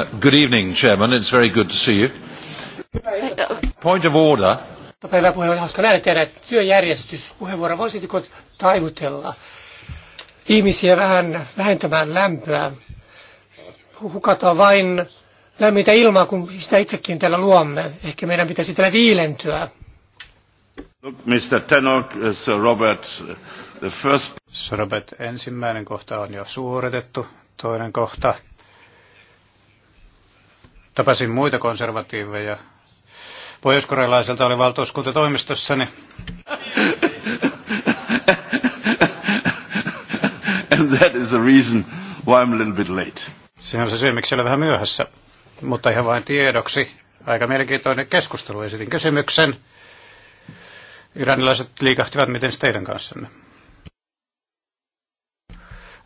Uh, good evening, Chairman. It's very good to see you. Point of order. Päivää puheenjohtaja, hauska nähdä teidän työjärjestyspuheenvuoro. Voisitteko taivutella ihmisiä vähän vähentämään lämpöä? Hukataan vain lämmintä ilmaa, kun sitä itsekin täällä luomme. Ehkä meidän pitäisi täällä viilentyä. Look, Mr. Tenok, uh, Sir Robert, uh, the first... Sir Robert, ensimmäinen kohta on jo suoritettu, toinen kohta Tapasin muita konservatiiveja. Pohjois-korealaiselta oli valtuuskunta toimistossani. And that is the reason why I'm a little bit late. Se on se syy, miksi olen vähän myöhässä. Mutta ihan vain tiedoksi. Aika mielenkiintoinen keskustelu. Esitin kysymyksen. Iranilaiset liikahtivat, miten se teidän kanssanne?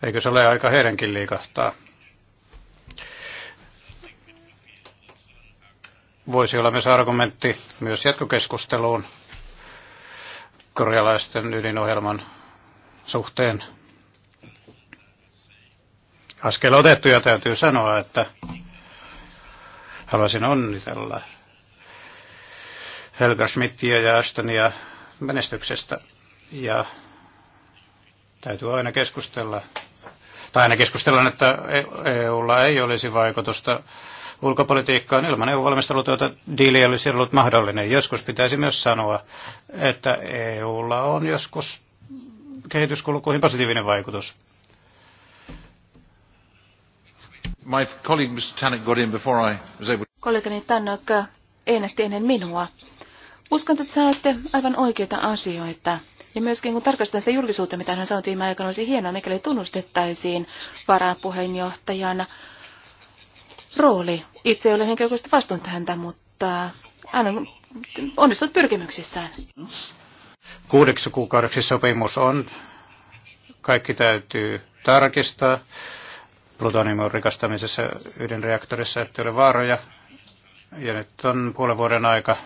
Eikö se ole aika heidänkin liikahtaa? voisi olla myös argumentti myös jatkokeskusteluun korealaisten ydinohjelman suhteen. Askel otettu ja täytyy sanoa, että haluaisin onnitella Helga Schmidtia ja Ashtonia menestyksestä. Ja täytyy aina keskustella, tai aina keskustella, että e- EUlla ei olisi vaikutusta ulkopolitiikkaan. Ilman EU-valmistelutyötä diili ei olisi ollut mahdollinen. Joskus pitäisi myös sanoa, että EUlla on joskus kehityskulkuihin positiivinen vaikutus. My colleague Mr. Tannock got in before I was able... Kollegani Tannock ennätti ennen minua. Uskon, että sanoitte aivan oikeita asioita. Ja myöskin kun tarkastetaan sitä julkisuutta, mitä hän sanoi viime aikoina, olisi hienoa, mikäli tunnustettaisiin varapuheenjohtajana rooli. Itse ei ole henkilökohtaisesti vastuunta häntä, mutta on onnistut pyrkimyksissään. Kuudeksi kuukaudeksi sopimus on. Kaikki täytyy tarkistaa. Plutoniumin rikastamisessa ydinreaktorissa reaktorissa, ole vaaroja. Ja nyt on puolen vuoden aika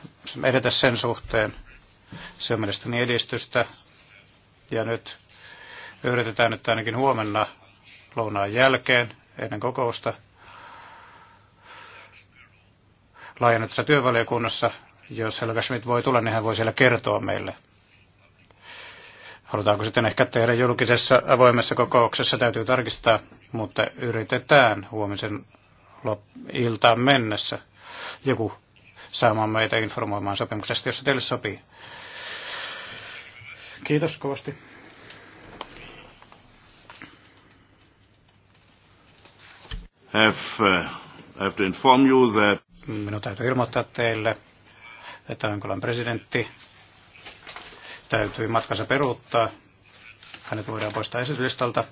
edetä sen suhteen. Se on mielestäni edistystä. Ja nyt yritetään että ainakin huomenna lounaan jälkeen ennen kokousta – laajennetussa työvaliokunnassa. Jos Helga Schmidt voi tulla, niin hän voi siellä kertoa meille. Halutaanko sitten ehkä tehdä julkisessa avoimessa kokouksessa, täytyy tarkistaa, mutta yritetään huomisen iltaan mennessä joku saamaan meitä informoimaan sopimuksesta, jos se teille sopii. Kiitos kovasti. Have, uh, have to inform you that... Minun täytyy ilmoittaa teille, että Angolan presidentti täytyy matkansa peruuttaa. Hänet voidaan poistaa esityslistalta.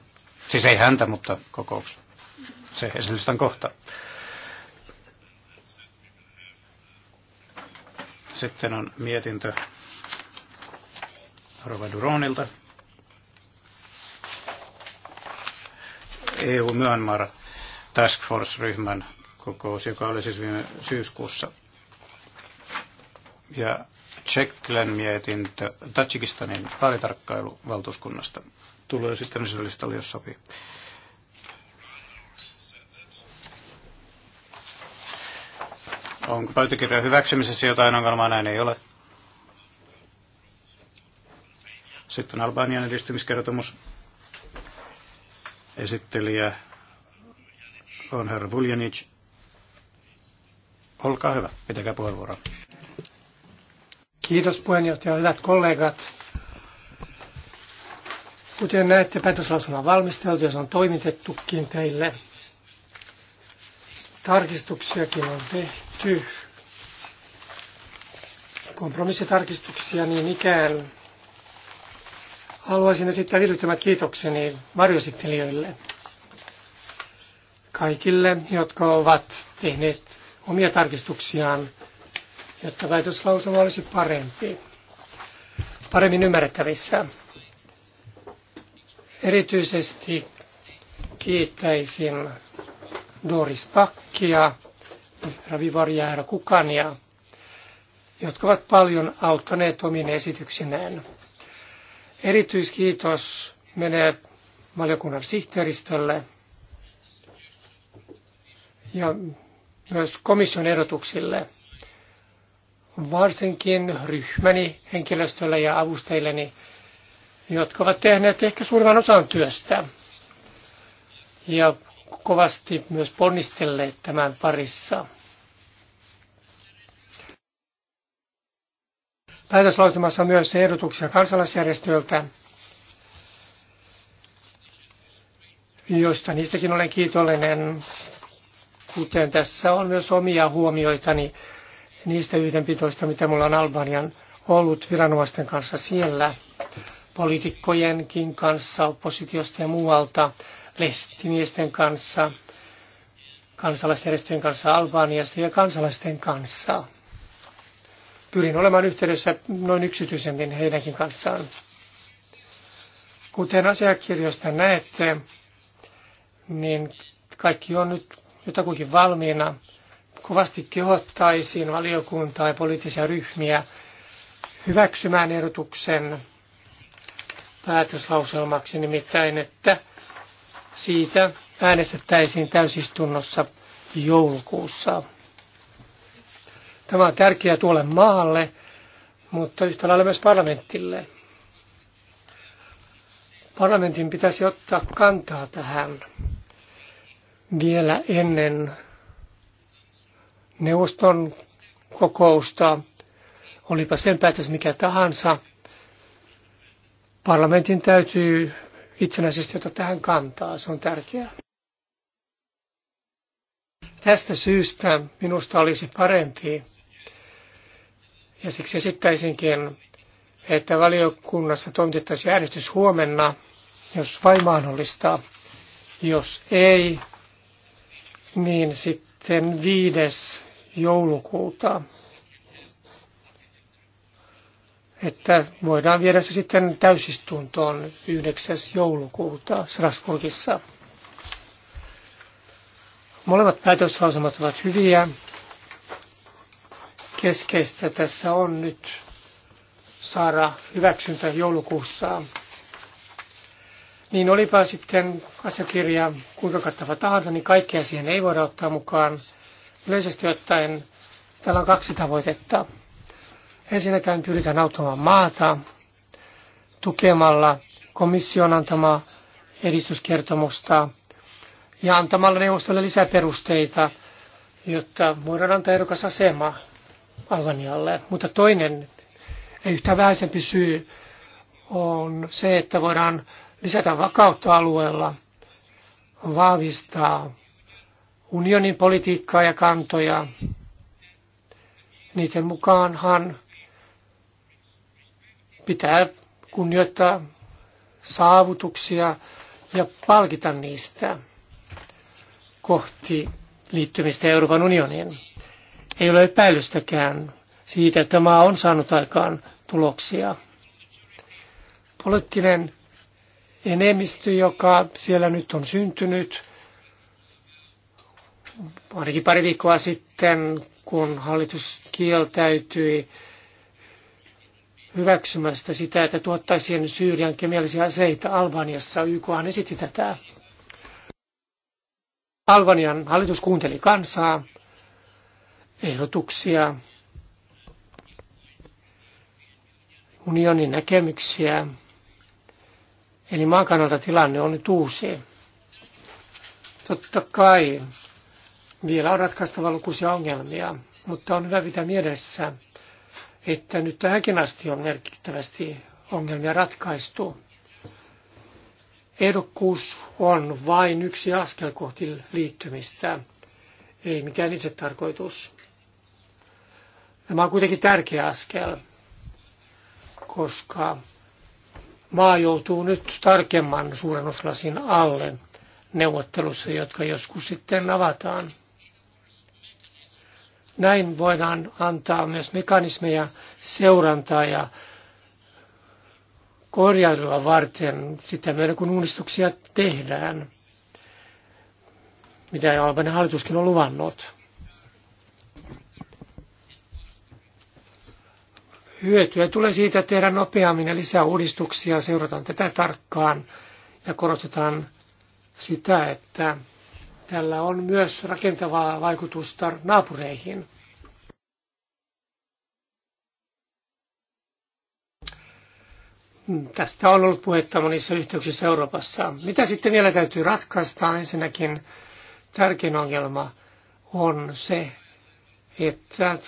Siis ei häntä, mutta kokouks. Se esityslistan kohta. Sitten on mietintö Rova Duronilta. EU-Myönmar Task Force-ryhmän kokous, joka oli siis viime syyskuussa. Ja Tsekkilän mietintö Tajikistanin vaalitarkkailuvaltuuskunnasta tulee sitten listalle, jos sopii. Onko pöytäkirjan hyväksymisessä jotain ongelmaa? Näin ei ole. Sitten Albanian edistymiskertomus. Esittelijä on herra Vuljanic. Olkaa hyvä, pitäkää puheenvuoro. Kiitos puheenjohtaja, hyvät kollegat. Kuten näette, päätöslausuma on valmisteltu ja se on toimitettukin teille. Tarkistuksiakin on tehty. Kompromissitarkistuksia niin ikään. Haluaisin esittää vilpittömät kiitokseni varjoesittelijöille. Kaikille, jotka ovat tehneet omia tarkistuksiaan, jotta väitöslausuma olisi parempi, paremmin ymmärrettävissä. Erityisesti kiittäisin Doris Pakkia, Ravi ja Kukania, jotka ovat paljon auttaneet omiin esityksineen. Erityiskiitos menee valiokunnan sihteeristölle ja myös komission ehdotuksille. Varsinkin ryhmäni, henkilöstölle ja avustajilleni, jotka ovat tehneet ehkä suurimman osan työstä ja kovasti myös ponnistelleet tämän parissa. on myös ehdotuksia kansalaisjärjestöiltä, joista niistäkin olen kiitollinen kuten tässä on myös omia huomioitani niistä yhdenpitoista, mitä mulla on Albanian ollut viranomaisten kanssa siellä, poliitikkojenkin kanssa, oppositiosta ja muualta, lehtimiesten kanssa, kansalaisjärjestöjen kanssa Albaniassa ja kansalaisten kanssa. Pyrin olemaan yhteydessä noin yksityisemmin heidänkin kanssaan. Kuten asiakirjoista näette, niin kaikki on nyt jotakuinkin valmiina. Kovasti kehottaisin valiokuntaa ja poliittisia ryhmiä hyväksymään ehdotuksen päätöslauselmaksi, nimittäin että siitä äänestettäisiin täysistunnossa joulukuussa. Tämä on tärkeää tuolle maalle, mutta yhtä lailla myös parlamentille. Parlamentin pitäisi ottaa kantaa tähän vielä ennen neuvoston kokousta, olipa sen päätös mikä tahansa, parlamentin täytyy itsenäisesti ottaa tähän kantaa, se on tärkeää. Tästä syystä minusta olisi parempi, ja siksi esittäisinkin, että valiokunnassa toimitettaisiin äänestys huomenna, jos vain mahdollista. Jos ei, niin sitten 5. joulukuuta. Että voidaan viedä se sitten täysistuntoon 9. joulukuuta Strasburgissa. Molemmat päätöslausumat ovat hyviä. Keskeistä tässä on nyt saada hyväksyntä joulukuussa niin olipa sitten asiakirja kuinka kattava tahansa, niin kaikkea siihen ei voida ottaa mukaan. Yleisesti ottaen täällä on kaksi tavoitetta. Ensinnäkään pyritään auttamaan maata tukemalla komission antamaa edistyskertomusta ja antamalla neuvostolle lisäperusteita, jotta voidaan antaa erokas asema Albanialle. Mutta toinen, ei yhtä vähäisempi syy, on se, että voidaan lisätä vakautta alueella, vahvistaa unionin politiikkaa ja kantoja. Niiden mukaanhan pitää kunnioittaa saavutuksia ja palkita niistä kohti liittymistä Euroopan unioniin. Ei ole epäilystäkään siitä, että maa on saanut aikaan tuloksia. Poliittinen enemmistö, joka siellä nyt on syntynyt, ainakin pari viikkoa sitten, kun hallitus kieltäytyi hyväksymästä sitä, että tuottaisiin Syyrian kemiallisia aseita Albaniassa. YK esitti tätä. Albanian hallitus kuunteli kansaa, ehdotuksia, unionin näkemyksiä Eli maan kannalta tilanne on nyt uusi. Totta kai vielä on ratkaistava lukuisia ongelmia, mutta on hyvä pitää mielessä, että nyt tähänkin asti on merkittävästi ongelmia ratkaistu. Ehdokkuus on vain yksi askel kohti liittymistä, ei mikään itse tarkoitus. Tämä on kuitenkin tärkeä askel, koska maa joutuu nyt tarkemman suurennuslasin alle neuvottelussa, jotka joskus sitten avataan. Näin voidaan antaa myös mekanismeja seurantaa ja korjailua varten sitä meidän kun uudistuksia tehdään, mitä Albanian hallituskin on luvannut. hyötyä tulee siitä tehdä nopeammin ja lisää uudistuksia. Seurataan tätä tarkkaan ja korostetaan sitä, että tällä on myös rakentavaa vaikutusta naapureihin. Tästä on ollut puhetta monissa yhteyksissä Euroopassa. Mitä sitten vielä täytyy ratkaista? Ensinnäkin tärkein ongelma on se, että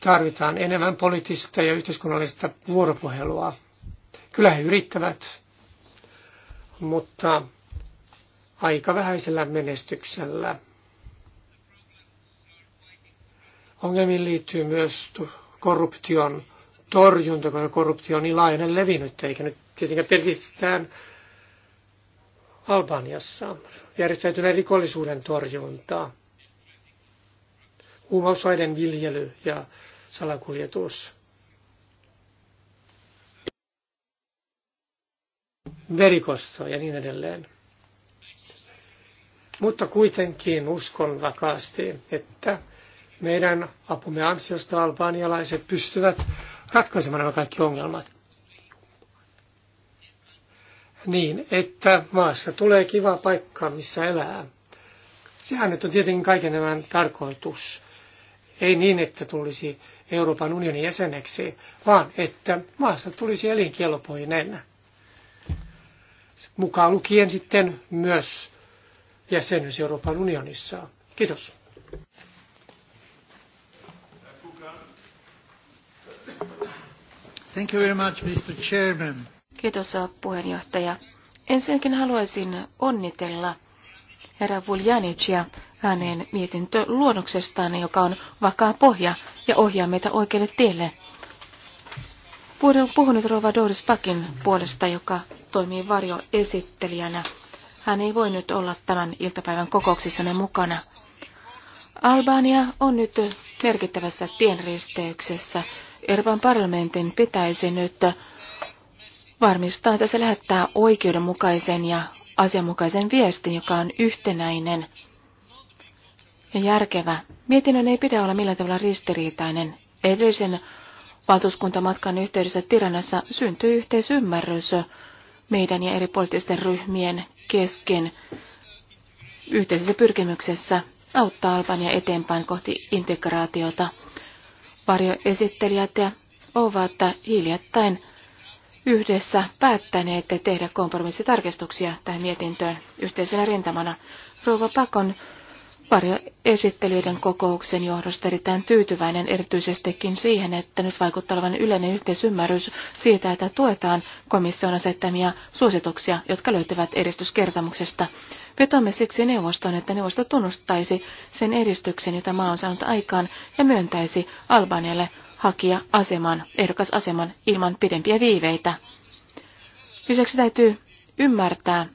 Tarvitaan enemmän poliittista ja yhteiskunnallista vuoropuhelua. Kyllä he yrittävät, mutta aika vähäisellä menestyksellä. Ongelmiin liittyy myös korruption torjunta, koska korruptio on niin laajainen levinnyt, eikä nyt tietenkään pelkistetään Albaniassa järjestäytyneen rikollisuuden torjuntaa huumausaiden viljely ja salakuljetus. verikosto ja niin edelleen. Mutta kuitenkin uskon vakaasti, että meidän apumme ansiosta albanialaiset pystyvät ratkaisemaan nämä kaikki ongelmat. Niin, että maassa tulee kiva paikka, missä elää. Sehän nyt on tietenkin kaiken tämän tarkoitus. Ei niin, että tulisi Euroopan unionin jäseneksi, vaan että maasta tulisi elinkelpoinen. Mukaan lukien sitten myös jäsenyys Euroopan unionissa. Kiitos. Thank you very much, Mr. Chairman. Kiitos puheenjohtaja. Ensinnäkin haluaisin onnitella herra Vuljanicia hänen luonnoksestaan, joka on vakaa pohja ja ohjaa meitä oikealle tielle. Puhun puhunut Rova Doris Pakin puolesta, joka toimii varjoesittelijänä. Hän ei voi nyt olla tämän iltapäivän kokouksissamme mukana. Albania on nyt merkittävässä tienristeyksessä. Erban parlamentin pitäisi nyt varmistaa, että se lähettää oikeudenmukaisen ja asianmukaisen viestin, joka on yhtenäinen ja järkevä. Mietinnön ei pidä olla millään tavalla ristiriitainen. Edellisen valtuuskuntamatkan yhteydessä Tiranassa syntyi yhteisymmärrys meidän ja eri poliittisten ryhmien kesken yhteisessä pyrkimyksessä auttaa Albania eteenpäin kohti integraatiota. Varjoesittelijät ovat hiljattain yhdessä päättäneet tehdä kompromissitarkistuksia tähän mietintöön yhteisenä rintamana. Rouva Pakon esittelyiden kokouksen johdosta erittäin tyytyväinen erityisestikin siihen, että nyt vaikuttaa olevan yleinen yhteisymmärrys siitä, että tuetaan komission asettamia suosituksia, jotka löytyvät edistyskertomuksesta. Vetomme siksi neuvostoon, että neuvosto tunnustaisi sen edistyksen, jota maa on saanut aikaan ja myöntäisi Albanialle hakija aseman, aseman ilman pidempiä viiveitä. Lisäksi täytyy ymmärtää,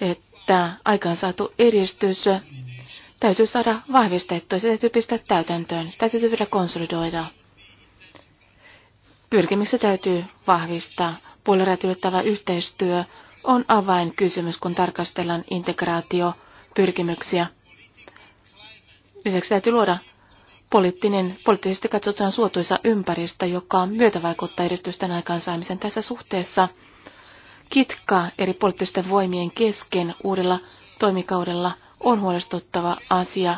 että aikaan saatu edistys täytyy saada vahvistettua, se täytyy pistää täytäntöön, sitä täytyy vielä konsolidoida. Pyrkimyksiä täytyy vahvistaa. Puolerajat ylittävä yhteistyö on avainkysymys, kun tarkastellaan pyrkimyksiä. Lisäksi täytyy luoda poliittinen, poliittisesti katsotaan suotuisa ympäristö, joka myötävaikuttaa edistysten aikaansaamisen tässä suhteessa. Kitka eri poliittisten voimien kesken uudella toimikaudella on huolestuttava asia.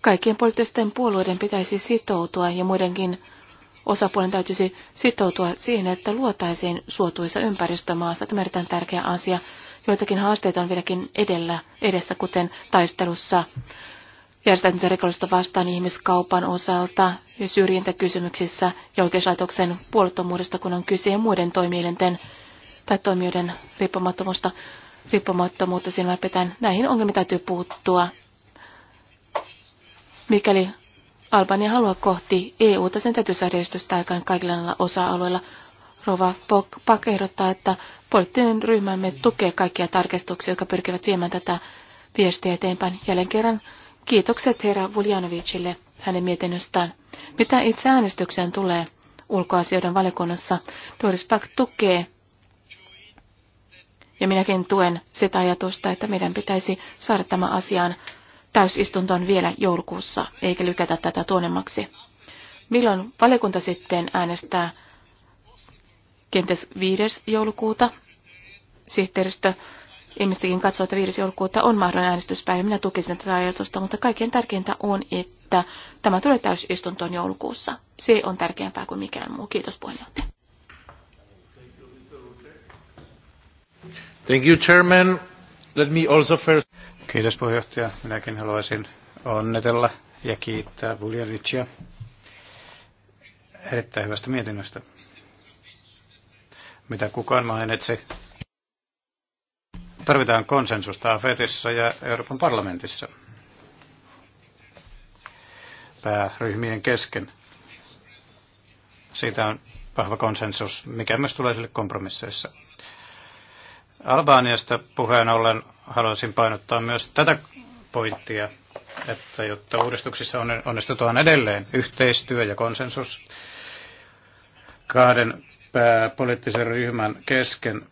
Kaikkien poliittisten puolueiden pitäisi sitoutua ja muidenkin osapuolen täytyisi sitoutua siihen, että luotaisiin suotuisa ympäristö maassa. Tämä on erittäin tärkeä asia. Joitakin haasteita on vieläkin edellä, edessä, kuten taistelussa järjestäytymisen rikollista vastaan ihmiskaupan osalta ja syrjintäkysymyksissä ja oikeuslaitoksen puolettomuudesta, kun on kyse muiden toimielinten tai toimijoiden riippumattomuutta, riippumattomuutta silmällä pitäen. Näihin ongelmiin täytyy puuttua. Mikäli Albania haluaa kohti EUta, sen täytyy saada edistystä aikaan kaikilla näillä osa-alueilla. Rova Pak ehdottaa, että poliittinen ryhmämme tukee kaikkia tarkistuksia, jotka pyrkivät viemään tätä viestiä eteenpäin. Jälleen kerran Kiitokset herra Vuljanovicille hänen mietinnöstään. Mitä itse äänestykseen tulee ulkoasioiden valikunnassa, Doris Pack tukee ja minäkin tuen sitä ajatusta, että meidän pitäisi saada tämä asiaan täysistuntoon vielä joulukuussa, eikä lykätä tätä tuonemmaksi. Milloin valiokunta sitten äänestää kenties 5. joulukuuta? Sihteeristö Ihmistäkin katsoo, että 5. joulukuuta on mahdollinen äänestyspäivä. Minä tukisin tätä ajatusta, mutta kaikkein tärkeintä on, että tämä tulee täysistuntoon joulukuussa. Se on tärkeämpää kuin mikään muu. Kiitos puheenjohtaja. Thank you, Chairman. Let me also first... Kiitos puheenjohtaja. Minäkin haluaisin onnetella ja kiittää Vuljaricia erittäin hyvästä mietinnöstä. Mitä kukaan mainitsi, tarvitaan konsensusta AFETissa ja Euroopan parlamentissa pääryhmien kesken. Siitä on vahva konsensus, mikä myös tulee sille kompromisseissa. Albaaniasta puheen ollen haluaisin painottaa myös tätä pointtia, että jotta uudistuksissa onnistutaan edelleen yhteistyö ja konsensus kahden pääpoliittisen ryhmän kesken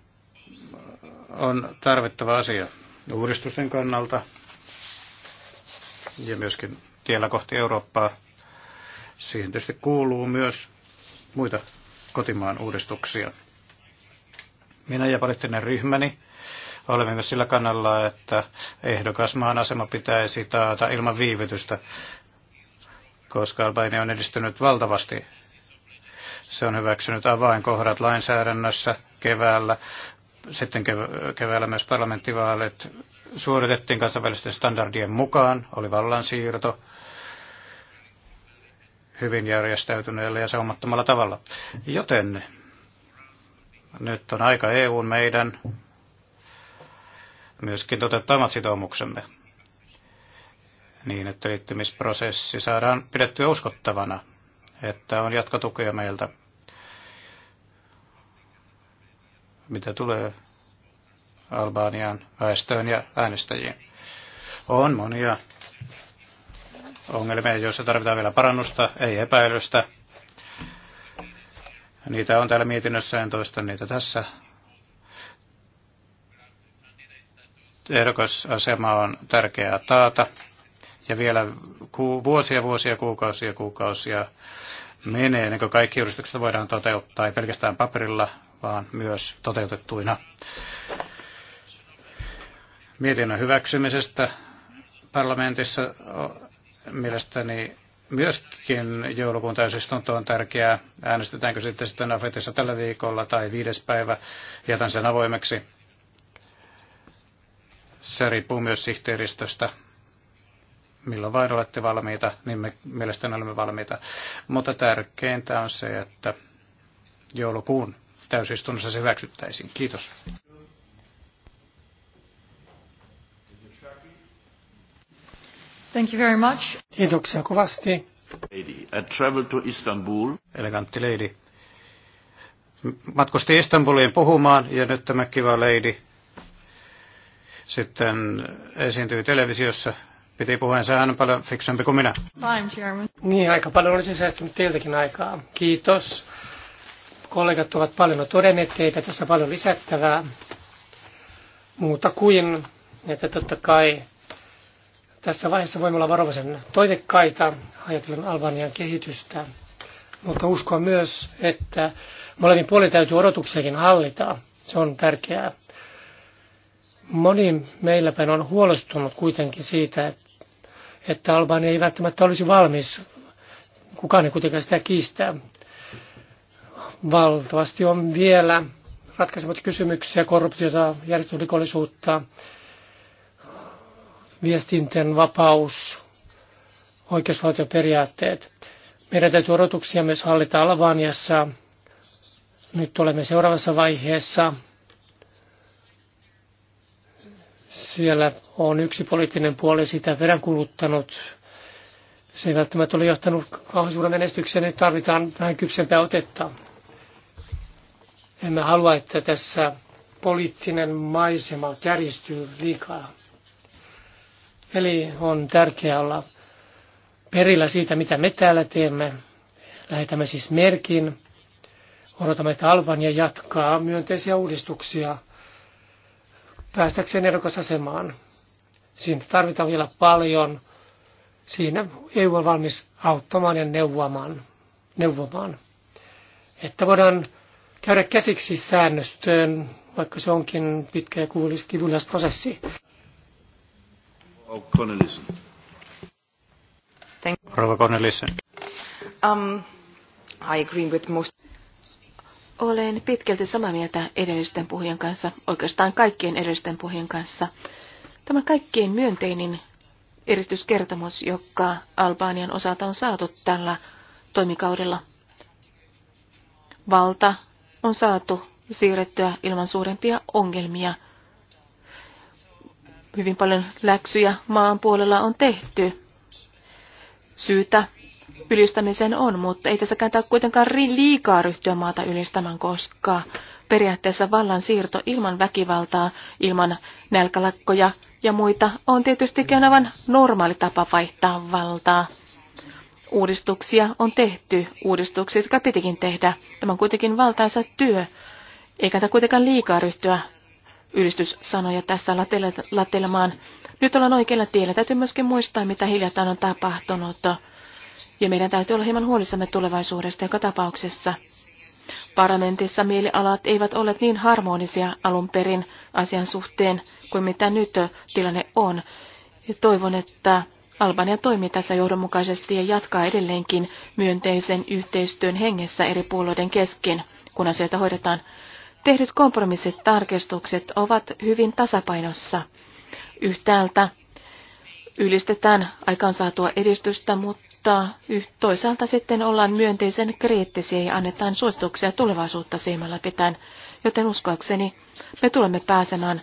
on tarvittava asia uudistusten kannalta ja myöskin tiellä kohti Eurooppaa. Siihen tietysti kuuluu myös muita kotimaan uudistuksia. Minä ja poliittinen ryhmäni olemme myös sillä kannalla, että ehdokasmaan asema pitäisi taata ilman viivytystä, koska Albania on edistynyt valtavasti. Se on hyväksynyt avainkohdat lainsäädännössä keväällä, sitten keväällä myös parlamenttivaalit suoritettiin kansainvälisten standardien mukaan, oli vallansiirto hyvin järjestäytyneellä ja saumattomalla tavalla. Joten nyt on aika EUn meidän myöskin toteuttaa omat sitoumuksemme niin, että liittymisprosessi saadaan pidettyä uskottavana, että on jatkotukea meiltä mitä tulee Albanian väestöön ja äänestäjiin. On monia ongelmia, joissa tarvitaan vielä parannusta, ei epäilystä. Niitä on täällä mietinnössä, en toista niitä tässä. Ehdokasasema on tärkeää taata. Ja vielä ku, vuosia, vuosia, kuukausia, kuukausia menee, ennen kuin kaikki uudistukset voidaan toteuttaa, ei pelkästään paperilla, vaan myös toteutettuina. Mietinnön hyväksymisestä parlamentissa mielestäni myöskin joulukuun täysistunto on tärkeää. Äänestetäänkö sitten sitten Afetissa tällä viikolla tai viides päivä? Jätän sen avoimeksi. Se riippuu myös sihteeristöstä. Milloin vain olette valmiita, niin me mielestäni olemme valmiita. Mutta tärkeintä on se, että joulukuun täysistunnossa se hyväksyttäisiin. Kiitos. Thank you very much. Kiitoksia kovasti. Lady. I to Istanbul. Elegantti lady. Matkusti Istanbuliin puhumaan ja nyt tämä kiva lady sitten esiintyi televisiossa. Piti puheensa hän paljon fiksempi kuin minä. Time, Chairman. Niin, aika paljon olisi säästynyt teiltäkin aikaa. Kiitos. Kollegat ovat paljon todenneet, eipä tässä paljon lisättävää muuta kuin, että totta kai tässä vaiheessa voimme olla varovaisen toivekkaita ajatellen Albanian kehitystä, mutta uskon myös, että molemmin puolin täytyy odotuksiakin hallita. Se on tärkeää. Moni meilläpäin on huolestunut kuitenkin siitä, että Albania ei välttämättä olisi valmis. Kukaan ei kuitenkaan sitä kiistää. Valtavasti on vielä ratkaisemat kysymyksiä, korruptiota, järjestörikollisuutta, viestinten vapaus, oikeusvaltioperiaatteet. Meidän täytyy odotuksia myös hallita Albaniassa. Nyt olemme seuraavassa vaiheessa. Siellä on yksi poliittinen puoli sitä peräänkuluttanut. Se ei välttämättä ole johtanut kauhean suuren menestykseen, nyt tarvitaan vähän kypsempää otetta. Emme halua, että tässä poliittinen maisema kärjistyy liikaa. Eli on tärkeää olla perillä siitä, mitä me täällä teemme. Lähetämme siis merkin. Odotamme, että Albania jatkaa myönteisiä uudistuksia päästäkseen ehdokasasemaan. Siinä tarvitaan vielä paljon. Siinä EU on valmis auttamaan ja neuvomaan, neuvomaan että voidaan käydä käsiksi säännöstöön, vaikka se onkin pitkä ja kivulias prosessi. Oh, Rova Cornelissen. Um, I agree with most... Olen pitkälti samaa mieltä edellisten puhujen kanssa, oikeastaan kaikkien edellisten puhujen kanssa. Tämä kaikkein myönteinen eristyskertomus, joka Albanian osalta on saatu tällä toimikaudella. Valta on saatu siirrettyä ilman suurempia ongelmia. Hyvin paljon läksyjä maan puolella on tehty. Syytä ylistämiseen on, mutta ei tässä kannata kuitenkaan liikaa ryhtyä maata ylistämään, koska periaatteessa vallan siirto ilman väkivaltaa, ilman nälkälakkoja ja muita on tietysti aivan normaali tapa vaihtaa valtaa uudistuksia on tehty, uudistuksia, jotka pitikin tehdä. Tämä on kuitenkin valtaisa työ, eikä tätä kuitenkaan liikaa ryhtyä ylistyssanoja tässä latelemaan. Nyt ollaan oikealla tiellä. Täytyy myöskin muistaa, mitä hiljattain on tapahtunut. Ja meidän täytyy olla hieman huolissamme tulevaisuudesta joka tapauksessa. Parlamentissa mielialat eivät ole niin harmonisia alun perin asian suhteen kuin mitä nyt tilanne on. Ja toivon, että Albania toimii tässä johdonmukaisesti ja jatkaa edelleenkin myönteisen yhteistyön hengessä eri puolueiden kesken, kun asioita hoidetaan. Tehdyt kompromissit tarkistukset ovat hyvin tasapainossa. Yhtäältä ylistetään aikaansaatua edistystä, mutta toisaalta sitten ollaan myönteisen kriittisiä ja annetaan suosituksia tulevaisuutta silmällä pitäen, joten uskoakseni me tulemme pääsemään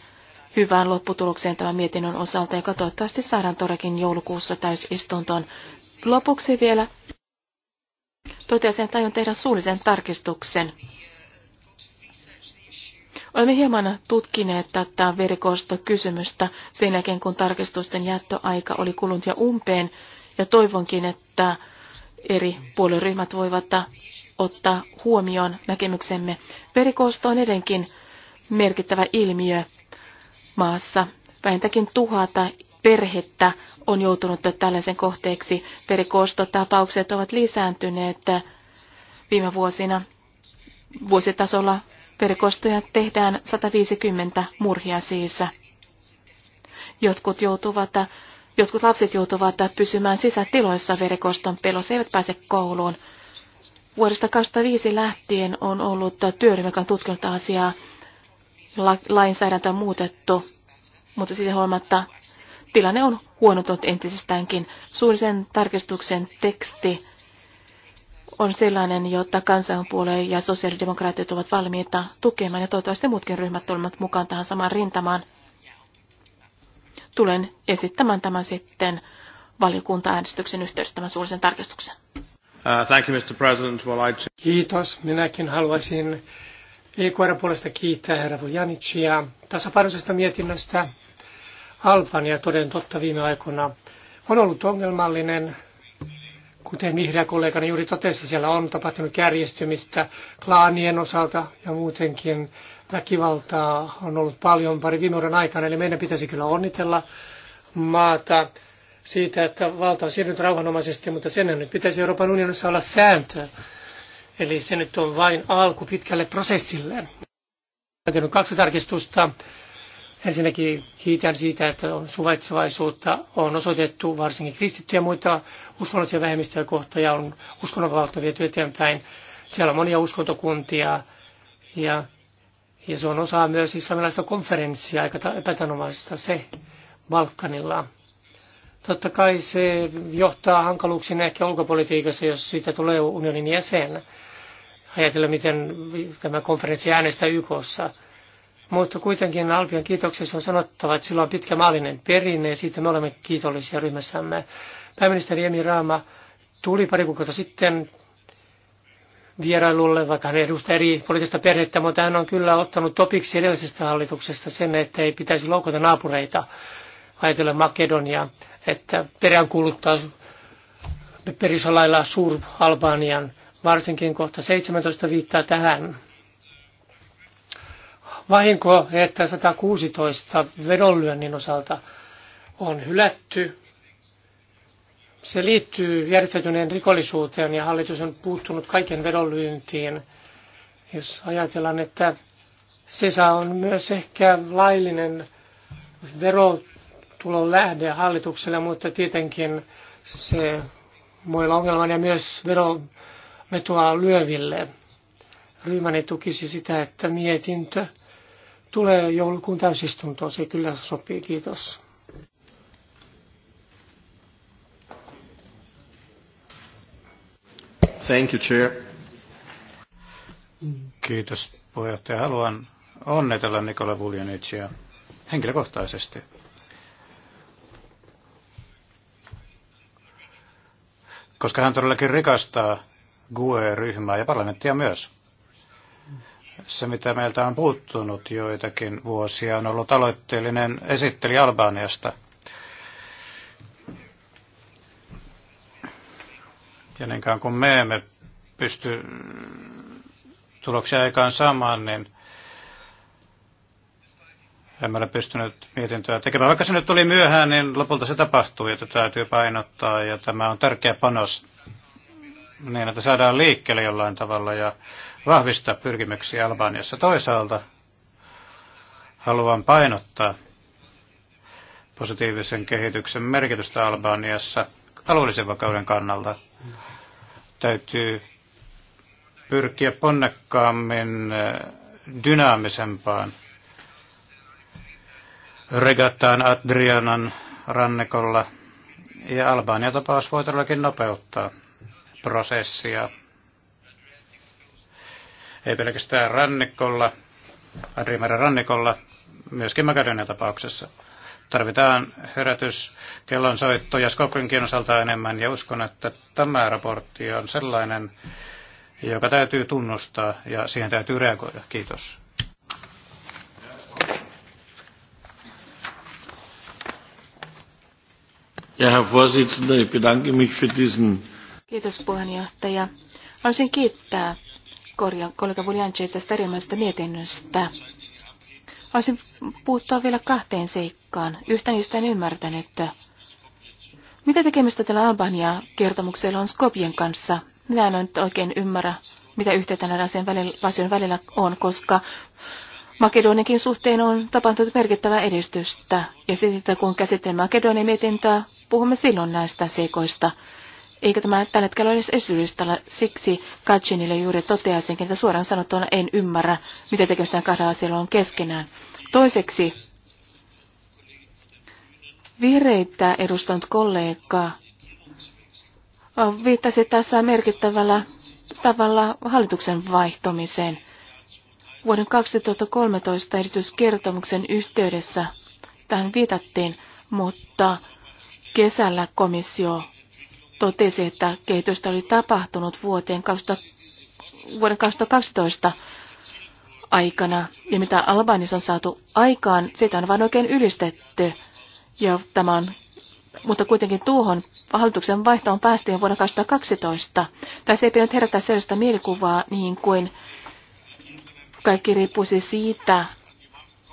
hyvään lopputulokseen tämän mietinnön osalta, joka toivottavasti saadaan todellakin joulukuussa täysistuntoon. Lopuksi vielä totesin, että aion tehdä suullisen tarkistuksen. Olemme hieman tutkineet tätä verikostokysymystä sen jälkeen, kun tarkistusten jättöaika oli kulunut ja umpeen, ja toivonkin, että eri puoliryhmät voivat ottaa huomioon näkemyksemme. Verikosto on edenkin merkittävä ilmiö maassa. Vähintäkin tuhata perhettä on joutunut tällaisen kohteeksi. Perikoostotapaukset ovat lisääntyneet viime vuosina. Vuositasolla perikostoja tehdään 150 murhia siis. Jotkut, joutuvat, jotkut lapset joutuvat pysymään sisätiloissa verikoston pelossa, eivät pääse kouluun. Vuodesta 2005 lähtien on ollut työryhmä, joka on tutkinut asiaa Lainsäädäntö on muutettu, mutta siitä huolimatta tilanne on huonontunut entisestäänkin. Suullisen tarkistuksen teksti on sellainen, jota kansanpuolue ja sosiaalidemokraatit ovat valmiita tukemaan ja toivottavasti muutkin ryhmät tulevat mukaan tähän samaan rintamaan. Tulen esittämään tämän sitten valiokuntaäänestyksen yhteydessä tämän suullisen tarkistuksen. Uh, thank you, Mr. President. Well, I... Kiitos. Minäkin haluaisin EKR puolesta kiittää herra Vujanicia tasapainoisesta mietinnöstä. Albania toden totta viime aikoina on ollut ongelmallinen, kuten vihreä kollegani juuri totesi, siellä on tapahtunut kärjistymistä klaanien osalta ja muutenkin väkivaltaa on ollut paljon pari viime vuoden aikana, eli meidän pitäisi kyllä onnitella maata siitä, että valta on siirtynyt rauhanomaisesti, mutta sen nyt pitäisi Euroopan unionissa olla sääntö, Eli se nyt on vain alku pitkälle prosessille. Olen tehnyt kaksi tarkistusta. Ensinnäkin kiitän siitä, että on suvaitsevaisuutta on osoitettu varsinkin kristittyjä ja muita uskonnollisia vähemmistöjä kohtaan ja on uskonnonvapautta viety eteenpäin. Siellä on monia uskontokuntia ja, ja se on osa myös islamilaista konferenssia, aika epätanomaista se Balkanilla. Totta kai se johtaa hankaluuksiin ehkä ulkopolitiikassa, jos siitä tulee unionin jäsen ajatella, miten tämä konferenssi äänestää YKssa. Mutta kuitenkin Albion kiitoksessa on sanottava, että sillä on pitkä maallinen perinne ja siitä me olemme kiitollisia ryhmässämme. Pääministeri Emi Raama tuli pari kuukautta sitten vierailulle, vaikka hän edustaa eri poliittista perhettä, mutta hän on kyllä ottanut topiksi edellisestä hallituksesta sen, että ei pitäisi loukata naapureita, ajatella Makedonia, että peräänkuuluttaa perisalailla Suur-Albanian varsinkin kohta 17 viittaa tähän. Vahinko, että 116 vedonlyönnin osalta on hylätty. Se liittyy järjestäytyneen rikollisuuteen ja hallitus on puuttunut kaiken vedonlyyntiin. Jos ajatellaan, että SESA on myös ehkä laillinen verotulon lähde hallitukselle, mutta tietenkin se voi olla ongelman ja myös veron vetoaa lyöville. Ryhmäni tukisi sitä, että mietintö tulee joulukuun täysistuntoon. Se kyllä sopii. Kiitos. Thank you, Chair. Kiitos puheenjohtaja. Haluan onnitella Nikola Vuljanicia henkilökohtaisesti. Koska hän todellakin rikastaa GUE-ryhmää ja parlamenttia myös. Se, mitä meiltä on puuttunut joitakin vuosia, on ollut aloitteellinen esitteli Albaniasta. Ja niin kun me emme pysty tuloksia aikaan saamaan, niin en ole pystynyt mietintöä tekemään. Vaikka se nyt tuli myöhään, niin lopulta se tapahtuu ja tätä täytyy painottaa ja tämä on tärkeä panos niin, että saadaan liikkeelle jollain tavalla ja vahvistaa pyrkimyksiä Albaniassa. Toisaalta haluan painottaa positiivisen kehityksen merkitystä Albaniassa taloudellisen vakauden kannalta. Täytyy pyrkiä ponnekkaammin eh, dynaamisempaan regattaan Adrianan rannikolla. Ja Albania tapaus voi todellakin nopeuttaa prosessia. Ei pelkästään rannikolla, Adrimeren rannikolla, myöskin Makedonian tapauksessa. Tarvitaan herätys, kellon ja Skopinkin osalta enemmän ja uskon, että tämä raportti on sellainen, joka täytyy tunnustaa ja siihen täytyy reagoida. Kiitos. Ja, Herr Vorsitzender, ich bedanke mich für diesen Kiitos puheenjohtaja. Haluaisin kiittää korjan kollega Vuljanche tästä erilaisesta mietinnöstä. Haluaisin puuttua vielä kahteen seikkaan. Yhtä niistä en ymmärtänyt. Mitä tekemistä tällä Albania-kertomuksella on Skopien kanssa? Minä en nyt oikein ymmärrä, mitä yhteyttä näiden asian välillä, välillä on, koska Makedoniankin suhteen on tapahtunut merkittävää edistystä. Ja sitten kun käsittelemme Makedonin mietintää, puhumme silloin näistä seikoista eikä tämä tällä hetkellä ole edes Siksi katsinille juuri toteaisinkin, että suoraan sanottuna en ymmärrä, mitä tekemistä kahdella asialla on keskenään. Toiseksi, vihreitä edustanut kollega viittasi tässä merkittävällä tavalla hallituksen vaihtomiseen. Vuoden 2013 erityiskertomuksen yhteydessä tähän viitattiin, mutta kesällä komissio totesi, että kehitystä oli tapahtunut vuoteen 2000, vuoden 2012 aikana, ja mitä Albanissa on saatu aikaan, sitä on vain oikein ylistetty. Ja tämä on, mutta kuitenkin tuohon hallituksen vaihtoon päästiin vuonna 2012. se ei pidä herättää sellaista mielikuvaa, niin kuin kaikki riippuisi siitä,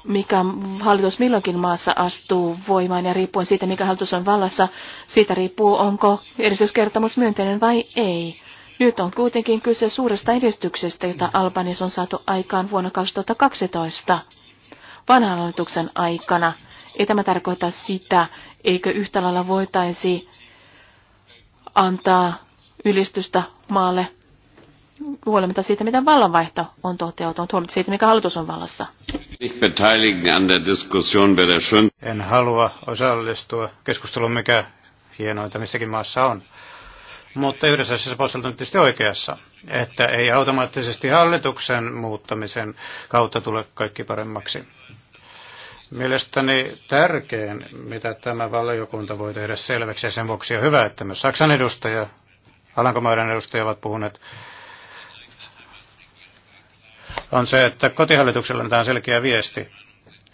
mikä hallitus milloinkin maassa astuu voimaan ja riippuen siitä, mikä hallitus on vallassa, siitä riippuu, onko edistyskertomus myönteinen vai ei. Nyt on kuitenkin kyse suuresta edistyksestä, jota Albanis on saatu aikaan vuonna 2012 vanhan hallituksen aikana. Ei tämä tarkoita sitä, eikö yhtä lailla voitaisi antaa ylistystä maalle, huolimatta siitä, miten vallanvaihto on toteutunut, huolimatta siitä, mikä hallitus on vallassa. En halua osallistua keskusteluun, mikä hienointa missäkin maassa on. Mutta yhdessä se on tietysti oikeassa, että ei automaattisesti hallituksen muuttamisen kautta tule kaikki paremmaksi. Mielestäni tärkein, mitä tämä valiokunta voi tehdä selväksi, ja sen vuoksi on hyvä, että myös Saksan edustaja, Alankomaiden edustaja ovat puhuneet on se, että kotihallituksella annetaan selkeä viesti,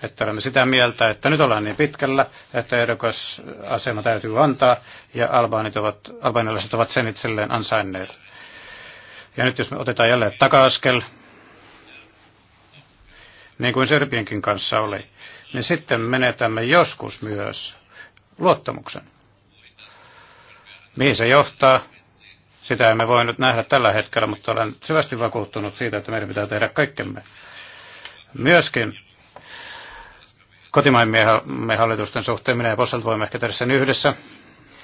että olemme sitä mieltä, että nyt ollaan niin pitkällä, että ehdokasasema täytyy antaa ja albaanit ovat, albaanilaiset ovat sen itselleen ansainneet. Ja nyt jos me otetaan jälleen taka-askel, niin kuin Serbienkin kanssa oli, niin sitten menetämme joskus myös luottamuksen. Mihin se johtaa? Sitä emme voi nyt nähdä tällä hetkellä, mutta olen syvästi vakuuttunut siitä, että meidän pitää tehdä kaikkemme. Myöskin kotimaimme hallitusten suhteen minä ja Bosselt voimme ehkä tehdä sen yhdessä,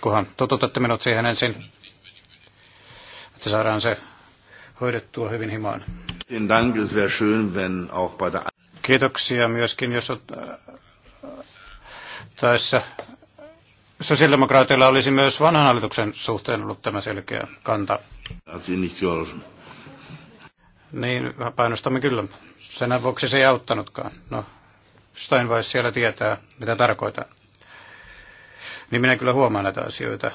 kunhan totutatte minut siihen ensin, että saadaan se hoidettua hyvin himaan. Kiitoksia myöskin, jos tässä äh, Sosiaalidemokraateilla olisi myös vanhan hallituksen suhteen ollut tämä selkeä kanta. Niin, painostamme kyllä. Sen vuoksi se ei auttanutkaan. No, Steinweiss siellä tietää, mitä tarkoittaa. Niin minä kyllä huomaan näitä asioita.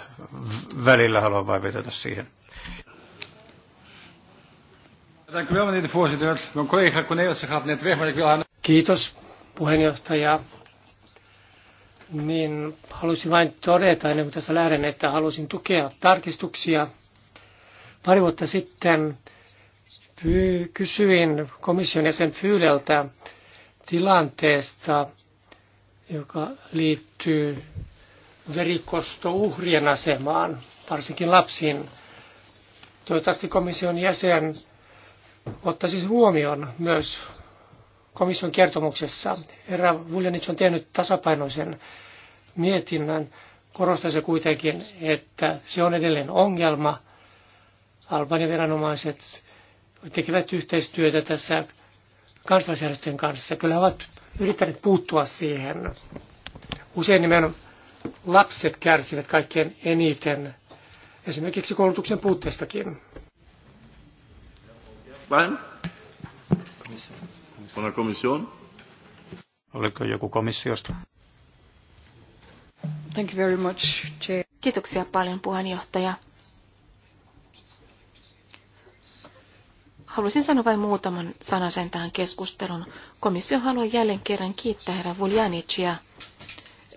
Välillä haluan vain vetätä siihen. Kiitos puheenjohtaja niin halusin vain todeta, ennen kuin tässä lähden, että halusin tukea tarkistuksia. Pari vuotta sitten kysyin komission jäsen Fyyleltä tilanteesta, joka liittyy verikostouhrien asemaan, varsinkin lapsiin. Toivottavasti komission jäsen ottaisi siis huomioon myös komission kertomuksessa. Herra Vuljanic on tehnyt tasapainoisen mietinnön, korostaisin kuitenkin, että se on edelleen ongelma. Albanian viranomaiset tekevät yhteistyötä tässä kansalaisjärjestöjen kanssa. Kyllä ovat yrittäneet puuttua siihen. Usein nimenomaan lapset kärsivät kaikkein eniten, esimerkiksi koulutuksen puutteestakin. Vain? Oliko joku komissiosta? Thank you very much, Chair. Kiitoksia paljon puheenjohtaja. Haluaisin sanoa vain muutaman sanasen tähän keskustelun. Komissio haluaa jälleen kerran kiittää herra Vuljanicia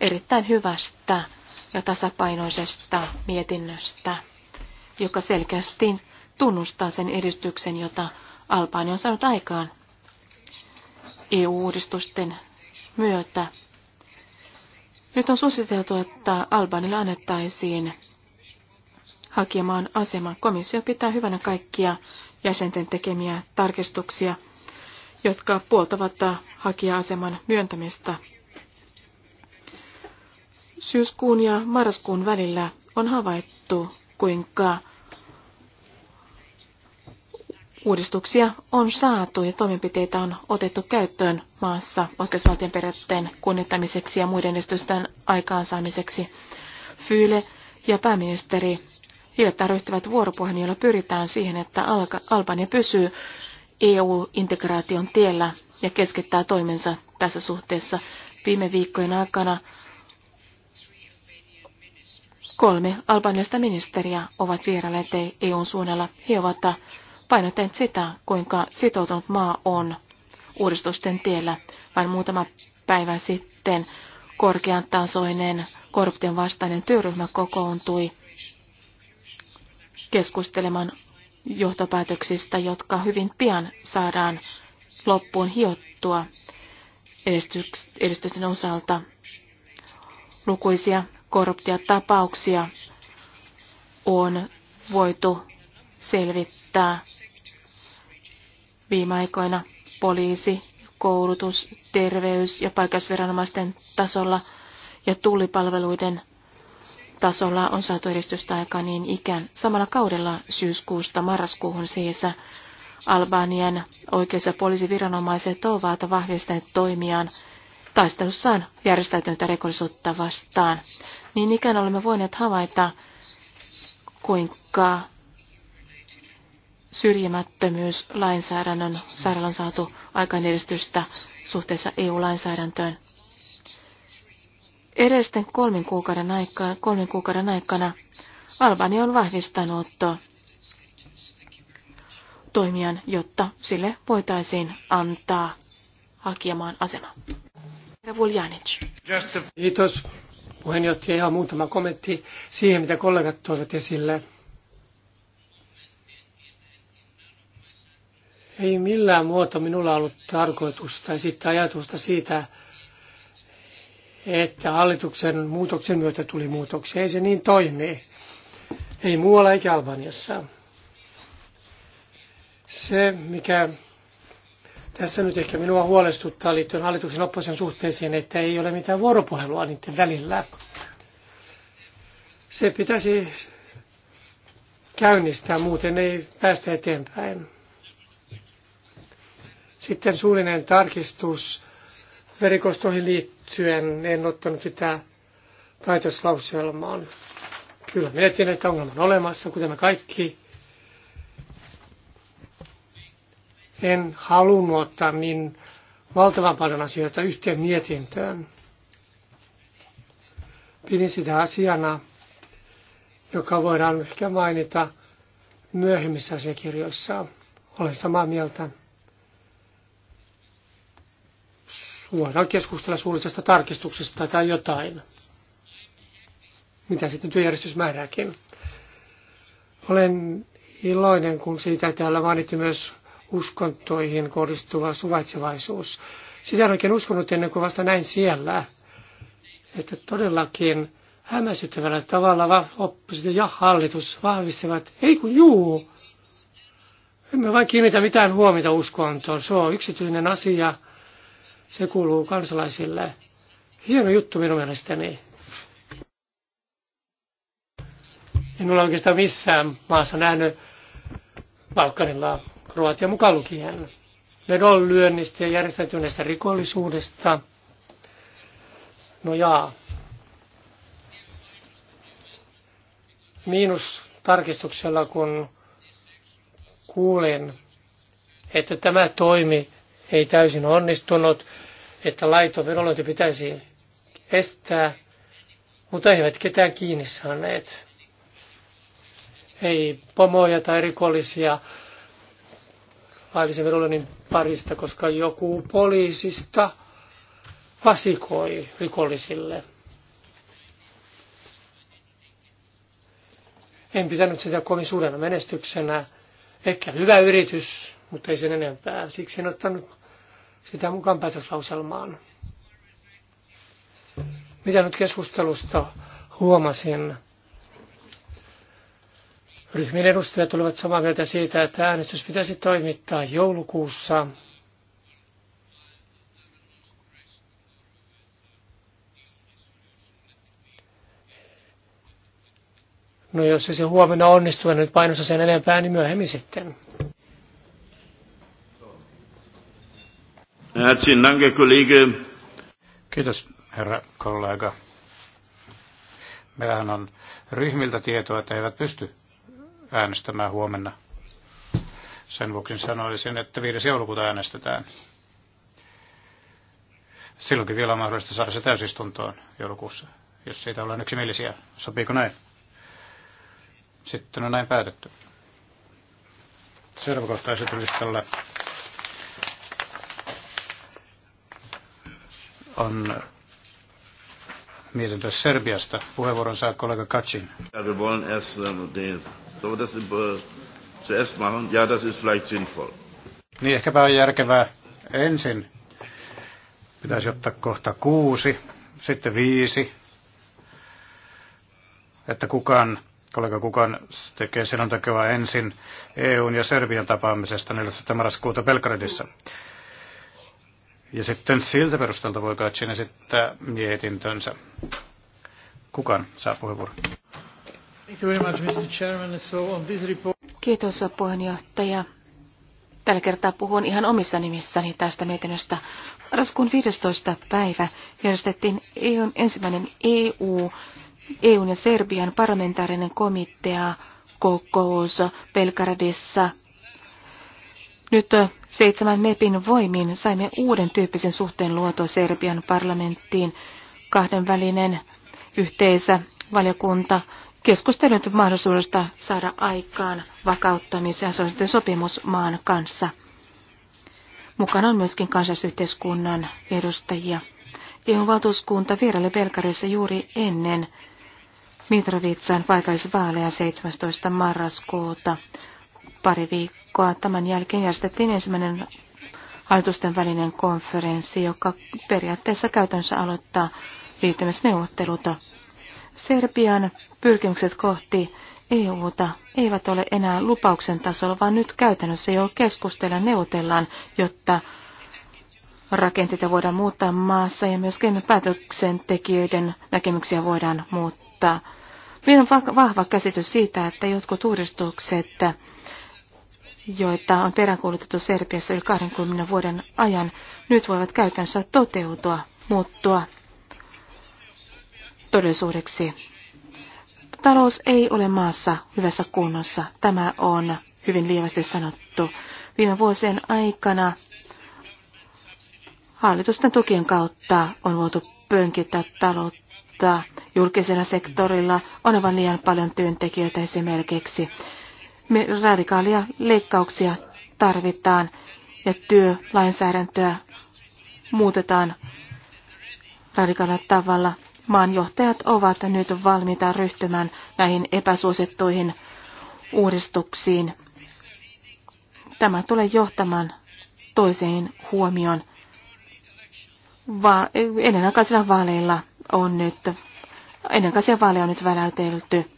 erittäin hyvästä ja tasapainoisesta mietinnöstä, joka selkeästi tunnustaa sen edistyksen, jota Albania on saanut aikaan EU-uudistusten myötä nyt on suositeltu, että Albanille annettaisiin hakemaan asema. Komissio pitää hyvänä kaikkia jäsenten tekemiä tarkistuksia, jotka puoltavat hakija-aseman myöntämistä. Syyskuun ja marraskuun välillä on havaittu, kuinka Uudistuksia on saatu ja toimenpiteitä on otettu käyttöön maassa oikeusvaltion periaatteen kunnittamiseksi ja muiden edistysten aikaansaamiseksi. Fyyle ja pääministeri hiljattain ryhtyvät vuoropuheen, jolla pyritään siihen, että Albania pysyy EU-integraation tiellä ja keskittää toimensa tässä suhteessa. Viime viikkojen aikana kolme albanialaista ministeriä ovat vierailleet EUn suunnalla. He ovat painottaen sitä, kuinka sitoutunut maa on uudistusten tiellä. Vain muutama päivä sitten korkean tasoinen korruption vastainen työryhmä kokoontui keskustelemaan johtopäätöksistä, jotka hyvin pian saadaan loppuun hiottua edistysten osalta. Lukuisia korruptiotapauksia on voitu selvittää viime aikoina poliisi, koulutus, terveys ja paikallisviranomaisten tasolla ja tullipalveluiden tasolla on saatu edistystä aikaa niin ikään. Samalla kaudella syyskuusta marraskuuhun siis Albanian oikeus- ja poliisiviranomaiset ovat vahvistaneet toimiaan taistelussaan järjestäytynyttä rikollisuutta vastaan. Niin ikään olemme voineet havaita, kuinka syrjimättömyyslainsäädännön saralla on saatu aikaan edistystä suhteessa EU-lainsäädäntöön. Edellisten kolmen kuukauden aikana, kolmen kuukauden aikana Albania on vahvistanut toimijan, jotta sille voitaisiin antaa hakijamaan asema. Kiitos puheenjohtaja. Ihan muutama kommentti siihen, mitä kollegat toivat esille Ei millään muoto minulla ollut tarkoitusta esittää ajatusta siitä, että hallituksen muutoksen myötä tuli muutoksia. Ei se niin toimi. Ei muualla eikä Albaniassa. Se, mikä tässä nyt ehkä minua huolestuttaa liittyen hallituksen opposition suhteeseen, että ei ole mitään vuoropuhelua niiden välillä. Se pitäisi käynnistää, muuten ei päästä eteenpäin. Sitten suullinen tarkistus verikostoihin liittyen, en ottanut sitä taitoslauselmaan. Kyllä, minä tiedän, että ongelma on olemassa, kuten me kaikki. En halunnut ottaa niin valtavan paljon asioita yhteen mietintöön. Pidin sitä asiana, joka voidaan ehkä mainita myöhemmissä asiakirjoissa. Olen samaa mieltä. voidaan keskustella suullisesta tarkistuksesta tai jotain, mitä sitten työjärjestys määrääkin. Olen iloinen, kun siitä täällä mainittiin myös uskontoihin kohdistuva suvaitsevaisuus. Sitä en oikein uskonut ennen kuin vasta näin siellä, että todellakin hämmästyttävällä tavalla oppositio ja hallitus vahvistivat, ei kun juu, emme vain kiinnitä mitään huomiota uskontoon, se on yksityinen asia – se kuuluu kansalaisille. Hieno juttu minun mielestäni. En ole oikeastaan missään maassa nähnyt Balkanilla Kroatia mukaan lukien vedonlyönnistä ja järjestäytyneestä rikollisuudesta. No jaa. Miinus tarkistuksella, kun kuulin, että tämä toimi ei täysin onnistunut, että laiton verolointi pitäisi estää, mutta eivät ketään kiinni saaneet. Ei pomoja tai rikollisia laillisen vedonlyönnin parista, koska joku poliisista vasikoi rikollisille. En pitänyt sitä kovin suurena menestyksenä. Ehkä hyvä yritys mutta ei sen enempää. Siksi en ottanut sitä mukaan päätöslauselmaan. Mitä nyt keskustelusta huomasin? Ryhmien edustajat olivat samaa mieltä siitä, että äänestys pitäisi toimittaa joulukuussa. No jos se huomenna onnistuu, en nyt painossa sen enempää, niin myöhemmin sitten. Kiitos, herra kollega. Meillähän on ryhmiltä tietoa, että he eivät pysty äänestämään huomenna. Sen vuoksi sanoisin, että 5. joulukuuta äänestetään. Silloinkin vielä on mahdollista saada se täysistuntoon joulukuussa, jos siitä ollaan yksimielisiä. Sopiiko näin? Sitten on näin päätetty. Seuraava kohta esityslistalla on mietintö Serbiasta. Puheenvuoron saa kollega Kacin. Ja, wir wollen erst äh, den. Sollen wir das äh, zuerst machen? Ja, das ist vielleicht sinnvoll. Niin, ehkäpä on järkevää ensin. Pitäisi ottaa kohta kuusi, sitten viisi, että kukaan, kollega kukaan tekee selontekoa ensin EUn ja Serbian tapaamisesta 14. marraskuuta Belgradissa. Ja sitten siltä perustalta voi Katsin esittää mietintönsä. Kukaan saa puheenvuoron? Kiitos puheenjohtaja. Tällä kertaa puhun ihan omissa nimissäni tästä mietinnöstä. Raskuun 15. päivä järjestettiin EUn ensimmäinen EU, EUn ja Serbian parlamentaarinen komitea kokous Belgradissa nyt seitsemän MEPin voimin saimme uuden tyyppisen suhteen luotua Serbian parlamenttiin. Kahdenvälinen yhteisä, valiokunta, keskustelun mahdollisuudesta saada aikaan vakauttamisen ja sopimus maan kanssa. Mukana on myöskin kansallisyhteiskunnan edustajia. EU-valtuuskunta vieraili Belkarissa juuri ennen Mitrovitsan paikallisvaaleja 17. marraskuuta. Pari viikkoa viikkoa tämän jälkeen järjestettiin ensimmäinen hallitusten välinen konferenssi, joka periaatteessa käytännössä aloittaa liittymisneuvottelut. Serbian pyrkimykset kohti EUta eivät ole enää lupauksen tasolla, vaan nyt käytännössä jo keskustellaan neuvotellaan, jotta rakenteita voidaan muuttaa maassa ja myöskin päätöksentekijöiden näkemyksiä voidaan muuttaa. Meillä on vahva käsitys siitä, että jotkut uudistukset joita on peräänkuulutettu Serbiassa yli 20 vuoden ajan, nyt voivat käytännössä toteutua, muuttua todellisuudeksi. Talous ei ole maassa hyvässä kunnossa. Tämä on hyvin lievästi sanottu. Viime vuosien aikana hallitusten tukien kautta on voitu pönkittää taloutta. Julkisella sektorilla on aivan liian paljon työntekijöitä esimerkiksi. Me radikaalia leikkauksia tarvitaan ja työlainsäädäntöä muutetaan radikaalilla tavalla. Maanjohtajat ovat nyt valmiita ryhtymään näihin epäsuosittuihin uudistuksiin. Tämä tulee johtamaan toiseen huomioon. Va- ennenaikaisilla vaaleilla on nyt, ennenaikaisia vaaleja on nyt väläytelty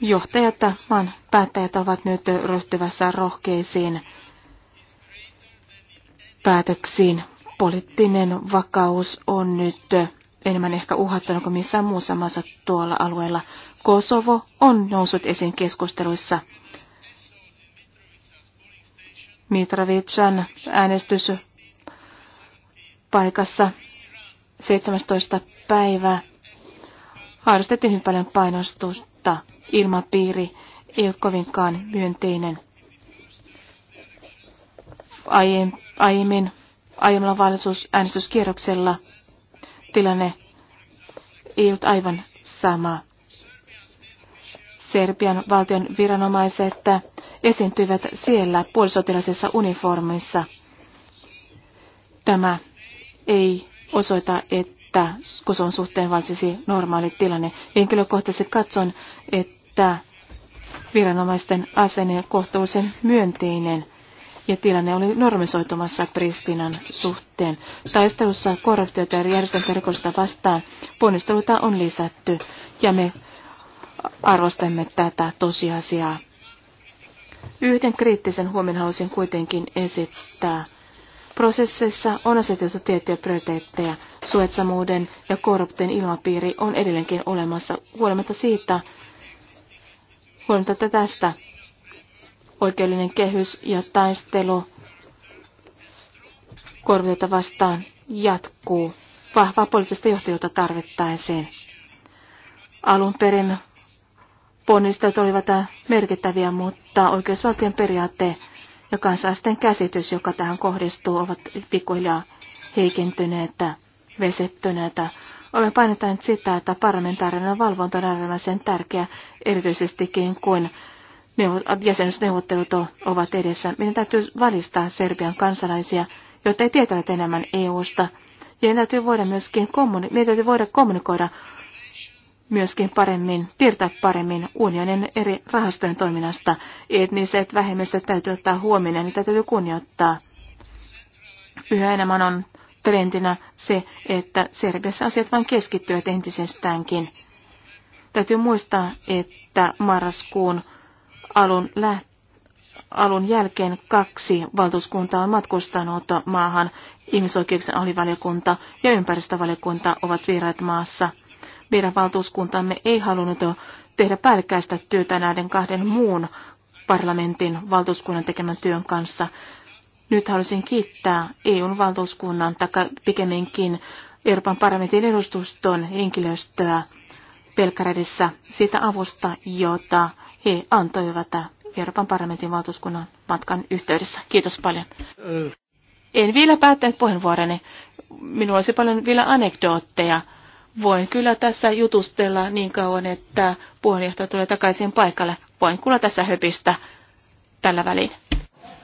johtajat, maan päättäjät ovat nyt ryhtyvässä rohkeisiin päätöksiin. Poliittinen vakaus on nyt enemmän ehkä uhattuna kuin missään muussa maassa tuolla alueella. Kosovo on noussut esiin keskusteluissa. Mitrovican äänestyspaikassa 17. päivää harrastettiin hyvin paljon painostusta ilmapiiri ei ole kovinkaan myönteinen. Aiemmin, aiemmalla valitsusäänestyskierroksella tilanne ei ollut aivan sama. Serbian valtion viranomaiset esiintyivät siellä puolisotilaisessa uniformissa. Tämä ei osoita, että että on suhteen valitsisi normaali tilanne. Henkilökohtaisesti katson, että viranomaisten asenne kohtuullisen myönteinen ja tilanne oli normisoitumassa Pristinan suhteen. Taistelussa korruptiota ja järjestelmärikollista vastaan ponnisteluita on lisätty ja me arvostamme tätä tosiasiaa. Yhden kriittisen huomion haluaisin kuitenkin esittää. Prosesseissa on asetettu tiettyjä prioriteetteja. Suetsamuuden ja korrupten ilmapiiri on edelleenkin olemassa huolimatta siitä, huolimatta tästä oikeudellinen kehys ja taistelu korruptiota vastaan jatkuu. Vahvaa poliittista johtajuutta tarvittaisiin. Alun perin ponnistajat olivat merkittäviä, mutta oikeusvaltion periaatteet ja kansalaisten käsitys, joka tähän kohdistuu, ovat pikkuhiljaa heikentyneitä, vesettyneitä. Olen painottanut sitä, että parlamentaarinen valvonta on äärimmäisen tärkeä, erityisestikin kun jäsenyysneuvottelut ovat edessä. Meidän täytyy valistaa Serbian kansalaisia, jotta ei tietävät enemmän EUsta. Ja meidän täytyy voida myöskin kommuni- meidän täytyy voida kommunikoida myöskin paremmin, tietää paremmin unionin eri rahastojen toiminnasta. Etniset vähemmistöt täytyy ottaa huomioon ja niitä täytyy kunnioittaa. Yhä enemmän on trendinä se, että Serbiassa asiat vain keskittyvät entisestäänkin. Täytyy muistaa, että marraskuun alun, läht- alun jälkeen kaksi valtuuskuntaa on matkustanut maahan. Ihmisoikeuksien alivaliokunta ja ympäristövaliokunta ovat vieraat maassa – meidän valtuuskuntamme ei halunnut tehdä päällekkäistä työtä näiden kahden muun parlamentin valtuuskunnan tekemän työn kanssa. Nyt haluaisin kiittää EUn valtuuskunnan, tai pikemminkin Euroopan parlamentin edustuston henkilöstöä Pelkäredissä siitä avusta, jota he antoivat Euroopan parlamentin valtuuskunnan matkan yhteydessä. Kiitos paljon. En vielä päättänyt puheenvuoroni. Minulla olisi paljon vielä anekdootteja voin kyllä tässä jutustella niin kauan, että puheenjohtaja tulee takaisin paikalle. Voin kyllä tässä höpistä tällä välin.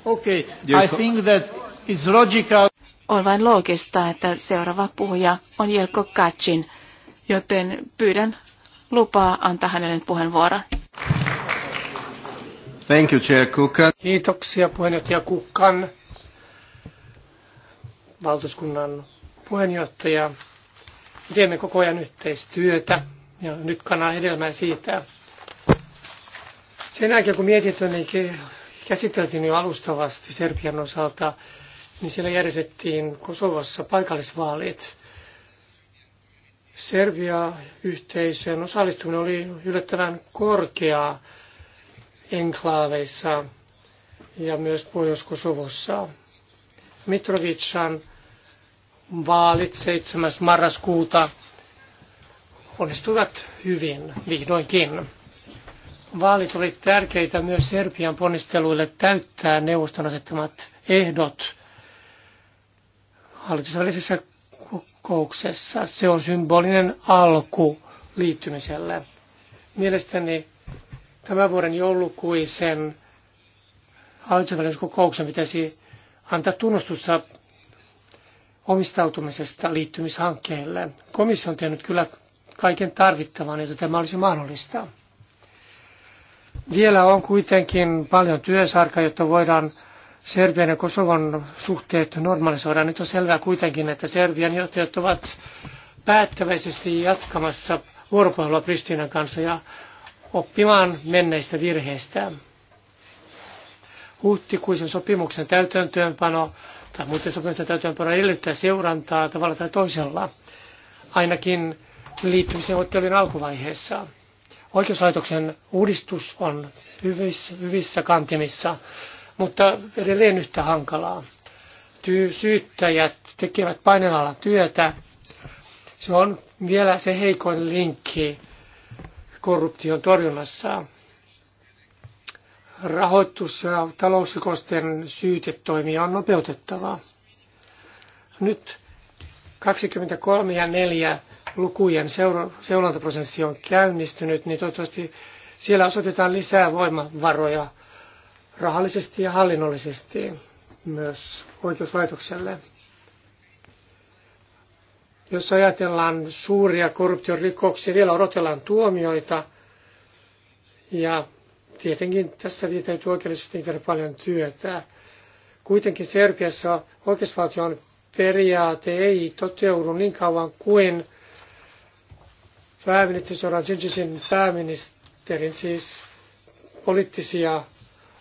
Okay, I think that it's logical. On vain loogista, että seuraava puhuja on Jelko Katsin, joten pyydän lupaa antaa hänelle nyt puheenvuoron. Thank you, Chair Kukan. Kiitoksia puheenjohtaja Kukkan, valtuuskunnan puheenjohtaja teemme koko ajan yhteistyötä ja nyt kannan hedelmää siitä. Sen jälkeen kun mietintö niin käsiteltiin jo alustavasti Serbian osalta, niin siellä järjestettiin Kosovossa paikallisvaalit. Serbia-yhteisön osallistuminen oli yllättävän korkeaa enklaaveissa ja myös Pohjois-Kosovossa. Mitrovican vaalit 7. marraskuuta onnistuivat hyvin vihdoinkin. Vaalit olivat tärkeitä myös Serbian ponnisteluille täyttää neuvoston asettamat ehdot hallitusvälisessä kokouksessa. Se on symbolinen alku liittymiselle. Mielestäni tämän vuoden joulukuisen hallitusvälisen kokouksen pitäisi antaa tunnustusta omistautumisesta liittymishankkeelle. Komissio on tehnyt kyllä kaiken tarvittavan, että tämä olisi mahdollista. Vielä on kuitenkin paljon työsarkaa, jotta voidaan Serbian ja Kosovon suhteet normalisoida. Nyt on selvää kuitenkin, että Serbian johtajat ovat päättäväisesti jatkamassa vuoropuhelua Pristinan kanssa ja oppimaan menneistä virheistään huhtikuisen sopimuksen täytäntöönpano tai muuten sopimuksen täytäntöönpano edellyttää seurantaa tavalla tai toisella, ainakin liittymisneuvottelujen alkuvaiheessa. Oikeuslaitoksen uudistus on hyvissä, hyvissä kantimissa, mutta edelleen yhtä hankalaa. Tyy, syyttäjät tekevät painelalla työtä. Se on vielä se heikoin linkki korruption torjunnassa rahoitus- ja talousrikosten syytetoimia on nopeutettavaa. Nyt 23 ja 4 lukujen seurantaprosessi on käynnistynyt, niin toivottavasti siellä osoitetaan lisää voimavaroja rahallisesti ja hallinnollisesti myös oikeuslaitokselle. Jos ajatellaan suuria korruptiorikoksia, vielä odotellaan tuomioita ja Tietenkin tässä vielä täytyy oikeudellisesti tehdä paljon työtä. Kuitenkin Serbiassa oikeusvaltion periaate ei toteudu niin kauan kuin pääministeri Soran Djindjicin pääministerin, siis poliittisia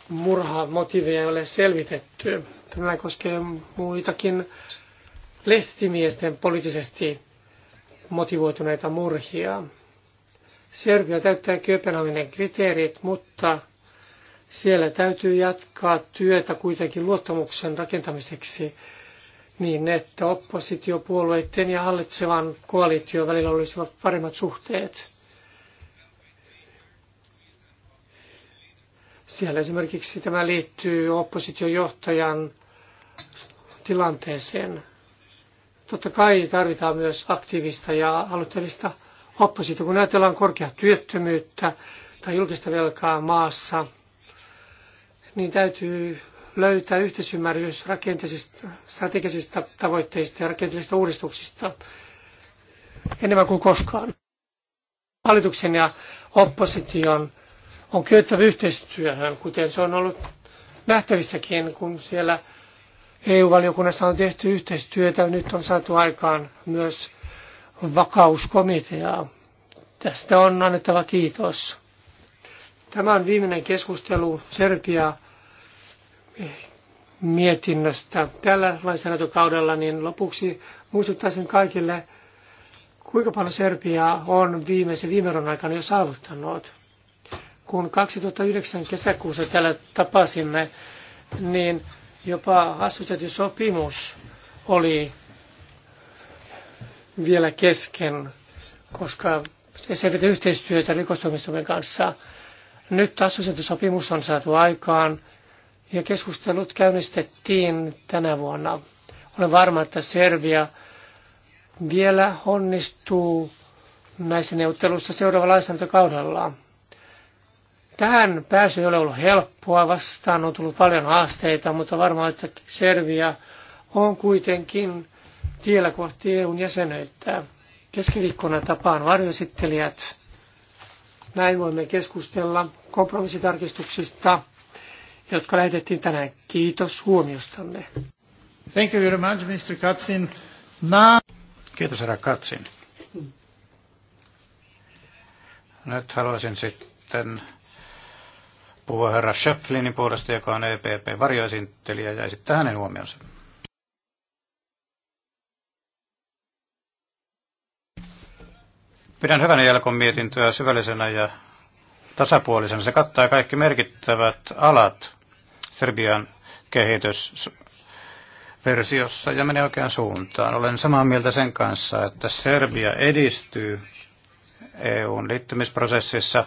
murhamotiiveja ei ole selvitetty. Tämä koskee muitakin lehtimiesten poliittisesti motivoituneita murhia. Serbia täyttää Kööpenhaminen kriteerit, mutta siellä täytyy jatkaa työtä kuitenkin luottamuksen rakentamiseksi niin, että oppositiopuolueiden ja hallitsevan koalition välillä olisivat paremmat suhteet. Siellä esimerkiksi tämä liittyy oppositiojohtajan tilanteeseen. Totta kai tarvitaan myös aktiivista ja aloitteellista oppositio. Kun ajatellaan korkea työttömyyttä tai julkista velkaa maassa, niin täytyy löytää yhteisymmärrys rakenteellisista, strategisista tavoitteista ja rakenteellisista uudistuksista enemmän kuin koskaan. Hallituksen ja opposition on kyettävä yhteistyöhön, kuten se on ollut nähtävissäkin, kun siellä EU-valiokunnassa on tehty yhteistyötä. Nyt on saatu aikaan myös vakauskomiteaa. Tästä on annettava kiitos. Tämä on viimeinen keskustelu Serbia eh, mietinnöstä. Tällä lainsäädäntökaudella niin lopuksi muistuttaisin kaikille, kuinka paljon Serbia on viimeisen viime vuoden aikana jo saavuttanut. Kun 2009 kesäkuussa täällä tapasimme, niin jopa sopimus oli vielä kesken, koska se pitää yhteistyötä rikostoimistumien kanssa. Nyt sopimus on saatu aikaan ja keskustelut käynnistettiin tänä vuonna. Olen varma, että Serbia vielä onnistuu näissä neuvotteluissa seuraavalla lainsäädäntökaudella. Tähän pääsy ei ole ollut helppoa, vastaan on tullut paljon haasteita, mutta varmaan, että Serbia on kuitenkin tiellä kohti EUn jäsenyyttä. Keskiviikkona tapaan varjoesittelijät. Näin voimme keskustella kompromissitarkistuksista, jotka lähetettiin tänään. Kiitos huomiostanne. Thank you very much, Mr. Katsin. Na, Kiitos, herra Katsin. Nyt haluaisin sitten puhua herra Schöpflinin puolesta, joka on EPP-varjoesittelijä, ja esittää hänen huomionsa. Pidän hyvänä Jelkon mietintöä syvällisenä ja tasapuolisena. Se kattaa kaikki merkittävät alat Serbian kehitysversiossa ja menee oikeaan suuntaan. Olen samaa mieltä sen kanssa, että Serbia edistyy EUn liittymisprosessissa,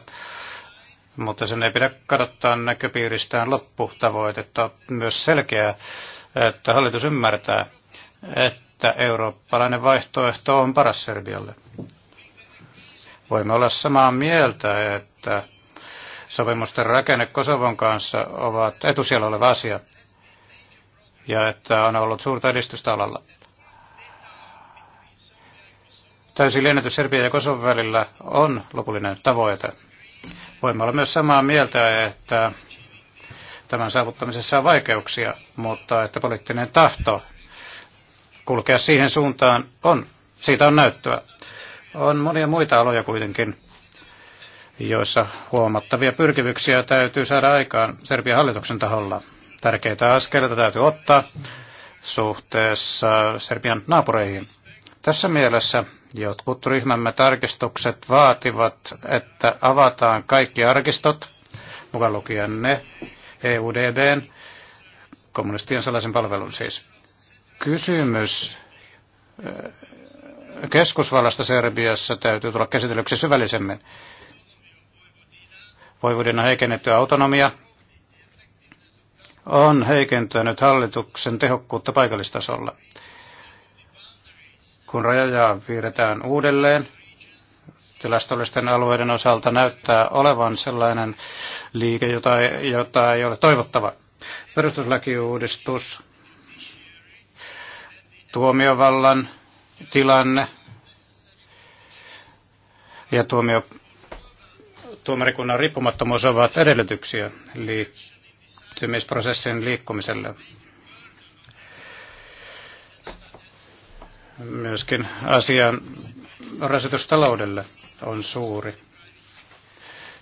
mutta sen ei pidä kadottaa näköpiiristään lopputavoitetta. Myös selkeää, että hallitus ymmärtää, että eurooppalainen vaihtoehto on paras Serbialle. Voimme olla samaa mieltä, että sopimusten rakenne Kosovon kanssa ovat etusijalla oleva asia ja että on ollut suurta edistystä alalla. Täysi liennetys Serbian ja Kosovon välillä on lopullinen tavoite. Voimme olla myös samaa mieltä, että tämän saavuttamisessa on vaikeuksia, mutta että poliittinen tahto kulkea siihen suuntaan on, siitä on näyttöä. On monia muita aloja kuitenkin, joissa huomattavia pyrkivyksiä täytyy saada aikaan Serbian hallituksen taholla. Tärkeitä askeleita täytyy ottaa suhteessa Serbian naapureihin. Tässä mielessä jotkut ryhmämme tarkistukset vaativat, että avataan kaikki arkistot, mukaan lukien ne EUDBn, kommunistien salaisen palvelun siis. Kysymys keskusvallasta Serbiassa täytyy tulla käsitellyksi syvällisemmin. Voivuuden on heikennetty autonomia, on heikentänyt hallituksen tehokkuutta paikallistasolla. Kun rajajaa viirretään uudelleen, tilastollisten alueiden osalta näyttää olevan sellainen liike, jota ei, jota ei ole toivottava. Perustuslakiuudistus, tuomiovallan tilanne ja tuomio, tuomarikunnan riippumattomuus ovat edellytyksiä liittymisprosessin liikkumiselle. Myöskin asian rasitus taloudelle on suuri.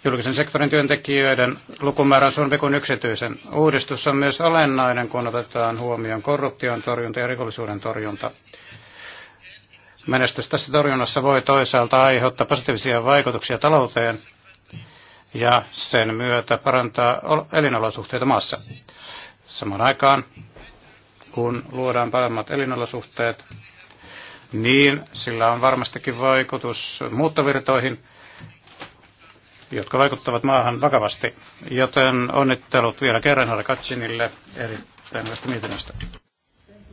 Julkisen sektorin työntekijöiden lukumäärä on suurempi kuin yksityisen. Uudistus on myös olennainen, kun otetaan huomioon korruption torjunta ja rikollisuuden torjunta. Menestys tässä torjunnassa voi toisaalta aiheuttaa positiivisia vaikutuksia talouteen ja sen myötä parantaa elinolosuhteita maassa. Samaan aikaan, kun luodaan paremmat elinolosuhteet, niin sillä on varmastikin vaikutus muuttovirtoihin, jotka vaikuttavat maahan vakavasti. Joten onnittelut vielä kerran Katsinille erittäin hyvästä mietinnöstä.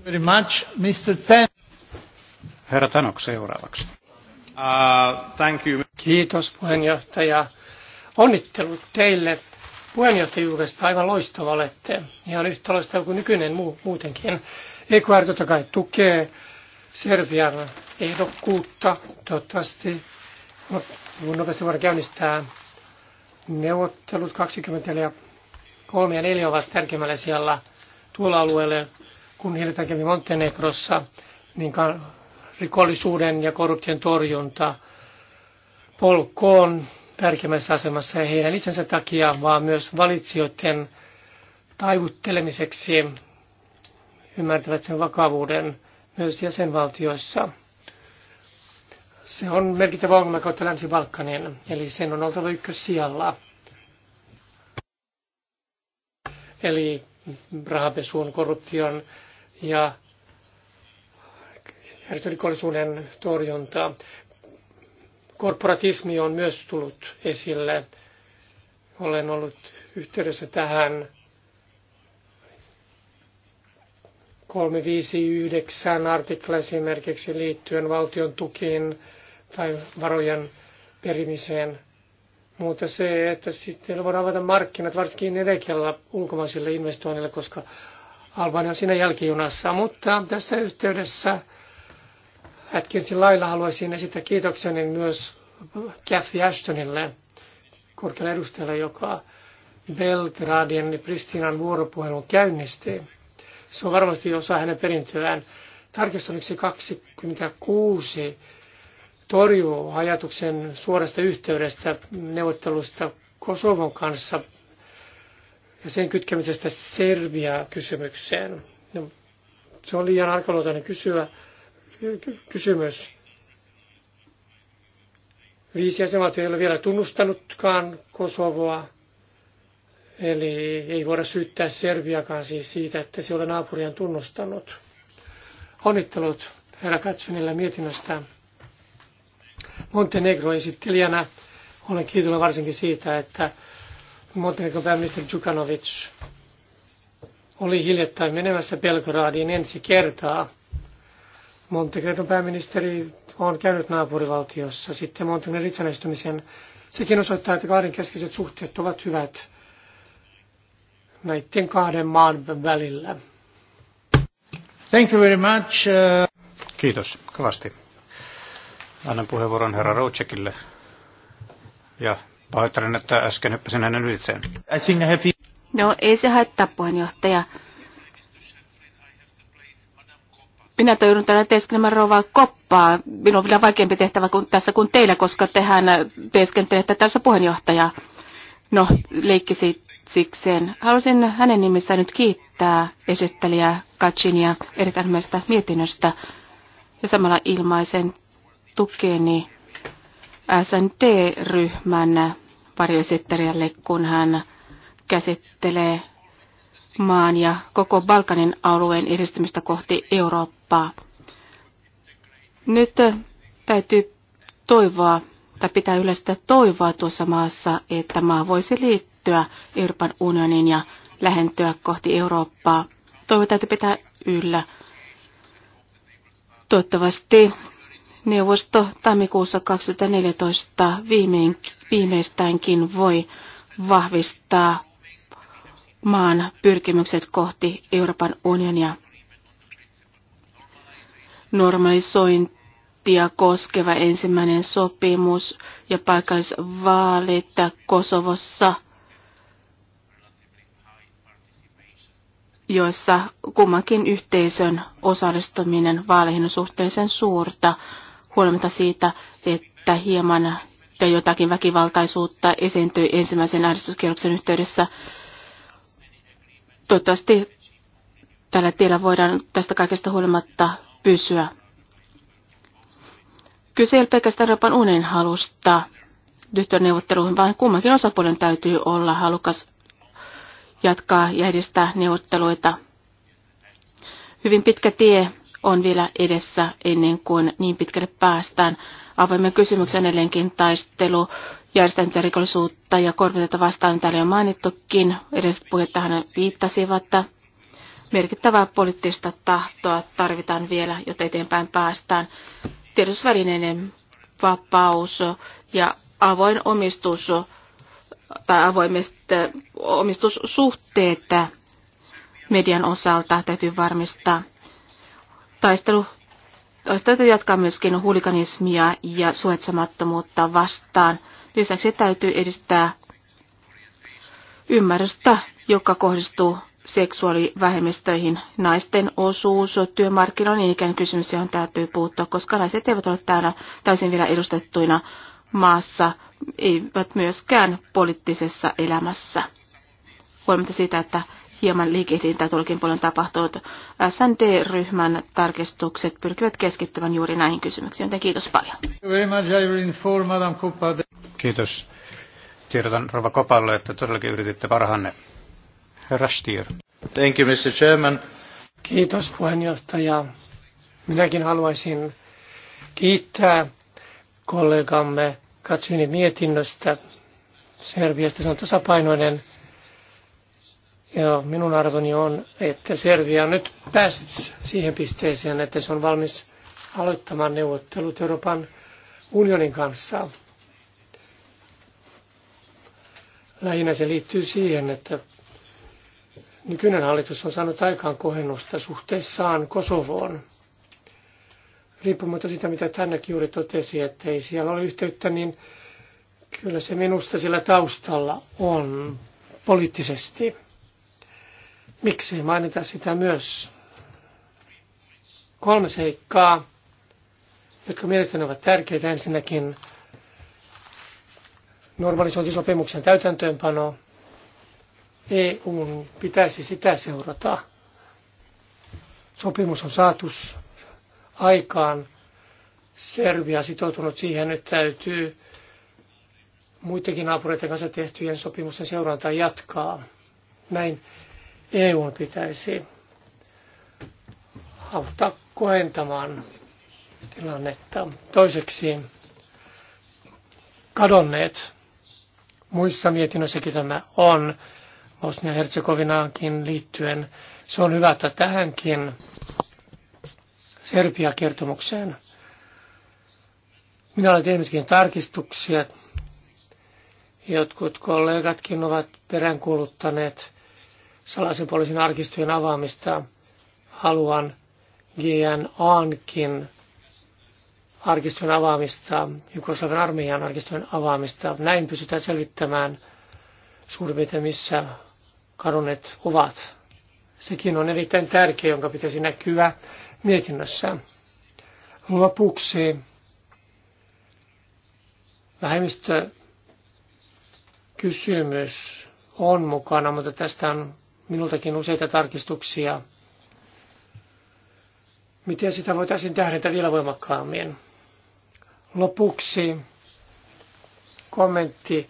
Very much, Mr. Ten. Herra Tanok seuraavaksi. Uh, thank you. Kiitos puheenjohtaja. Onnittelut teille puheenjohtajuudesta aivan loistava olette. Ihan yhtä loistava kuin nykyinen muu, muutenkin. EQR totta kai tukee Serbian ehdokkuutta. Toivottavasti no, nopeasti voidaan käynnistää neuvottelut 24 3 ja 4 ovat tärkeimmällä siellä tuolla alueella, kun hiljattain kävi Montenegrossa, niin rikollisuuden ja korruption torjunta polkoon tärkeimmässä asemassa ei heidän itsensä takia, vaan myös valitsijoiden taivuttelemiseksi ymmärtävät sen vakavuuden myös jäsenvaltioissa. Se on merkittävä ongelma kautta Länsi-Balkanin, eli sen on oltava sijalla. Eli rahapesuun, korruption ja järjestörikollisuuden torjuntaa. Korporatismi on myös tullut esille. Olen ollut yhteydessä tähän 359 artikla esimerkiksi liittyen valtion tukiin tai varojen perimiseen. Mutta se, että sitten voidaan avata markkinat varsinkin energialla ulkomaisille investoinneille, koska Albania on siinä jälkijunassa. Mutta tässä yhteydessä Atkinsin lailla haluaisin esittää kiitokseni myös Kathy Ashtonille, korkealle edustajalle, joka Belgradien ja Pristinan vuoropuhelun käynnisti. Se on varmasti osa hänen perintöään. Tarkistunneksi 26 torjuu ajatuksen suorasta yhteydestä neuvottelusta Kosovon kanssa ja sen kytkemisestä Serbia-kysymykseen. No, se on liian arkaluotainen kysyä, kysymys. Viisi jäsenvaltiota ei ole vielä tunnustanutkaan Kosovoa, eli ei voida syyttää Serbiakaan siis siitä, että se ole naapurian tunnustanut. Onnittelut herra Katsonille mietinnöstä. Montenegro esittelijänä olen kiitollinen varsinkin siitä, että Montenegron pääministeri Djukanovic oli hiljattain menemässä Belgradiin ensi kertaa Montenegron pääministeri on käynyt naapurivaltiossa. Sitten Montenegron itsenäistymisen sekin osoittaa, että kahden keskeiset suhteet ovat hyvät näiden kahden maan välillä. Thank you very much. Uh, Kiitos kovasti. Annan puheenvuoron herra Rouchekille. Ja pahoittelen, että äsken hyppäsin hänen ylitseen. No ei se haittaa puheenjohtaja. Minä joudun täällä teeskentelemään rouvaa koppaa. Minun on vielä vaikeampi tehtävä kuin tässä kuin teillä, koska tehän teeskentelette tässä puheenjohtaja. No, leikkisi sikseen. Haluaisin hänen nimissään nyt kiittää esittelijä Kacinia erittäin hyvästä mietinnöstä ja samalla ilmaisen tukeni SND-ryhmän varjoesittelijälle, kun hän käsittelee maan ja koko Balkanin alueen edistymistä kohti Eurooppaa tappaa. Nyt äh, täytyy toivoa tai pitää yleistä toivoa tuossa maassa, että maa voisi liittyä Euroopan unionin ja lähentyä kohti Eurooppaa. Toivo täytyy pitää yllä. Toivottavasti neuvosto tammikuussa 2014 viimein, viimeistäänkin voi vahvistaa maan pyrkimykset kohti Euroopan unionia normalisointia koskeva ensimmäinen sopimus ja paikallisvaalit Kosovossa, joissa kummankin yhteisön osallistuminen vaaleihin on suhteellisen suurta, huolimatta siitä, että hieman ja jotakin väkivaltaisuutta esiintyi ensimmäisen äänestyskierroksen yhteydessä. Toivottavasti tällä tiellä voidaan tästä kaikesta huolimatta pysyä. Kyse ei ole pelkästään Euroopan unionin halusta ryhtyä neuvotteluihin, vaan kummankin osapuolen täytyy olla halukas jatkaa ja edistää neuvotteluita. Hyvin pitkä tie on vielä edessä ennen kuin niin pitkälle päästään. Avoimen kysymyksen edelleenkin taistelu järjestäytyä rikollisuutta ja korvitetta vastaan täällä on mainittukin. Edelliset puheet tähän viittasivat merkittävää poliittista tahtoa tarvitaan vielä, jotta eteenpäin päästään. Tiedotusvälineiden vapaus ja avoin omistus tai avoimet omistussuhteet median osalta täytyy varmistaa. Taistelu Täytyy jatkaa myöskin huliganismia ja suojatsemattomuutta vastaan. Lisäksi täytyy edistää ymmärrystä, joka kohdistuu seksuaalivähemmistöihin. Naisten osuus työmarkkinoilla niin ikään kysymys, johon täytyy puuttua, koska naiset eivät ole täällä täysin vielä edustettuina maassa, eivät myöskään poliittisessa elämässä. Huolimatta siitä, että hieman liikehdintää tuollakin paljon tapahtunut, SND-ryhmän tarkistukset pyrkivät keskittymään juuri näihin kysymyksiin, joten kiitos paljon. Kiitos. Tiedotan Rova Kopalle, että todellakin yrititte parhaanne herra Stier. Thank you, Mr. Chairman. Kiitos puheenjohtaja. Minäkin haluaisin kiittää kollegamme Katsyni mietinnöstä. Serbiasta se on tasapainoinen. Ja minun arvoni on, että Serbia on nyt päässyt siihen pisteeseen, että se on valmis aloittamaan neuvottelut Euroopan unionin kanssa. Lähinnä se liittyy siihen, että Nykyinen hallitus on saanut aikaan kohennusta suhteessaan Kosovoon. Riippumatta siitä, mitä tänne juuri totesi, että ei siellä ole yhteyttä, niin kyllä se minusta sillä taustalla on poliittisesti. Miksei mainita sitä myös? Kolme seikkaa, jotka mielestäni ovat tärkeitä. Ensinnäkin normalisointisopimuksen täytäntöönpano, EUn pitäisi sitä seurata. Sopimus on saatu aikaan. Serbia sitoutunut siihen, että täytyy muidenkin naapureiden kanssa tehtyjen sopimusten seurantaa jatkaa. Näin EUn pitäisi auttaa kohentamaan tilannetta. Toiseksi kadonneet. Muissa mietinnöissäkin tämä on. Bosnia-Herzegovinaankin liittyen. Se on hyvä, että tähänkin Serbia-kertomukseen. Minä olen tehnytkin tarkistuksia. Jotkut kollegatkin ovat peräänkuuluttaneet salaisen poliisin arkistojen avaamista. Haluan GNAnkin arkistojen avaamista, Jugoslavian armeijan arkistojen avaamista. Näin pystytään selvittämään suurin piirtein missä kadonneet ovat. Sekin on erittäin tärkeä, jonka pitäisi näkyä mietinnössä. Lopuksi vähemmistökysymys on mukana, mutta tästä on minultakin useita tarkistuksia. Miten sitä voitaisiin tähdentää vielä voimakkaammin? Lopuksi kommentti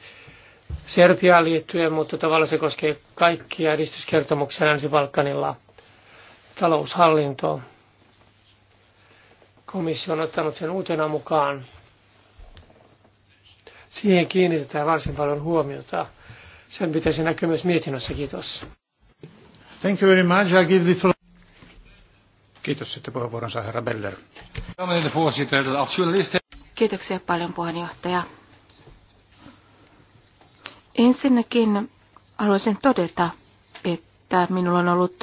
Serbiaan liittyen, mutta tavallaan se koskee kaikkia edistyskertomuksia Länsi-Balkanilla. Taloushallinto. Komissio on ottanut sen uutena mukaan. Siihen kiinnitetään varsin paljon huomiota. Sen pitäisi näkyä myös mietinnössä. Kiitos. Thank you very much. I give the floor. Kiitos sitten puheenvuoronsa herra Beller. Kiitoksia paljon puheenjohtaja. Ensinnäkin haluaisin todeta, että minulla on ollut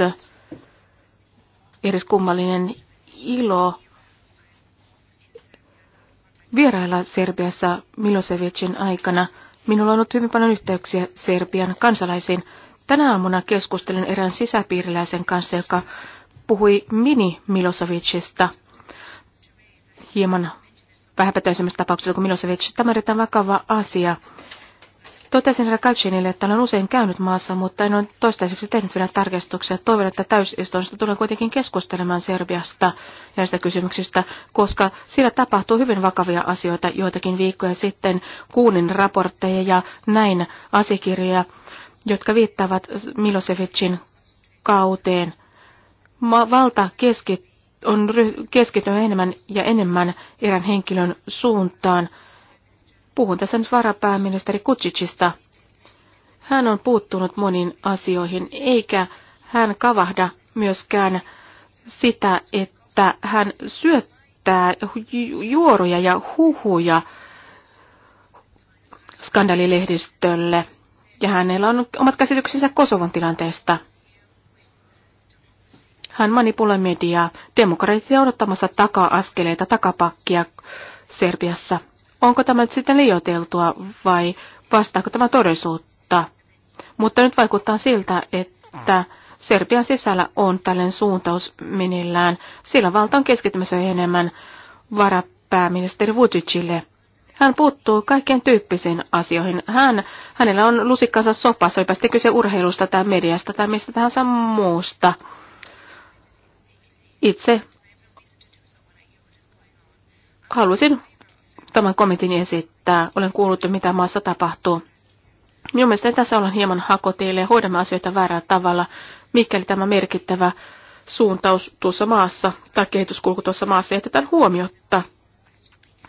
edes kummallinen ilo vierailla Serbiassa Milosevicin aikana. Minulla on ollut hyvin paljon yhteyksiä Serbian kansalaisiin. Tänä aamuna keskustelin erään sisäpiiriläisen kanssa, joka puhui mini Milosevicista hieman vähäpätöisemmästä tapauksesta kuin Milosevic. Tämä on erittäin vakava asia. Totesin herra Kalchinille, että olen usein käynyt maassa, mutta en ole toistaiseksi tehnyt vielä tarkistuksia. Toivon, että täysistunnosta tulen kuitenkin keskustelemaan Serbiasta ja näistä kysymyksistä, koska siellä tapahtuu hyvin vakavia asioita joitakin viikkoja sitten. Kuunin raportteja ja näin asiakirjoja, jotka viittaavat Milosevicin kauteen. Ma- valta keskittyy on keskittynyt enemmän ja enemmän erään henkilön suuntaan Puhun tässä nyt varapääministeri Kutsitsista. Hän on puuttunut moniin asioihin, eikä hän kavahda myöskään sitä, että hän syöttää juoruja ja huhuja skandalilehdistölle. Ja hänellä on omat käsityksensä Kosovan tilanteesta. Hän manipuloi mediaa. Demokraatit odottamassa taka-askeleita takapakkia Serbiassa onko tämä nyt sitten liioiteltua vai vastaako tämä todellisuutta. Mutta nyt vaikuttaa siltä, että Serbian sisällä on tällainen suuntaus minillään. Sillä valta on keskittymässä enemmän varapääministeri Vucicille. Hän puuttuu kaikkien tyyppisiin asioihin. Hän, hänellä on lusikkansa sopassa, olipa sitten kyse urheilusta tai mediasta tai mistä tahansa muusta. Itse halusin tämän kommentin esittää. Olen kuullut, mitä maassa tapahtuu. Minun mielestäni tässä ollaan hieman hakoteille ja hoidamme asioita väärällä tavalla, mikäli tämä merkittävä suuntaus tuossa maassa tai kehityskulku tuossa maassa jätetään huomiotta.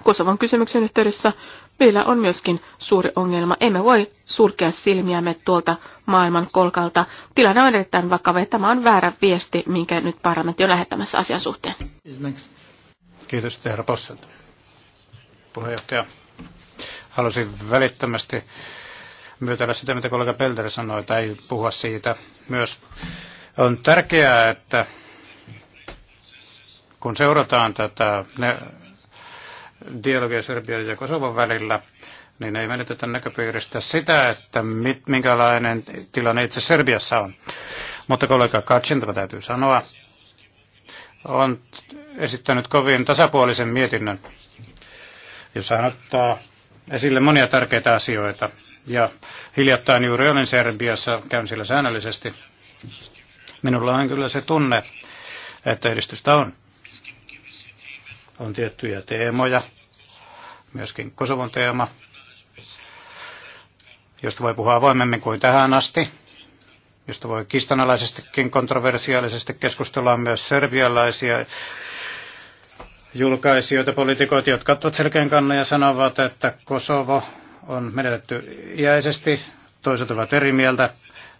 Kosovan kysymyksen yhteydessä meillä on myöskin suuri ongelma. Emme voi surkea silmiämme tuolta maailman kolkalta. Tilanne on erittäin vakava ja tämä on väärä viesti, minkä nyt parlamentti on lähettämässä asian suhteen. Kiitos, herra Posselt puheenjohtaja. Halusin välittömästi myötäillä sitä, mitä kollega Pelder sanoi, tai puhua siitä myös. On tärkeää, että kun seurataan tätä dialogia Serbian ja Kosovan välillä, niin ei menetetä näköpiiristä sitä, että mit, minkälainen tilanne itse Serbiassa on. Mutta kollega Kacin, tämä täytyy sanoa, on esittänyt kovin tasapuolisen mietinnön jossa hän ottaa esille monia tärkeitä asioita. Ja hiljattain juuri olin Serbiassa, käyn siellä säännöllisesti. Minulla on kyllä se tunne, että edistystä on. On tiettyjä teemoja, myöskin Kosovon teema, josta voi puhua avoimemmin kuin tähän asti, josta voi kistanalaisestikin kontroversiaalisesti keskustella myös serbialaisia julkaisijoita, poliitikoita, jotka ottavat selkeän kannan ja sanovat, että Kosovo on menetetty iäisesti, toiset ovat eri mieltä,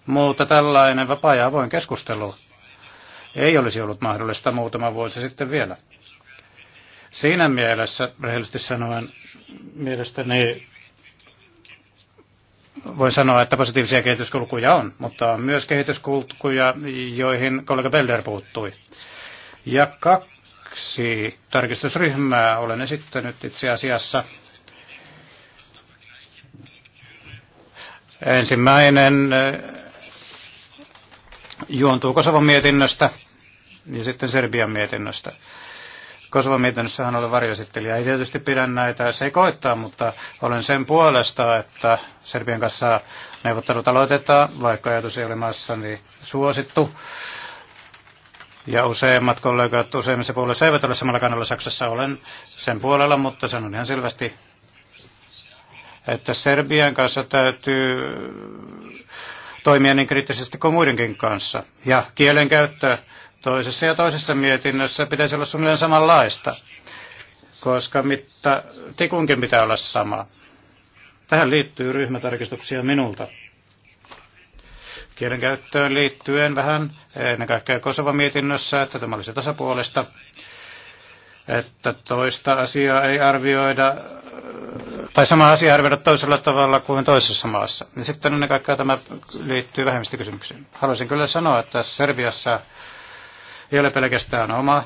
mutta tällainen vapaa ja avoin keskustelu ei olisi ollut mahdollista muutama vuosi sitten vielä. Siinä mielessä, rehellisesti sanoen, mielestäni voi sanoa, että positiivisia kehityskulkuja on, mutta on myös kehityskulkuja, joihin kollega Belder puuttui. Ja kaksi kaksi tarkistusryhmää olen esittänyt itse asiassa. Ensimmäinen eh, juontuu Kosovan mietinnöstä ja sitten Serbian mietinnöstä. Kosovan mietinnössähän olen varjoesittelijä. Ei tietysti pidä näitä sekoittaa, mutta olen sen puolesta, että Serbian kanssa neuvottelut aloitetaan, vaikka ajatus ei ole maassani suosittu ja useimmat kollegat useimmissa puolueissa eivät ole samalla kannalla Saksassa. Olen sen puolella, mutta sanon ihan selvästi, että Serbian kanssa täytyy toimia niin kriittisesti kuin muidenkin kanssa. Ja kielenkäyttö toisessa ja toisessa mietinnössä pitäisi olla suunnilleen samanlaista, koska mitta, tikunkin pitää olla sama. Tähän liittyy ryhmätarkistuksia minulta kielen käyttöön liittyen vähän, ennen kaikkea Kosovan mietinnössä, että tämä olisi tasapuolesta, että toista asiaa ei arvioida, tai sama asia arvioida toisella tavalla kuin toisessa maassa. Ja sitten ennen kaikkea tämä liittyy vähemmistökysymyksiin. Haluaisin kyllä sanoa, että Serbiassa ei ole pelkästään oma,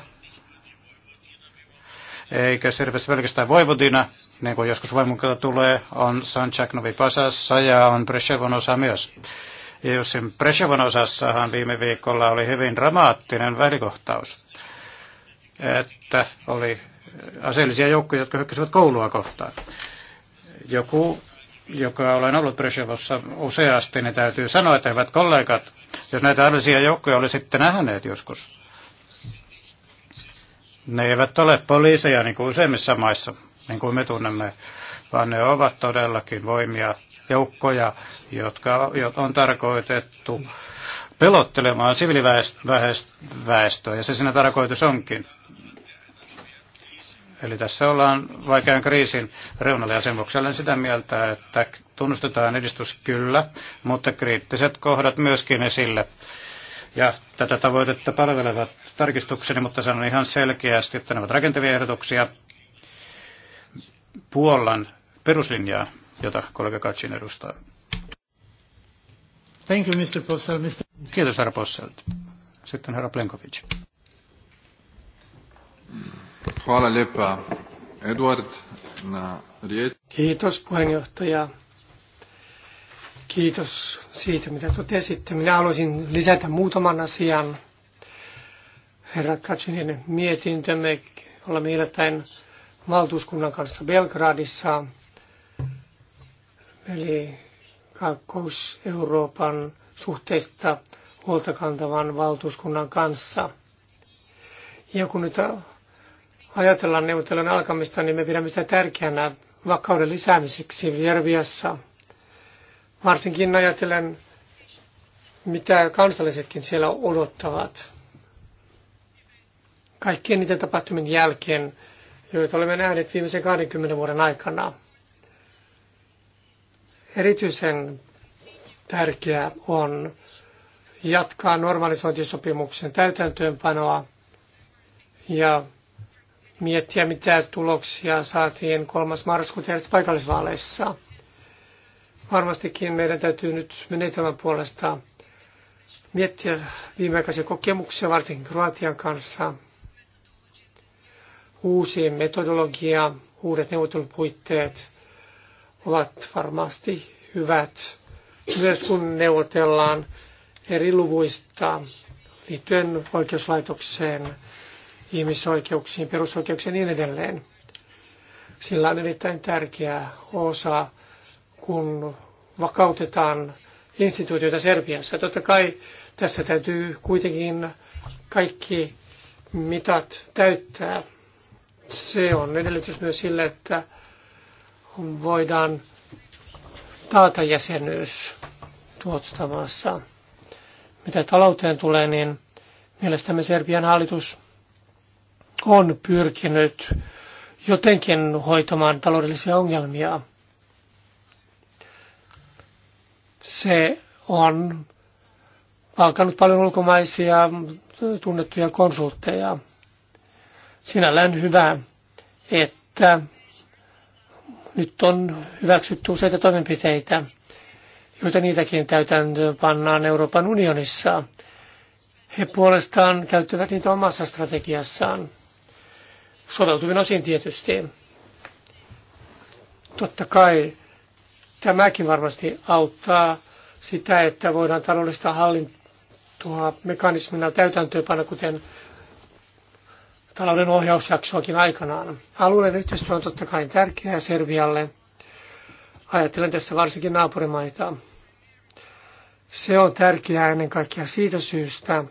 eikä Serbiassa pelkästään Voivodina, niin kuin joskus vaimon tulee, on Sanchak Novi Pasassa ja on Brezhevon osa myös Jussin Preshevon osassahan viime viikolla oli hyvin dramaattinen välikohtaus, että oli aseellisia joukkoja, jotka hyökkäsivät koulua kohtaan. Joku, joka olen ollut Preshevossa useasti, niin täytyy sanoa, että hyvät kollegat, jos näitä aseellisia joukkoja olisitte nähneet joskus, ne eivät ole poliiseja niin kuin useimmissa maissa, niin kuin me tunnemme, vaan ne ovat todellakin voimia, joukkoja, jotka on tarkoitettu pelottelemaan siviiliväestöä, ja se siinä tarkoitus onkin. Eli tässä ollaan vaikean kriisin reunalla ja sen vuoksi olen sitä mieltä, että tunnustetaan edistys kyllä, mutta kriittiset kohdat myöskin esille. Ja tätä tavoitetta palvelevat tarkistukseni, mutta sanon ihan selkeästi, että ne ovat rakentavia ehdotuksia Puolan peruslinjaa jota kollega Katsin edustaa. Thank you, Mr. Possel, Mr. Kiitos, herra Posselt. Sitten herra Plenkovic. Hvala lijepa, Edward, na Riet. Kiitos, puheenjohtaja. Kiitos siitä, mitä totesitte. Minä haluaisin lisätä muutaman asian. Herra Katsinin mietintömme olemme hiljattain valtuuskunnan kanssa Belgradissa eli Kaakkois-Euroopan suhteista huolta kantavan valtuuskunnan kanssa. Ja kun nyt ajatellaan neuvottelun alkamista, niin me pidämme sitä tärkeänä vakauden lisäämiseksi Vierviassa. Varsinkin ajatellen, mitä kansallisetkin siellä odottavat. Kaikkien niiden tapahtumien jälkeen, joita olemme nähneet viimeisen 20 vuoden aikana – Erityisen tärkeää on jatkaa normalisointisopimuksen täytäntöönpanoa ja miettiä, mitä tuloksia saatiin 3. marraskuuta paikallisvaaleissa. Varmastikin meidän täytyy nyt menetelmän puolesta miettiä viimeaikaisia kokemuksia, varsinkin Kroatian kanssa, uusi metodologia, uudet neuvottelupuitteet, ovat varmasti hyvät, myös kun neuvotellaan eri luvuista liittyen oikeuslaitokseen, ihmisoikeuksiin, perusoikeuksiin ja niin edelleen. Sillä on erittäin tärkeä osa, kun vakautetaan instituutioita Serbiassa. Totta kai tässä täytyy kuitenkin kaikki mitat täyttää. Se on edellytys myös sille, että voidaan taata jäsenyys tuottamassa, maassa. Mitä talouteen tulee, niin mielestämme Serbian hallitus on pyrkinyt jotenkin hoitamaan taloudellisia ongelmia. Se on palkannut paljon ulkomaisia tunnettuja konsultteja. Sinällään hyvä, että nyt on hyväksytty useita toimenpiteitä, joita niitäkin täytäntöön pannaan Euroopan unionissa. He puolestaan käyttävät niitä omassa strategiassaan, soveltuvin osin tietysti. Totta kai tämäkin varmasti auttaa sitä, että voidaan taloudellista hallintoa mekanismina täytäntöönpana, kuten talouden ohjausjaksoakin aikanaan. Alueen yhteistyö on totta kai tärkeää Serbialle. Ajattelen tässä varsinkin naapurimaita. Se on tärkeää ennen kaikkea siitä syystä,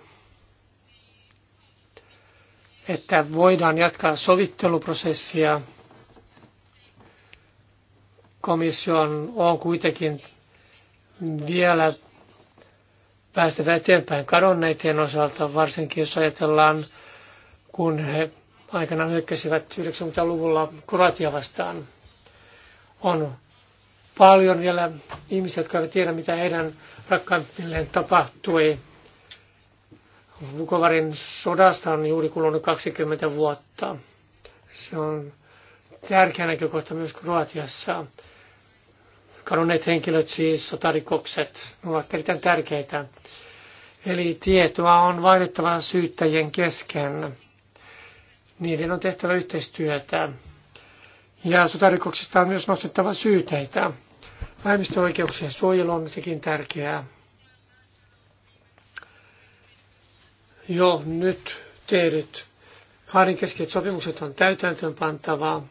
että voidaan jatkaa sovitteluprosessia. Komission on kuitenkin vielä päästävä eteenpäin kadonneiden osalta, varsinkin jos ajatellaan kun he aikanaan hyökkäsivät 90-luvulla Kroatia vastaan. On paljon vielä ihmisiä, jotka eivät tiedä, mitä heidän rakkaimmilleen tapahtui. Vukovarin sodasta on juuri kulunut 20 vuotta. Se on tärkeä näkökohta myös Kroatiassa. Kadonneet henkilöt, siis sotarikokset, ovat erittäin tärkeitä. Eli tietoa on vaihdettava syyttäjien kesken niiden on tehtävä yhteistyötä. Ja sotarikoksista on myös nostettava syyteitä. Vähemmistöoikeuksien suojelu on sekin tärkeää. Jo nyt tehdyt keskeiset sopimukset on täytäntöön pantavaa.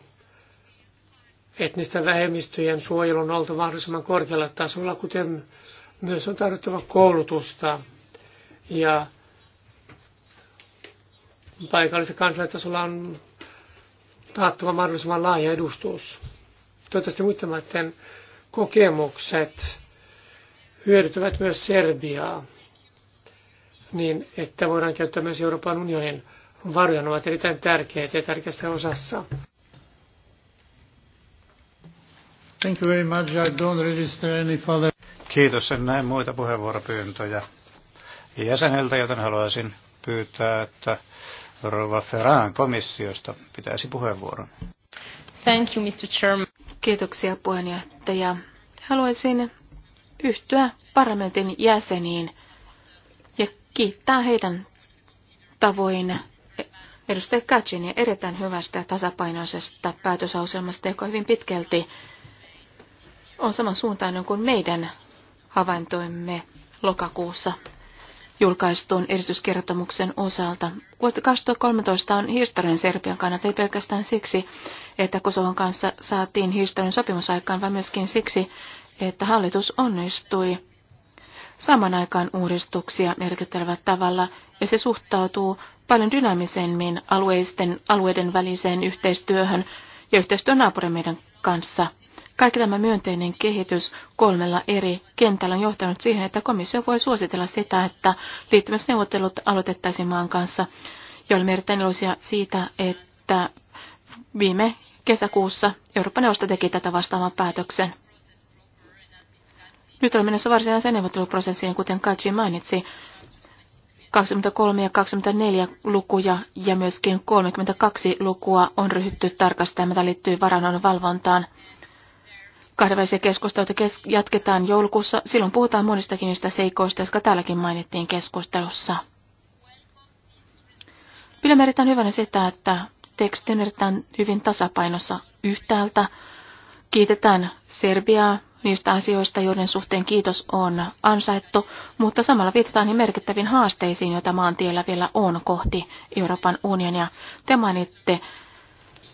Etnisten vähemmistöjen suojelu on oltava mahdollisimman korkealla tasolla, kuten myös on tarjottava koulutusta ja paikallisen kansalaistasolla on taattava mahdollisimman laaja edustus. Toivottavasti muiden maiden kokemukset hyödyttävät myös Serbiaa niin, että voidaan käyttää myös Euroopan unionin varoja. Ne ovat erittäin tärkeitä ja tärkeässä osassa. Thank you very much. I don't register any further... Kiitos. En näe muita puheenvuoropyyntöjä jäseneltä, joten haluaisin pyytää, että Rova Ferran komissiosta pitäisi puheenvuoron. Thank you, Mr. Chairman. Kiitoksia puheenjohtaja. Haluaisin yhtyä parlamentin jäseniin ja kiittää heidän tavoin edustaja ja erittäin hyvästä ja tasapainoisesta päätösauselmasta, joka hyvin pitkälti on samansuuntainen kuin meidän havaintoimme lokakuussa julkaistuun edistyskertomuksen osalta. Vuosi 2013 on historian Serbian kannalta ei pelkästään siksi, että Kosovon kanssa saatiin historian sopimusaikaan, vaan myöskin siksi, että hallitus onnistui saman aikaan uudistuksia merkittävällä tavalla, ja se suhtautuu paljon dynaamisemmin alueiden väliseen yhteistyöhön ja yhteistyön naapurin meidän kanssa – kaikki tämä myönteinen kehitys kolmella eri kentällä on johtanut siihen, että komissio voi suositella sitä, että liittymisneuvottelut aloitettaisiin maan kanssa. Ja olemme erittäin iloisia siitä, että viime kesäkuussa Euroopan neuvosto teki tätä vastaavan päätöksen. Nyt olemme menossa varsinaiseen neuvotteluprosessiin, kuten Kaji mainitsi. 23 ja 24 lukuja ja myöskin 32 lukua on ryhdytty tarkastamaan, mitä liittyy varannon valvontaan kahdenvälisiä keskusteluita kes- jatketaan joulukuussa. Silloin puhutaan monistakin niistä seikoista, jotka täälläkin mainittiin keskustelussa. Pidämme erittäin hyvänä sitä, että teksti on erittäin hyvin tasapainossa yhtäältä. Kiitetään Serbiaa niistä asioista, joiden suhteen kiitos on ansaittu, mutta samalla viitataan niin merkittäviin haasteisiin, joita maantiellä vielä on kohti Euroopan unionia. Te mainitte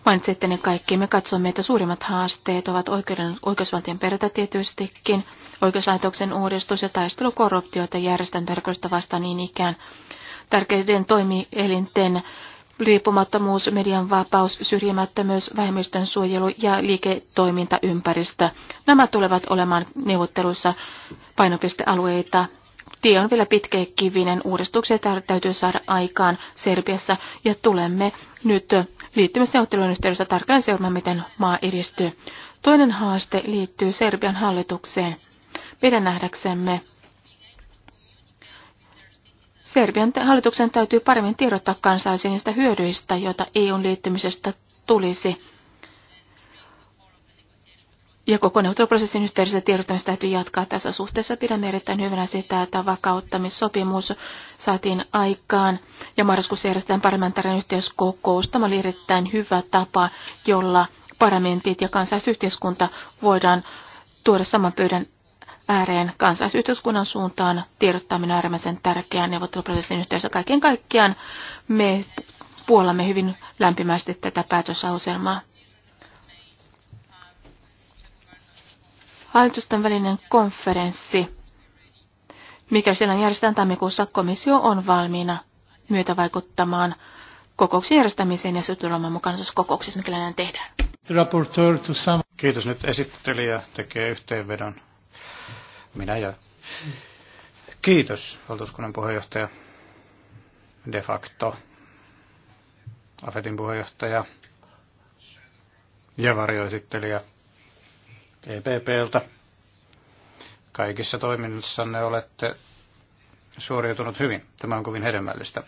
Mainitsitte ne kaikki. Me katsomme, että suurimmat haasteet ovat oikeuden, oikeusvaltion perätä tietystikin, oikeuslaitoksen uudistus ja taistelu korruptiota järjestäytynyt vastaan niin ikään. Tärkeiden toimielinten riippumattomuus, median vapaus, syrjimättömyys, vähemmistön suojelu ja liiketoimintaympäristö. Nämä tulevat olemaan neuvotteluissa painopistealueita Tie on vielä pitkäkivinen. Uudistuksia täytyy saada aikaan Serbiassa ja tulemme nyt liittymisneuvottelujen yhteydessä tarkalleen seuraamaan, miten maa edistyy. Toinen haaste liittyy Serbian hallitukseen. Meidän nähdäksemme Serbian hallituksen täytyy paremmin tiedottaa kansallisista hyödyistä, joita eu liittymisestä tulisi. Ja koko neutroprosessin yhteydessä tiedottamista täytyy jatkaa tässä suhteessa. Pidämme erittäin hyvänä sitä, että vakauttamissopimus saatiin aikaan ja marraskuussa järjestetään parlamentaarinen yhteiskokous. Tämä oli erittäin hyvä tapa, jolla parlamentit ja kansalaisyhteiskunta voidaan tuoda saman pöydän ääreen kansalaisyhteiskunnan suuntaan. Tiedottaminen on äärimmäisen tärkeää neuvotteluprosessin yhteydessä. Kaiken kaikkiaan me puolamme hyvin lämpimästi tätä päätösauselmaa. Hallitusten välinen konferenssi. Mikä siellä järjestetään tammikuussa, komissio on valmiina myötävaikuttamaan kokouksen järjestämiseen ja sotilaamman mukana tuossa kokouksessa, mikä näin tehdään. Kiitos. Nyt esittelijä tekee yhteenvedon. Minä ja Kiitos, valtuuskunnan puheenjohtaja. De facto. Afetin puheenjohtaja ja varjoesittelijä TPPltä. E Kaikissa toiminnassanne olette suoriutunut hyvin. Tämä on kovin hedelmällistä.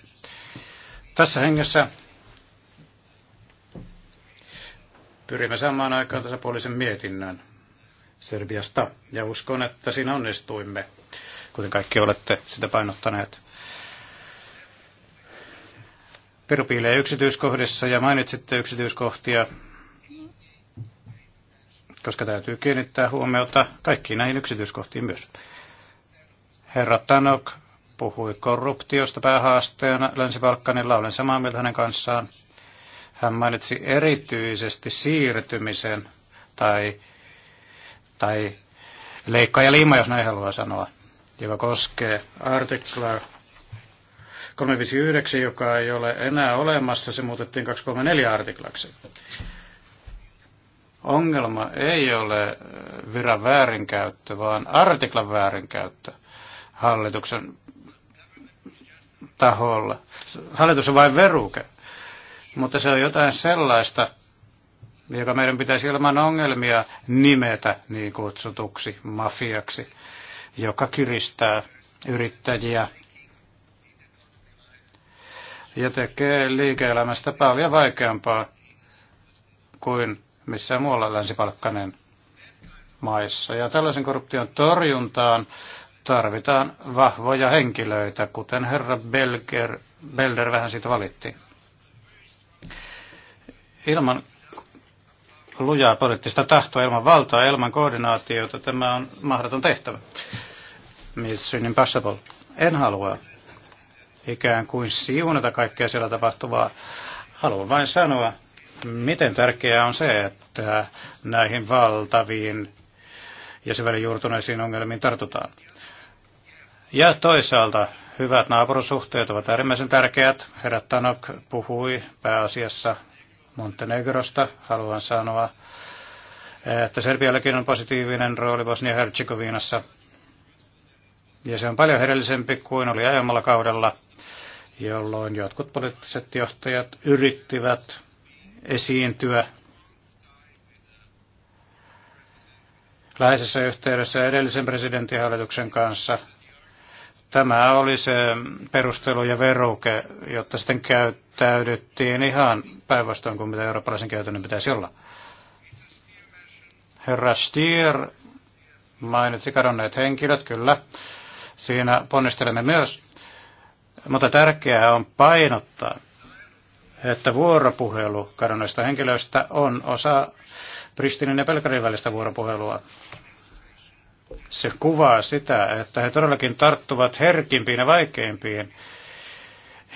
Tässä hengessä pyrimme samaan aikaan tasapuolisen mietinnön Serbiasta. Ja uskon, että siinä onnistuimme, kuten kaikki olette sitä painottaneet. Piru piilee yksityiskohdissa ja mainitsitte yksityiskohtia, koska täytyy kiinnittää huomiota kaikkiin näihin yksityiskohtiin myös. Herra Tanok puhui korruptiosta päähaasteena Länsi-Balkanilla, olen samaa mieltä hänen kanssaan. Hän mainitsi erityisesti siirtymisen tai, tai leikkaa ja liima, jos näin haluaa sanoa, joka koskee artiklaa 359, joka ei ole enää olemassa, se muutettiin 234 artiklaksi ongelma ei ole äh, viran väärinkäyttö, vaan artiklan väärinkäyttö hallituksen taholla. Hallitus on vain veruke, mutta se on jotain sellaista, joka meidän pitäisi ilman ongelmia nimetä niin kutsutuksi mafiaksi, joka kiristää yrittäjiä ja tekee liike-elämästä paljon vaikeampaa kuin missään muualla länsipalkkainen maissa. Ja tällaisen korruption torjuntaan tarvitaan vahvoja henkilöitä, kuten herra Belger, Belder vähän siitä valitti. Ilman lujaa poliittista tahtoa, ilman valtaa, ilman koordinaatiota tämä on mahdoton tehtävä. Mission impossible. En halua ikään kuin siunata kaikkea siellä tapahtuvaa. Haluan vain sanoa, miten tärkeää on se, että näihin valtaviin ja syvälle juurtuneisiin ongelmiin tartutaan. Ja toisaalta hyvät naapurussuhteet ovat äärimmäisen tärkeät. Herra Tanok puhui pääasiassa Montenegrosta. Haluan sanoa, että Serbiallakin on positiivinen rooli Bosnia-Herzegovinassa. Ja se on paljon herellisempi kuin oli aiemmalla kaudella, jolloin jotkut poliittiset johtajat yrittivät esiintyä läheisessä yhteydessä edellisen presidentinhallituksen kanssa. Tämä oli se perustelu ja veruke, jotta sitten käyttäydyttiin ihan päinvastoin kuin mitä eurooppalaisen käytännön pitäisi olla. Herra Stier mainitsi kadonneet henkilöt, kyllä. Siinä ponnistelemme myös. Mutta tärkeää on painottaa, että vuoropuhelu kadonneista henkilöistä on osa Pristinin ja Pelkarin välistä vuoropuhelua. Se kuvaa sitä, että he todellakin tarttuvat herkimpiin ja vaikeimpiin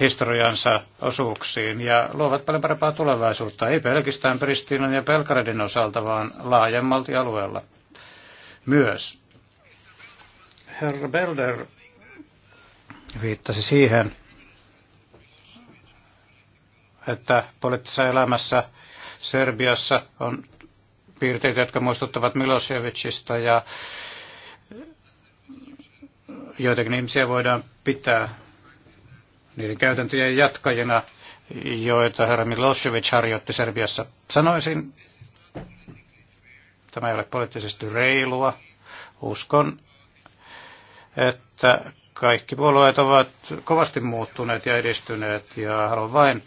historiansa osuuksiin ja luovat paljon parempaa tulevaisuutta, ei pelkästään Pristinan ja Pelkaredin osalta, vaan laajemmalti alueella myös. Herra Belder viittasi siihen, että poliittisessa elämässä Serbiassa on piirteitä, jotka muistuttavat Milosevicista ja joitakin ihmisiä voidaan pitää niiden käytäntöjen jatkajina, joita herra Milosevic harjoitti Serbiassa. Sanoisin, tämä ei ole poliittisesti reilua. Uskon, että kaikki puolueet ovat kovasti muuttuneet ja edistyneet ja haluan vain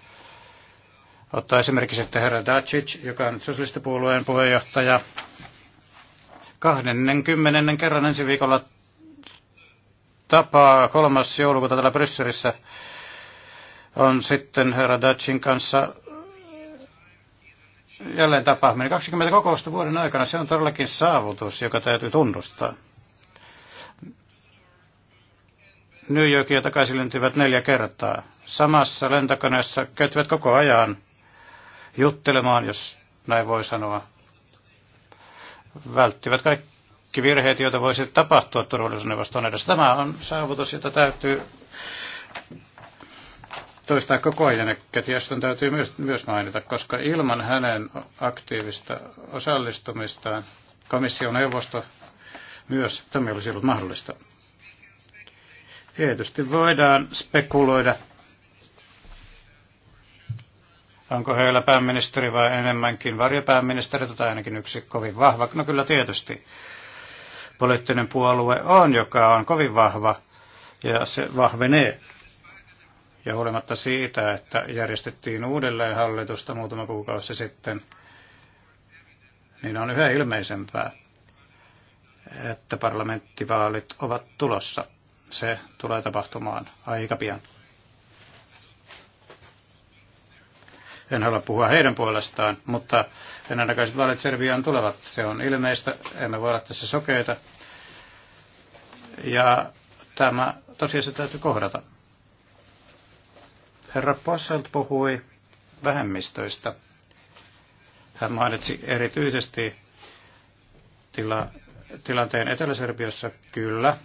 ottaa esimerkiksi, että herra Dacic, joka on sosialistipuolueen puheenjohtaja, 20. kerran ensi viikolla tapaa 3. joulukuuta täällä Brysselissä on sitten herra Dacin kanssa jälleen tapaaminen. 20 kokousta vuoden aikana, se on todellakin saavutus, joka täytyy tunnustaa. New Yorkia takaisin lentivät neljä kertaa. Samassa lentokoneessa käyttivät koko ajan juttelemaan, jos näin voi sanoa. Välttivät kaikki virheet, joita voisi tapahtua turvallisuusneuvoston edessä. Tämä on saavutus, jota täytyy toistaa koko ajan, ja Ketjaston täytyy myös, myös mainita, koska ilman hänen aktiivista osallistumistaan neuvosto myös tämä olisi ollut mahdollista. Tietysti voidaan spekuloida Onko heillä pääministeri vai enemmänkin varjopääministeri, tai tota ainakin yksi kovin vahva? No kyllä tietysti poliittinen puolue on, joka on kovin vahva, ja se vahvenee. Ja huolimatta siitä, että järjestettiin uudelleen hallitusta muutama kuukausi sitten, niin on yhä ilmeisempää, että parlamenttivaalit ovat tulossa. Se tulee tapahtumaan aika pian. En halua puhua heidän puolestaan, mutta ennenaikaiset vaalit Serbiaan tulevat. Se on ilmeistä, emme voi olla tässä sokeita. Ja tämä tosiaan se täytyy kohdata. Herra Posselt puhui vähemmistöistä. Hän mainitsi erityisesti tila, tilanteen Etelä-Serbiassa kyllä.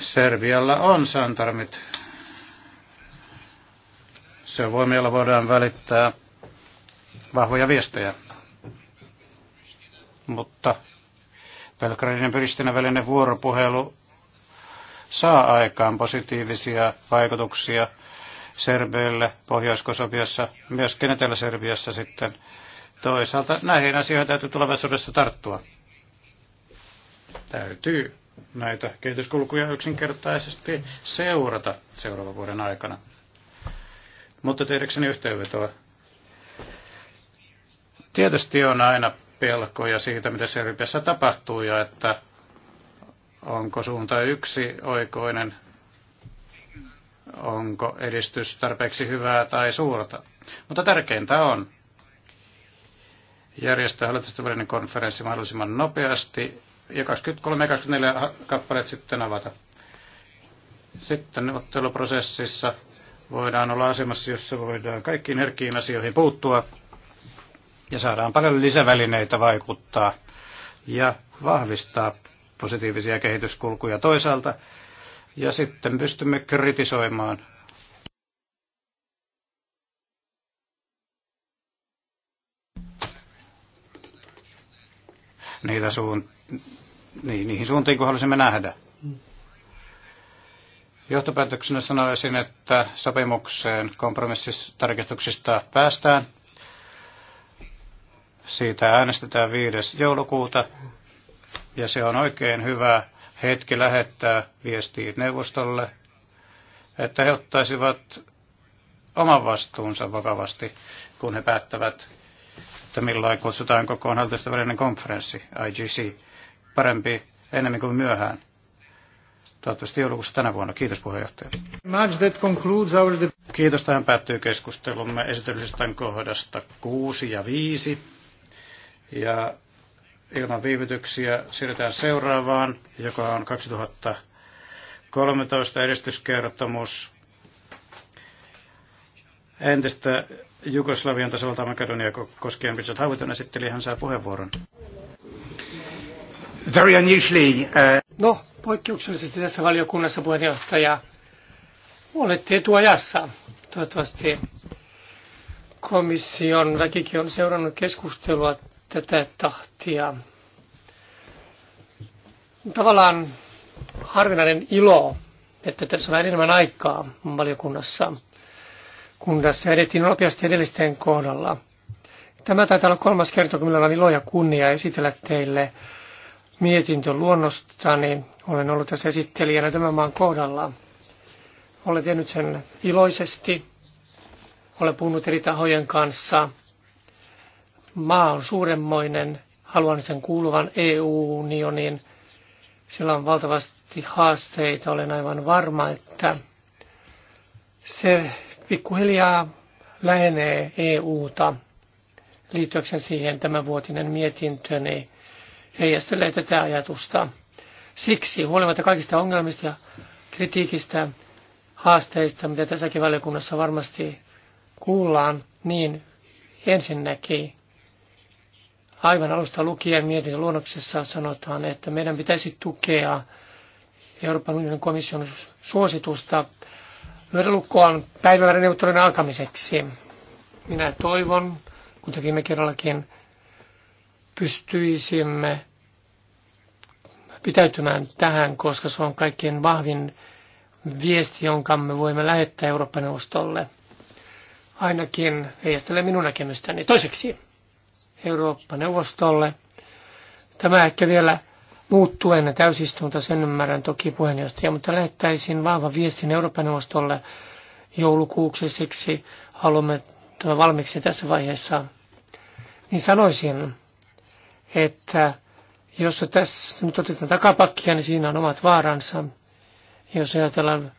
Serbialla on santarmit se on meillä jolla voidaan välittää vahvoja viestejä. Mutta Belgradin ja Pristinan välinen vuoropuhelu saa aikaan positiivisia vaikutuksia Serbeille Pohjois-Kosoviassa, myöskin Etelä-Serbiassa sitten. Toisaalta näihin asioihin täytyy tulevaisuudessa tarttua. Täytyy näitä kehityskulkuja yksinkertaisesti seurata seuraavan vuoden aikana. Mutta tehdäkseni yhteenvetoa. Tietysti on aina pelkoja siitä, mitä Serbiassa tapahtuu ja että onko suunta yksi oikoinen, onko edistys tarpeeksi hyvää tai suurta. Mutta tärkeintä on järjestää hallitusten välinen konferenssi mahdollisimman nopeasti ja 23 ja 24 kappaleet sitten avata. Sitten otteluprosessissa voidaan olla asemassa, jossa voidaan kaikkiin herkkiin asioihin puuttua ja saadaan paljon lisävälineitä vaikuttaa ja vahvistaa positiivisia kehityskulkuja toisaalta. Ja sitten pystymme kritisoimaan niitä suun, niin, niihin suuntiin, kun halusimme nähdä. Johtopäätöksenä sanoisin, että sopimukseen kompromissitarkistuksista päästään. Siitä äänestetään 5. joulukuuta ja se on oikein hyvä hetki lähettää viestiä neuvostolle, että he ottaisivat oman vastuunsa vakavasti, kun he päättävät, että milloin kutsutaan kokoon hallitusten välinen konferenssi, IGC, parempi enemmän kuin myöhään toivottavasti joulukuussa tänä vuonna. Kiitos puheenjohtaja. Kiitos. Tähän päättyy keskustelumme esityksestä kohdasta 6 ja 5. Ja ilman viivytyksiä siirrytään seuraavaan, joka on 2013 edistyskertomus entistä Jugoslavian tasavalta Makedonia koskien Richard Hauiton esitteli, hän saa puheenvuoron. Very unusually, uh... No, poikkeuksellisesti tässä valiokunnassa puheenjohtaja olette etuajassa. Toivottavasti komission väkikin on seurannut keskustelua tätä tahtia. Tavallaan harvinainen ilo, että tässä on enemmän aikaa valiokunnassa, kun tässä edettiin nopeasti edellisten kohdalla. Tämä taitaa olla kolmas kerta, kun minulla on ilo ja kunnia esitellä teille mietintö luonnostani. Niin olen ollut tässä esittelijänä tämän maan kohdalla. Olen tehnyt sen iloisesti. Olen puhunut eri tahojen kanssa. Maa on suuremmoinen. Haluan sen kuuluvan EU-unioniin. Sillä on valtavasti haasteita. Olen aivan varma, että se pikkuhiljaa lähenee ta Liittyakseni siihen tämänvuotinen mietintöni niin heijastelee tätä ajatusta. Siksi huolimatta kaikista ongelmista ja kritiikistä, haasteista, mitä tässäkin valiokunnassa varmasti kuullaan, niin ensinnäkin aivan alusta lukien mietin luonnoksessa sanotaan, että meidän pitäisi tukea Euroopan unionin komission suositusta lyödä lukkoon päivämäärän alkamiseksi. Minä toivon, kun me kerrallakin, pystyisimme pitäytymään tähän, koska se on kaikkein vahvin viesti, jonka me voimme lähettää Euroopan neuvostolle Ainakin heijastelee minun näkemystäni. Toiseksi Euroopan neuvostolle Tämä ehkä vielä muuttuu ennen täysistunta, sen ymmärrän toki puheenjohtaja, mutta lähettäisin vahvan viestin Euroopan neuvostolle joulukuuksi, siksi haluamme tämän valmiiksi tässä vaiheessa. Niin sanoisin, että jos tässä nyt otetaan takapakkia, niin siinä on omat vaaransa. Jos ajatellaan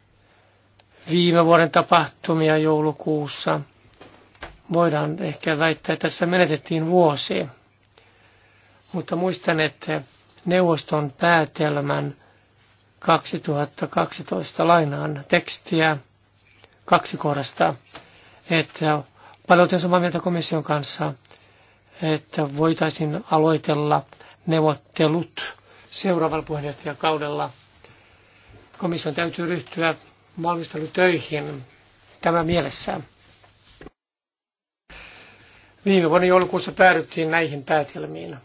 viime vuoden tapahtumia joulukuussa, voidaan ehkä väittää, että tässä menetettiin vuosi. Mutta muistan, että neuvoston päätelmän 2012 lainaan tekstiä kaksi kohdasta, että paljon samaa mieltä komission kanssa, että voitaisiin aloitella neuvottelut seuraavalla puheenjohtajakaudella. Komission täytyy ryhtyä valmistelutöihin tämä mielessä. Viime vuonna joulukuussa päädyttiin näihin päätelmiin.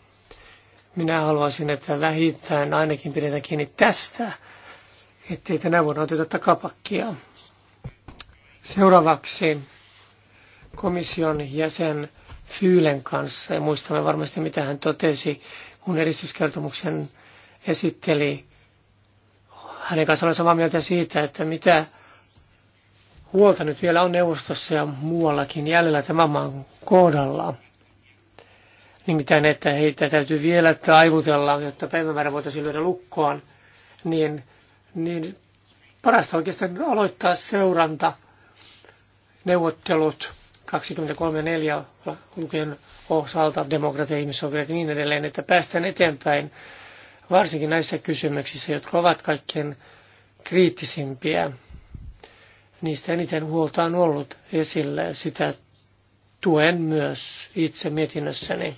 Minä haluaisin, että vähintään ainakin pidetään kiinni tästä, ettei tänä vuonna oteta takapakkia. Seuraavaksi komission jäsen Fyylen kanssa, ja muistamme varmasti mitä hän totesi mun edistyskertomuksen esitteli. Hänen kanssaan olen samaa mieltä siitä, että mitä huolta nyt vielä on neuvostossa ja muuallakin jäljellä tämän maan kohdalla. Nimittäin, että heitä täytyy vielä taivutella, jotta päivämäärä voitaisiin lyödä lukkoon, niin, niin parasta oikeastaan aloittaa seuranta, neuvottelut 23.4 lukien osalta demokratia, ihmisoikeudet ja niin edelleen, että päästään eteenpäin varsinkin näissä kysymyksissä, jotka ovat kaikkein kriittisimpiä. Niistä eniten huolta on ollut esillä sitä tuen myös itse mietinnössäni.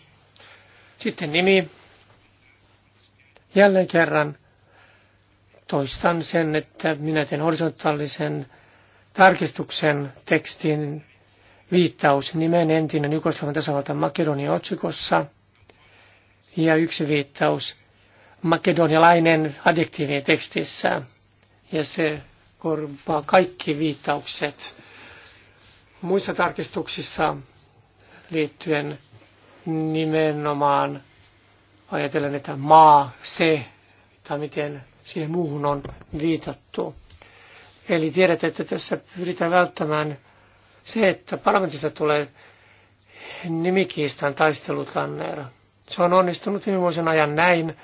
Sitten nimi. Jälleen kerran toistan sen, että minä teen horisontaalisen tarkistuksen tekstin viittaus nimen entinen Jugoslavan tasavalta Makedonia otsikossa ja yksi viittaus makedonialainen adjektiivi tekstissä. Ja se korvaa kaikki viittaukset muissa tarkistuksissa liittyen nimenomaan ajatellen, että maa, se tai miten siihen muuhun on viitattu. Eli tiedät, että tässä pyritään välttämään se, että parlamentista tulee nimikiistan taistelutanneera. Se on onnistunut viime vuosien ajan näin.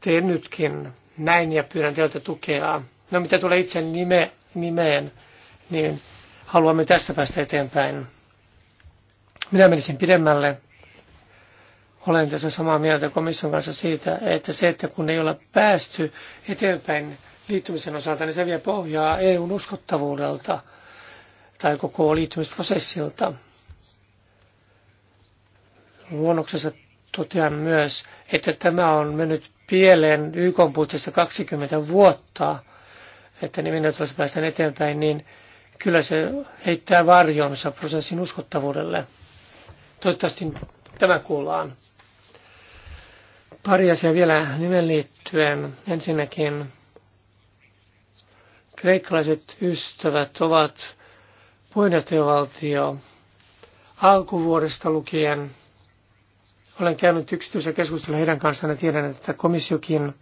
Teen nytkin näin ja pyydän teiltä tukea. No mitä tulee itse nime, nimeen, niin haluamme tässä päästä eteenpäin. Minä menisin pidemmälle. Olen tässä samaa mieltä komission kanssa siitä, että se, että kun ei ole päästy eteenpäin liittymisen osalta, niin se vie pohjaa EUn uskottavuudelta – tai koko liittymisprosessilta. Luonnoksessa totean myös, että tämä on mennyt pieleen YK puitteissa 20 vuotta, että nimenneuvottelussa päästä eteenpäin, niin kyllä se heittää varjonsa prosessin uskottavuudelle. Toivottavasti tämä kuullaan. Pari asiaa vielä nimen liittyen. Ensinnäkin kreikkalaiset ystävät ovat Puheenjohtajavaltio, alkuvuodesta lukien olen käynyt yksityisen keskustelun heidän kanssaan ja tiedän, että komissiokin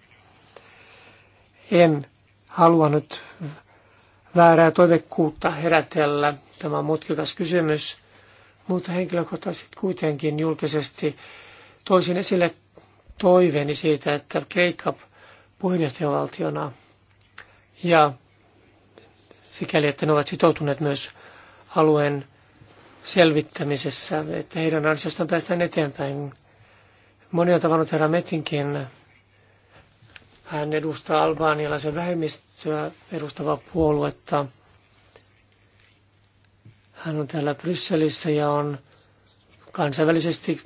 en halua nyt väärää toivekkuutta herätellä. Tämä on mutkikas kysymys, mutta henkilökohtaisesti kuitenkin julkisesti toisin esille toiveeni siitä, että Kreikka puheenjohtajavaltiona ja sikäli, että ne ovat sitoutuneet myös alueen selvittämisessä, että heidän ansiostaan päästään eteenpäin. Moni on tavannut herra Metinkin. Hän edustaa albaanialaisen vähemmistöä edustavaa puoluetta. Hän on täällä Brysselissä ja on kansainvälisesti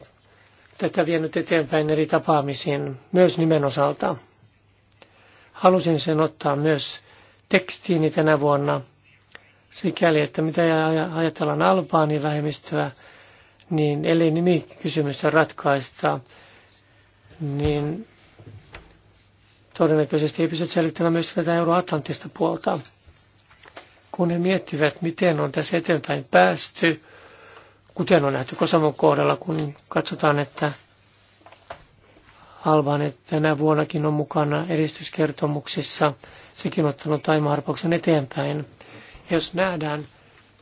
tätä vienyt eteenpäin eri tapaamisiin, myös nimen osalta. Halusin sen ottaa myös tekstiini tänä vuonna – sikäli, että mitä ajatellaan Albaanin vähemmistöä, niin eli nimikysymystä ratkaista, niin todennäköisesti ei pysty selittämään myös tätä euroatlanttista puolta. Kun he miettivät, miten on tässä eteenpäin päästy, kuten on nähty Kosamon kohdalla, kun katsotaan, että Alban tänä vuonnakin on mukana edistyskertomuksissa, sekin on ottanut taimaharpauksen eteenpäin. Jos nähdään,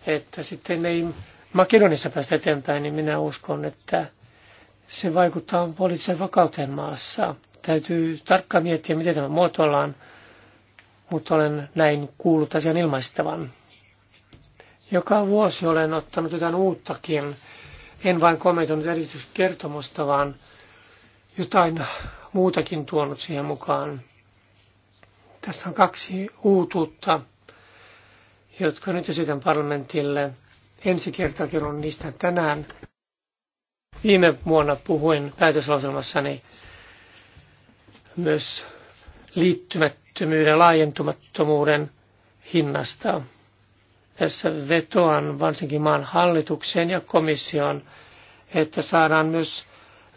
että sitten ei Makedonissa päästä eteenpäin, niin minä uskon, että se vaikuttaa poliittiseen vakauteen maassa. Täytyy tarkkaan miettiä, miten tämä muotoillaan, mutta olen näin kuullut asian ilmaistavan. Joka vuosi olen ottanut jotain uuttakin. En vain kommentoinut erityiskertomusta, vaan jotain muutakin tuonut siihen mukaan. Tässä on kaksi uutuutta jotka nyt esitän parlamentille. Ensi kertaa kerron niistä tänään. Viime vuonna puhuin päätöslauselmassani myös liittymättömyyden, laajentumattomuuden hinnasta. Tässä vetoan varsinkin maan hallitukseen ja komission, että saadaan myös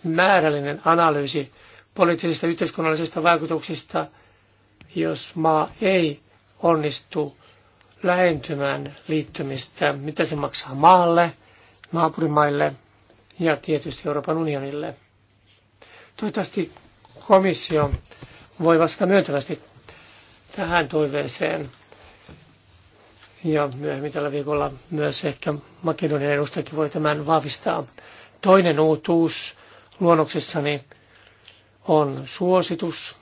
määrällinen analyysi poliittisista yhteiskunnallisista vaikutuksista, jos maa ei onnistu lähentymään liittymistä, mitä se maksaa maalle, naapurimaille ja tietysti Euroopan unionille. Toivottavasti komissio voi vastata myöntävästi tähän toiveeseen. Ja myöhemmin tällä viikolla myös ehkä Makedonian edustajakin voi tämän vahvistaa. Toinen uutuus luonnoksessani on suositus,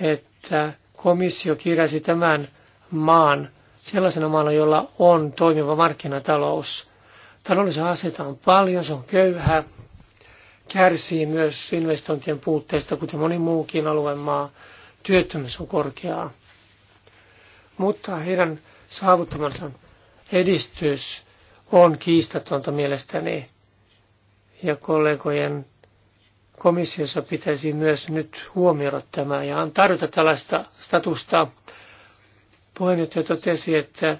että komissio kirjasi tämän maan sellaisena maana, jolla on toimiva markkinatalous. taloudellisen haasteita on paljon, se on köyhä, kärsii myös investointien puutteista, kuten moni muukin alueen maa. Työttömyys on korkeaa. Mutta heidän saavuttamansa edistys on kiistatonta mielestäni. Ja kollegojen komissiossa pitäisi myös nyt huomioida tämä ja tarjota tällaista statusta Puheenjohtaja totesi, että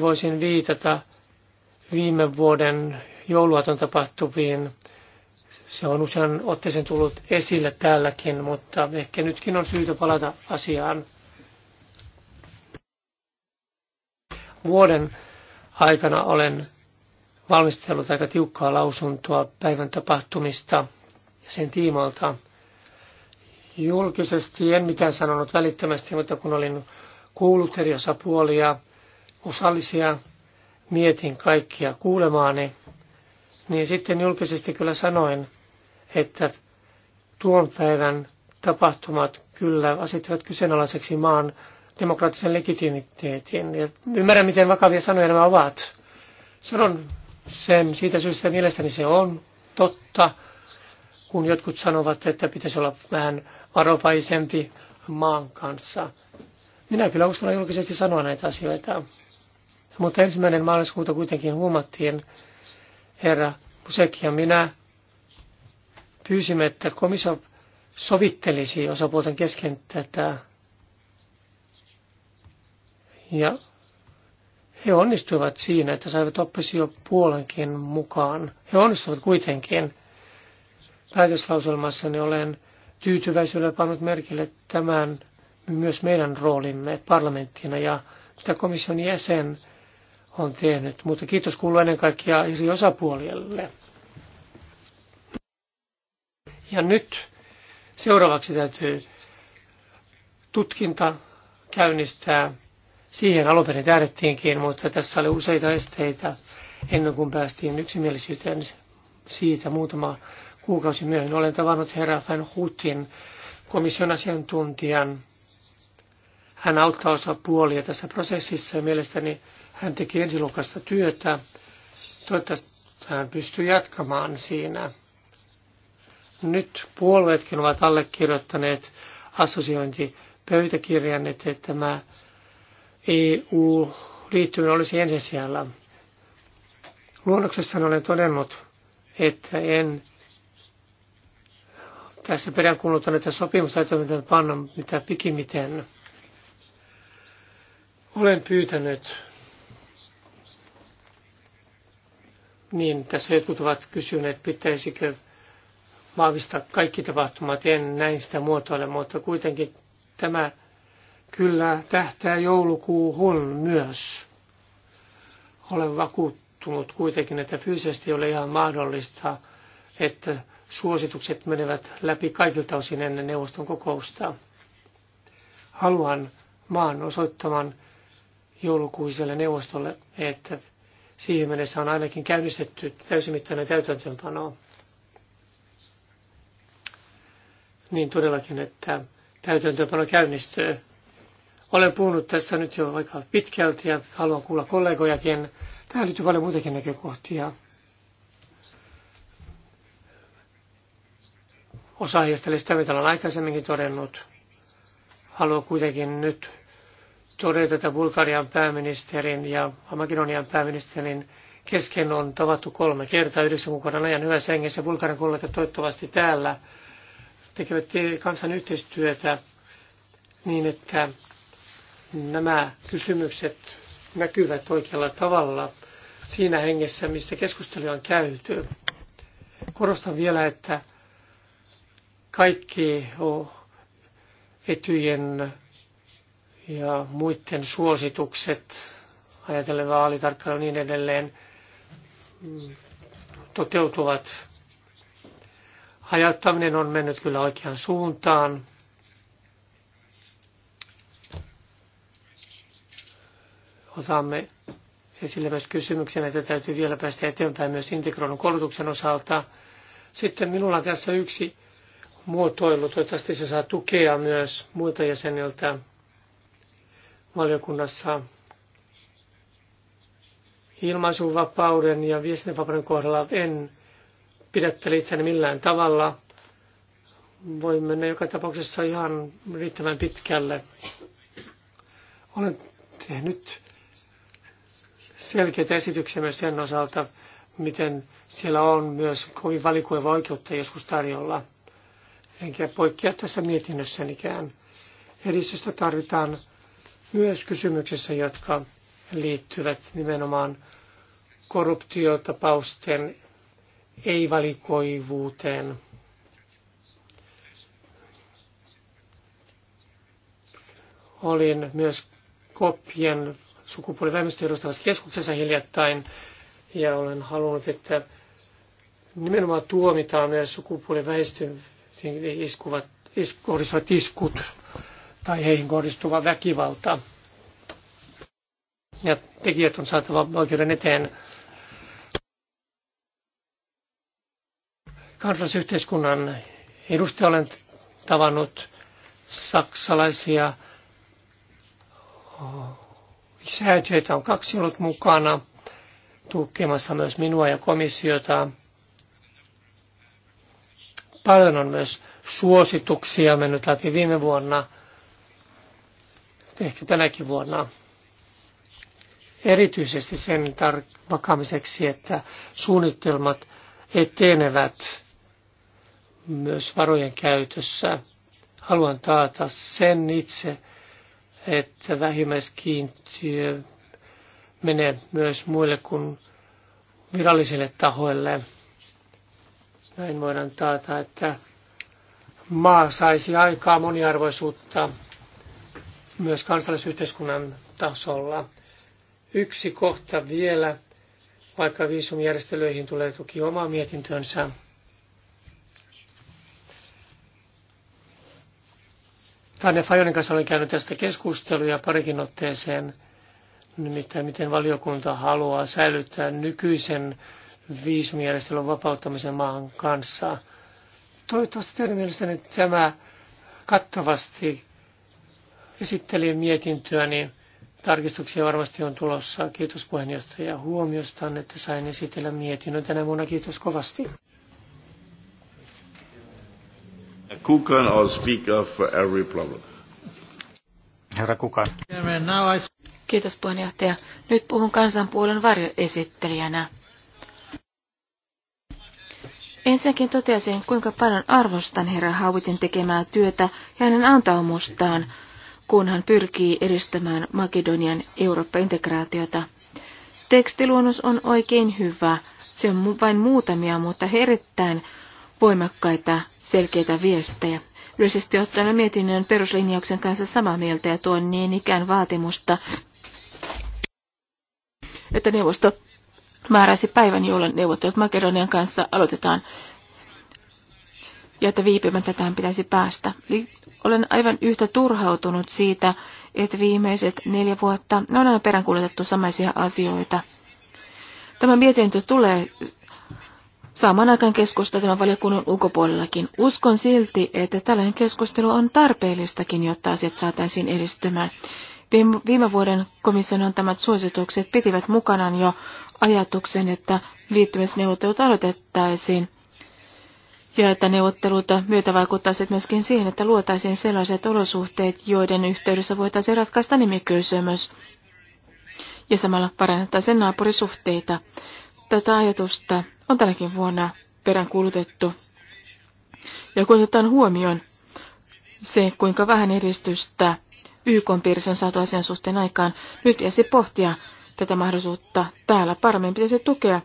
voisin viitata viime vuoden jouluaton tapahtuviin. Se on usein otteeseen tullut esille täälläkin, mutta ehkä nytkin on syytä palata asiaan. Vuoden aikana olen valmistellut aika tiukkaa lausuntoa päivän tapahtumista ja sen tiimoilta. Julkisesti en mitään sanonut välittömästi, mutta kun olin kuullut eri osapuolia, osallisia, mietin kaikkia kuulemaani, niin sitten julkisesti kyllä sanoin, että tuon päivän tapahtumat kyllä asettivat kyseenalaiseksi maan demokraattisen legitimiteetin. Ja ymmärrän, miten vakavia sanoja nämä ovat. Sanon sen siitä syystä, että mielestäni se on totta, kun jotkut sanovat, että pitäisi olla vähän varovaisempi maan kanssa. Minä kyllä uskon julkisesti sanoa näitä asioita. Mutta ensimmäinen maaliskuuta kuitenkin huomattiin, herra Pusek ja minä pyysimme, että komissio sovittelisi osapuolten kesken tätä. Ja he onnistuivat siinä, että saivat puolenkin mukaan. He onnistuivat kuitenkin päätöslauselmassani olen tyytyväisyydellä pannut merkille tämän myös meidän roolimme parlamenttina ja mitä komission jäsen on tehnyt. Mutta kiitos kuuluu ennen kaikkea eri osapuolille. Ja nyt seuraavaksi täytyy tutkinta käynnistää. Siihen alun perin tähdettiinkin, mutta tässä oli useita esteitä ennen kuin päästiin yksimielisyyteen siitä muutama kuukausi myöhemmin. Olen tavannut herra Van Hutin komission asiantuntijan hän auttaa osapuolia tässä prosessissa ja mielestäni hän teki ensilukasta työtä. Toivottavasti hän pystyy jatkamaan siinä. Nyt puolueetkin ovat allekirjoittaneet assosiointipöytäkirjan, että tämä EU-liittyminen olisi ensisijalla. Luonnoksessani olen todennut, että en tässä peräänkuuluttanut, että sopimusta ei pannan mitä pikimiten. Olen pyytänyt, niin tässä jotkut ovat kysyneet, pitäisikö vahvistaa kaikki tapahtumat, en näin sitä muotoile, mutta kuitenkin tämä kyllä tähtää joulukuuhun myös. Olen vakuuttunut kuitenkin, että fyysisesti ei ole ihan mahdollista, että suositukset menevät läpi kaikilta osin ennen neuvoston kokousta. Haluan maan osoittamaan joulukuiselle neuvostolle, että siihen mennessä on ainakin käynnistetty täysimittainen täytäntöönpano. Niin todellakin, että täytäntöönpano käynnistyy. Olen puhunut tässä nyt jo aika pitkälti ja haluan kuulla kollegojakin. Tähän liittyy paljon muitakin näkökohtia. Osa heistä sitä, mitä olen aikaisemminkin todennut. Haluan kuitenkin nyt todeta, että Bulgarian pääministerin ja Makedonian pääministerin kesken on tavattu kolme kertaa yhdeksän kuukauden ajan hyvässä hengessä. Bulgarian kollegat toivottavasti täällä tekevät kansan yhteistyötä niin, että nämä kysymykset näkyvät oikealla tavalla siinä hengessä, missä keskustelu on käyty. Korostan vielä, että kaikki etyjen ja muiden suositukset, ajatellen vaalitarkkailu ja niin edelleen, mm, toteutuvat. Hajauttaminen on mennyt kyllä oikeaan suuntaan. Otamme esille myös kysymyksen, että täytyy vielä päästä eteenpäin myös integroidun koulutuksen osalta. Sitten minulla on tässä yksi muotoilu, toivottavasti se saa tukea myös muilta jäseniltä valiokunnassa ilmaisuvapauden ja viestintävapauden kohdalla en pidättele itseäni millään tavalla. Voin mennä joka tapauksessa ihan riittävän pitkälle. Olen tehnyt selkeitä esityksiä myös sen osalta, miten siellä on myös kovin valikoiva oikeutta joskus tarjolla. Enkä poikkea tässä mietinnössänikään. Edistystä tarvitaan myös kysymyksissä, jotka liittyvät nimenomaan korruptiotapausten ei-valikoivuuteen. Olin myös Kopien sukupuolivähemmistöä edustavassa keskuksessa hiljattain ja olen halunnut, että nimenomaan tuomitaan myös sukupuoliväestöön iskuvat, iskuvat iskut tai heihin kohdistuva väkivalta. Ja tekijät on saatava oikeuden eteen. Kansallisyhteiskunnan edustaja olen tavannut saksalaisia säätiöitä on kaksi ollut mukana tukemassa myös minua ja komissiota. Paljon on myös suosituksia mennyt läpi viime vuonna – tehty tänäkin vuonna. Erityisesti sen tar- vakaamiseksi, että suunnitelmat etenevät myös varojen käytössä. Haluan taata sen itse, että vähimmäiskiintiö menee myös muille kuin virallisille tahoille. Näin voidaan taata, että maa saisi aikaa moniarvoisuutta myös kansallisyhteiskunnan tasolla. Yksi kohta vielä, vaikka viisumijärjestelyihin tulee toki oma mietintönsä. Tanne Fajonin kanssa olen käynyt tästä keskusteluja parikin otteeseen, nimittäin miten valiokunta haluaa säilyttää nykyisen viisumijärjestelyn vapauttamisen maan kanssa. Toivottavasti teidän mielestänne tämä kattavasti esitteli mietintöä, niin tarkistuksia varmasti on tulossa. Kiitos puheenjohtaja huomiosta, että sain esitellä mietinnön tänä vuonna. Kiitos kovasti. Kukan or speak for every problem. Herra Kukan. Kiitos puheenjohtaja. Nyt puhun kansanpuolen varjoesittelijänä. Ensinnäkin totesin, kuinka paljon arvostan herra Hauitin tekemää työtä ja hänen antaumustaan kun hän pyrkii edistämään Makedonian Eurooppa-integraatiota. Tekstiluonnos on oikein hyvä. Se on vain muutamia, mutta erittäin voimakkaita, selkeitä viestejä. Yleisesti ottaen mietinnön peruslinjauksen kanssa samaa mieltä ja tuon niin ikään vaatimusta, että neuvosto määräisi päivän, jolloin neuvottelut Makedonian kanssa aloitetaan ja että viipymättä tähän pitäisi päästä. Eli olen aivan yhtä turhautunut siitä, että viimeiset neljä vuotta ne on aina peräänkuljetettu samaisia asioita. Tämä mietintö tulee saamaan aikaan keskustelua tämän valiokunnan ulkopuolellakin. Uskon silti, että tällainen keskustelu on tarpeellistakin, jotta asiat saataisiin edistymään. Viime vuoden komission antamat suositukset pitivät mukanaan jo ajatuksen, että liittymisneuvottelut aloitettaisiin ja että neuvotteluita myötä vaikuttaisi myöskin siihen, että luotaisiin sellaiset olosuhteet, joiden yhteydessä voitaisiin ratkaista nimikysymys ja samalla parannettaisiin naapurisuhteita. Tätä ajatusta on tänäkin vuonna peräänkuulutettu. Ja kun otetaan huomioon se, kuinka vähän edistystä YK piirissä on saatu asian suhteen aikaan, nyt jäisi pohtia tätä mahdollisuutta täällä. Paremmin pitäisi tukea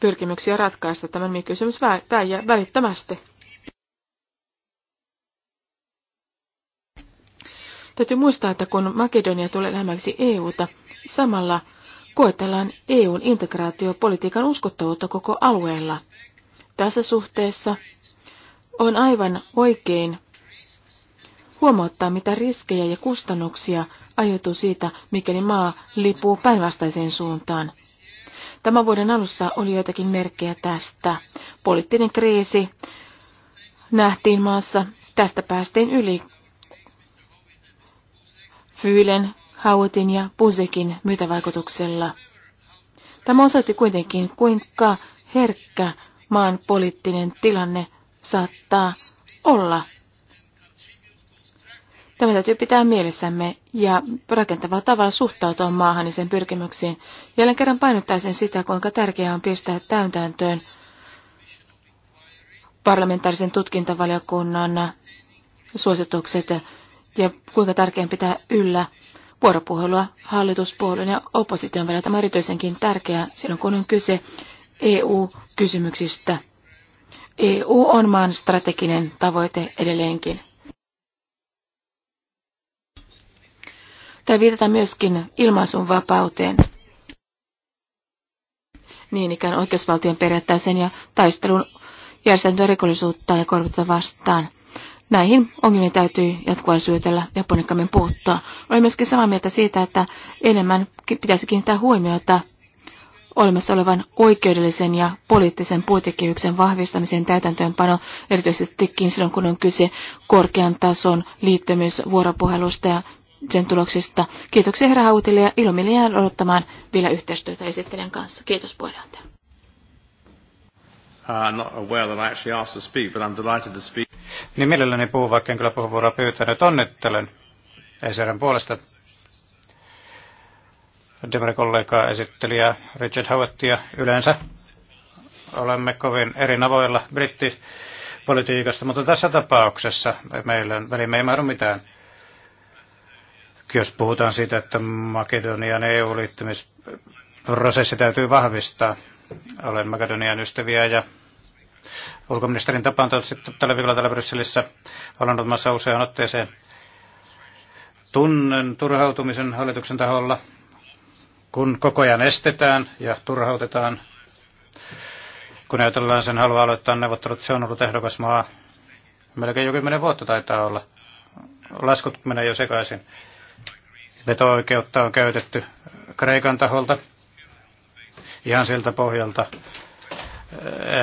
pyrkimyksiä ratkaista tämän kysymys välittömästi. Täytyy muistaa, että kun Makedonia tulee lähemmäksi EUta, samalla koetellaan EUn integraatiopolitiikan uskottavuutta koko alueella. Tässä suhteessa on aivan oikein huomauttaa, mitä riskejä ja kustannuksia aiheutuu siitä, mikäli maa lipuu päinvastaiseen suuntaan. Tämän vuoden alussa oli joitakin merkkejä tästä. Poliittinen kriisi nähtiin maassa. Tästä päästiin yli Fyylen, Hautin ja Pusekin myytävaikutuksella. Tämä osoitti kuitenkin, kuinka herkkä maan poliittinen tilanne saattaa olla Tämä täytyy pitää mielessämme ja rakentavalla tavalla suhtautua maahan ja sen pyrkimyksiin. Jälleen kerran painottaisin sitä, kuinka tärkeää on pistää täytäntöön parlamentaarisen tutkintavaliokunnan suositukset ja kuinka tärkeää pitää yllä vuoropuhelua hallituspuolueen ja opposition välillä. Tämä on erityisenkin tärkeää silloin, kun on kyse EU-kysymyksistä. EU on maan strateginen tavoite edelleenkin. Tai viitata myöskin ilmaisun vapauteen. Niin ikään oikeusvaltion periaatteeseen ja taistelun järjestäytyä rikollisuutta ja korvata vastaan. Näihin ongelmiin täytyy jatkuvaa syötellä ja ponnikkaammin puuttua. Olen myöskin samaa mieltä siitä, että enemmän pitäisi kiinnittää huomiota olemassa olevan oikeudellisen ja poliittisen puitekehyksen vahvistamisen täytäntöönpano, erityisestikin silloin kun on kyse korkean tason liittymisvuoropuhelusta ja sen tuloksista. Kiitoksia herra Hautille ja ilomielin jään odottamaan vielä yhteistyötä esittelijän kanssa. Kiitos puheenjohtaja. Uh, niin mielelläni puhun, vaikka en kyllä puheenvuoroa pyytänyt. Onnittelen ESRn puolesta demarikollegaa esittelijä Richard Howettia yleensä. Olemme kovin eri navoilla brittipolitiikasta, mutta tässä tapauksessa meillä välimme ei mahdu mitään. Jos puhutaan siitä, että Makedonian EU-liittymisprosessi täytyy vahvistaa, olen Makedonian ystäviä ja ulkoministerin tapaan tällä viikolla täällä Brysselissä olen ottamassa useaan otteeseen. Tunnen turhautumisen hallituksen taholla, kun koko ajan estetään ja turhautetaan. Kun ajatellaan sen haluaa aloittaa neuvottelut, se on ollut ehdokas maa melkein jo kymmenen vuotta taitaa olla. Laskut menee jo sekaisin. Veto-oikeutta on käytetty Kreikan taholta ihan siltä pohjalta,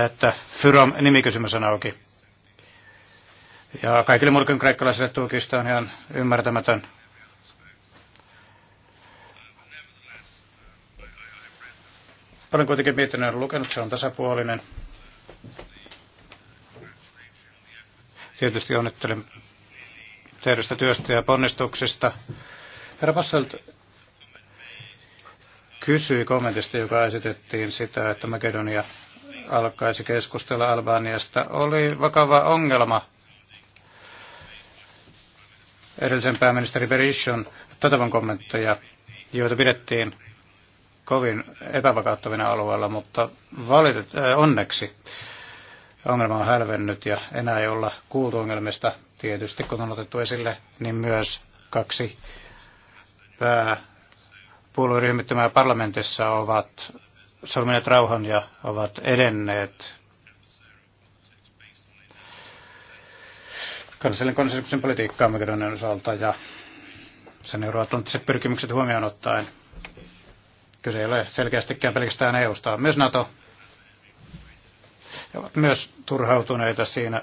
että Fyrom nimikysymys on auki. Ja kaikille muillekin kreikkalaisille tulkista on ihan ymmärtämätön. Olen kuitenkin ja lukenut, se on tasapuolinen. Tietysti onnittelen tehdystä työstä ja ponnistuksista Herra Posselt kysyi kommentista, joka esitettiin sitä, että Makedonia alkaisi keskustella Albaniasta. Oli vakava ongelma edellisen pääministeri Berishon Tatavan kommentteja, joita pidettiin kovin epävakauttavina alueella, mutta valitet, äh, onneksi ongelma on hälvennyt ja enää ei olla kuultu ongelmista tietysti, kun on otettu esille, niin myös kaksi pääpuolueryhmittymää parlamentissa ovat solmineet rauhan ja ovat edenneet kansallinen konsensuksen politiikkaa Makedonian osalta ja sen euroatlanttiset pyrkimykset huomioon ottaen. Kyse ei ole selkeästikään pelkästään EU-sta, myös NATO. He ovat myös turhautuneita siinä,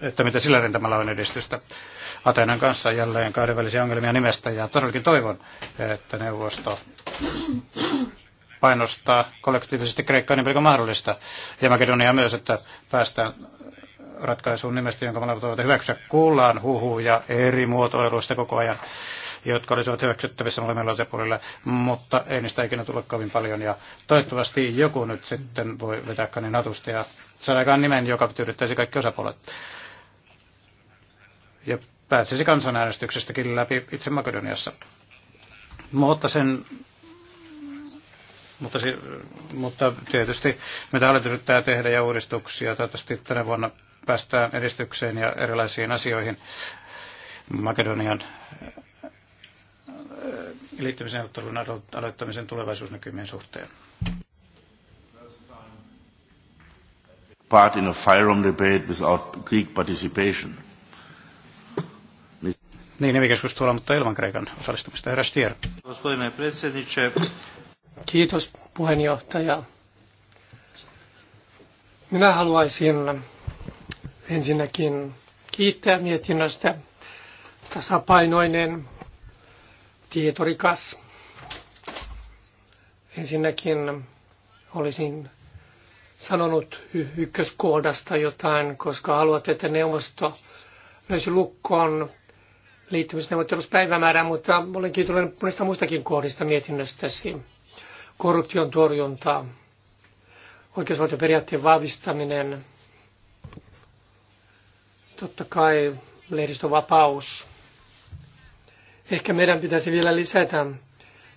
että mitä sillä rintamalla on edistystä. Atenan kanssa jälleen kahdenvälisiä ongelmia nimestä ja todellakin toivon, että neuvosto painostaa kollektiivisesti Kreikkaa niin paljon mahdollista ja Makedonia myös, että päästään ratkaisuun nimestä, jonka molemmat ovat hyväksyä. Kuullaan huhuja eri muotoiluista koko ajan, jotka olisivat hyväksyttävissä molemmilla osapuolilla, mutta ei niistä ikinä tule kovin paljon. Ja toivottavasti joku nyt sitten voi vetää kanin hatusta ja saadaan nimen, joka tyydyttäisi kaikki osapuolet. Ja pääsisi kansanäänestyksestäkin läpi itse Makedoniassa. Mutta sen mutta, se, mutta tietysti mitä hallitus yrittää tehdä ja uudistuksia. Toivottavasti tänä vuonna päästään edistykseen ja erilaisiin asioihin Makedonian äh, ottelun aloittamisen tulevaisuusnäkymien suhteen. Part in a firearm debate without Greek participation. Niin, nimikeskustelua, mutta ilman Kreikan osallistumista. Herra Stier. Kiitos puheenjohtaja. Minä haluaisin ensinnäkin kiittää mietinnöstä. Tasapainoinen, tietorikas. Ensinnäkin olisin sanonut ykköskohdasta jotain, koska haluat, että neuvosto löysi lukkoon liittymisneuvotteluspäivämäärää, siis mutta olen kiitollinen monista muistakin kohdista mietinnöstäsi. Korruption torjunta, oikeusvaltioperiaatteen vahvistaminen, totta kai lehdistövapaus. Ehkä meidän pitäisi vielä lisätä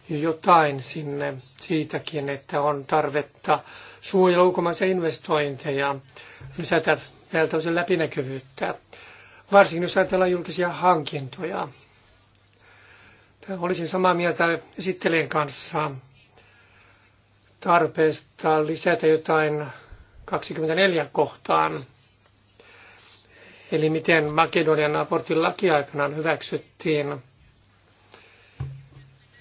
jotain sinne siitäkin, että on tarvetta suojella ulkomaisia investointeja, lisätä näiltä osin läpinäkyvyyttä varsinkin jos ajatellaan julkisia hankintoja. olisin samaa mieltä esittelijän kanssa tarpeesta lisätä jotain 24 kohtaan. Eli miten Makedonian abortin laki aikanaan hyväksyttiin.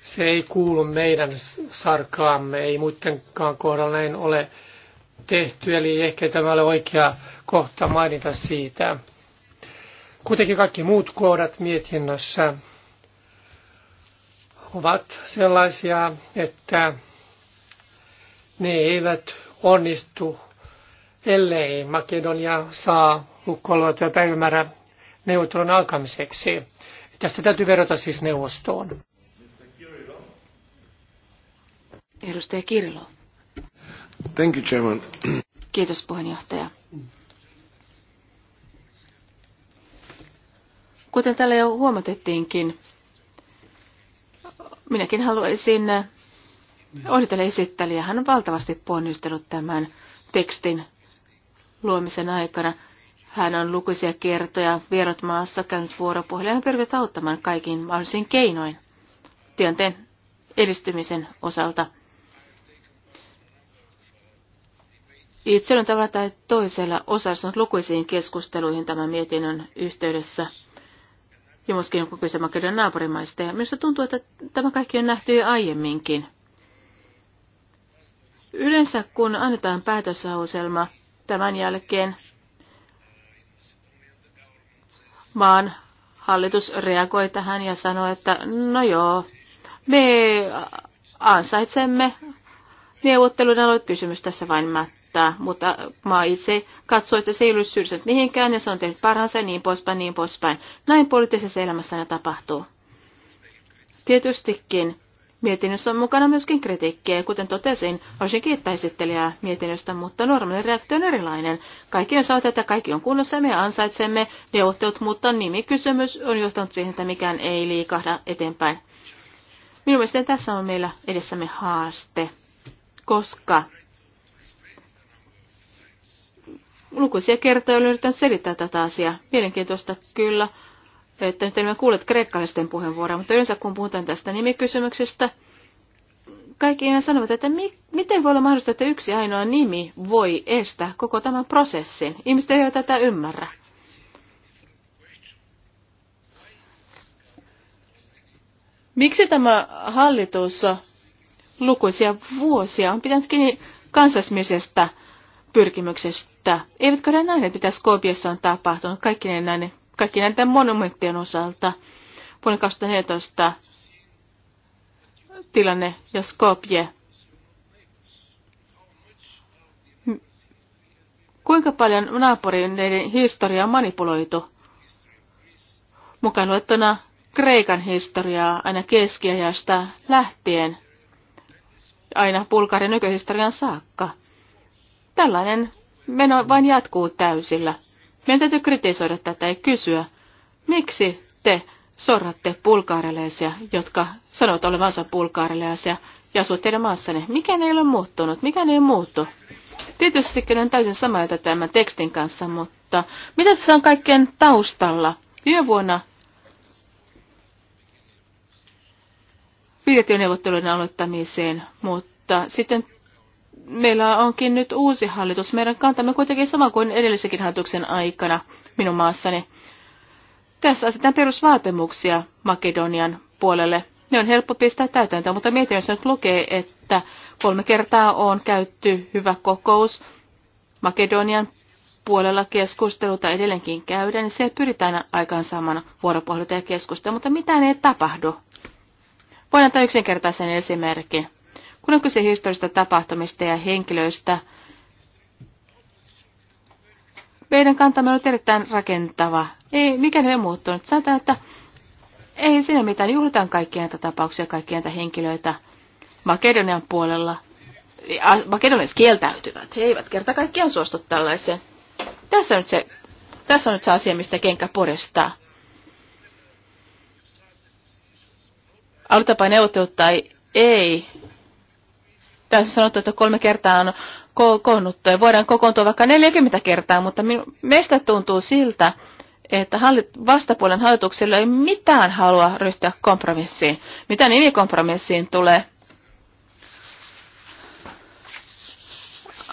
Se ei kuulu meidän sarkaamme, ei muidenkaan kohdalla näin ole tehty, eli ehkä tämä ole oikea kohta mainita siitä. Kuitenkin kaikki muut kohdat mietinnössä ovat sellaisia, että ne eivät onnistu, ellei Makedonia saa lukkoiluotuja päivämäärä neuvottelun alkamiseksi. Tästä täytyy verrata siis neuvostoon. Edustaja Kirilov. Thank you, Chairman. Kiitos puheenjohtaja. Kuten täällä jo huomatettiinkin, minäkin haluaisin onnitella esittelijä. Hän on valtavasti ponnistellut tämän tekstin luomisen aikana. Hän on lukuisia kertoja vierot maassa käynyt vuoropuhelia ja pyrkii auttamaan kaikin mahdollisin keinoin tienteen edistymisen osalta. Itse olen tavalla tai toisella osallistunut lukuisiin keskusteluihin tämän mietinnön yhteydessä – ja myöskin kokoisen Makedonian naapurimaista. Ja minusta tuntuu, että tämä kaikki on nähty jo aiemminkin. Yleensä kun annetaan päätösauselma tämän jälkeen, maan hallitus reagoi tähän ja sanoi, että no joo, me ansaitsemme neuvottelun aloit kysymys tässä vain valittaa, mutta maa itse katsoo, että se ei ole syrjinyt mihinkään ja se on tehnyt parhaansa ja niin poispäin, niin poispäin. Näin poliittisessa elämässä ne tapahtuu. Tietystikin mietinnössä on mukana myöskin kritiikkiä. Kuten totesin, olisin kiittää esittelijää mietinnöstä, mutta normaali reaktio on erilainen. Kaikki on saatu, että kaikki on kunnossa ja me ansaitsemme neuvottelut, mutta nimikysymys on johtanut siihen, että mikään ei liikahda eteenpäin. Minun mielestäni tässä on meillä edessämme haaste, koska lukuisia kertoja olen yrittänyt selittää tätä asiaa. Mielenkiintoista kyllä, että nyt en kuule kreikkalaisten puheenvuoroa, mutta yleensä kun puhutaan tästä nimikysymyksestä, kaikki aina sanovat, että mi- miten voi olla mahdollista, että yksi ainoa nimi voi estää koko tämän prosessin. Ihmiset eivät tätä ymmärrä. Miksi tämä hallitus lukuisia vuosia on pitänyt kiinni kansasmisestä? pyrkimyksestä. Eivätkö ne nähneet, mitä Skopiassa on tapahtunut kaikki näiden, kaikki näiden monumenttien osalta? Vuonna 2014 tilanne ja Skopje. Kuinka paljon naapurin historia on manipuloitu? Mukaan luettuna Kreikan historiaa aina keskiajasta lähtien, aina Bulgarian nykyhistorian saakka. Tällainen meno vain jatkuu täysillä. Meidän täytyy kritisoida tätä ja kysyä, miksi te sorratte bulgaarilaisia, jotka sanot olevansa bulgaarilaisia ja asuvat teidän maassanne. Mikään ei ole muuttunut, mikään ei muuttu. Tietysti on täysin samaa mieltä tämän tekstin kanssa, mutta mitä tässä on kaikkien taustalla? Viime vuonna liittyy neuvotteluiden aloittamiseen, mutta sitten meillä onkin nyt uusi hallitus. Meidän kantamme kuitenkin sama kuin edellisenkin hallituksen aikana minun maassani. Tässä asetetaan perusvaatimuksia Makedonian puolelle. Ne on helppo pistää täytäntöön, mutta mietinnössä nyt lukee, että kolme kertaa on käytty hyvä kokous Makedonian puolella keskusteluta edelleenkin käydä, niin se pyritään aikaansaamaan vuoropuheluta ja keskustelua, mutta mitään ei tapahdu. Voin antaa yksinkertaisen esimerkin. Kun on kyse historiallisista tapahtumista ja henkilöistä, meidän kantamme on ollut erittäin rakentava. Ei, mikään ei ole muuttunut. Sanotaan, että ei sinne mitään. Juhlitaan kaikkia näitä tapauksia, kaikkia näitä henkilöitä Makedonian puolella. Makedonialaiset kieltäytyvät. He eivät kerta kaikkiaan suostu tällaiseen. Tässä on nyt se, tässä on nyt se asia, mistä kenkä porestaa. Alutapa neuvottelut tai ei, tässä sanottu, että kolme kertaa on ko- koonnuttu ja voidaan kokoontua vaikka 40 kertaa, mutta meistä tuntuu siltä, että hallit- vastapuolen hallituksella ei mitään halua ryhtyä kompromissiin. Mitä nimikompromissiin tulee?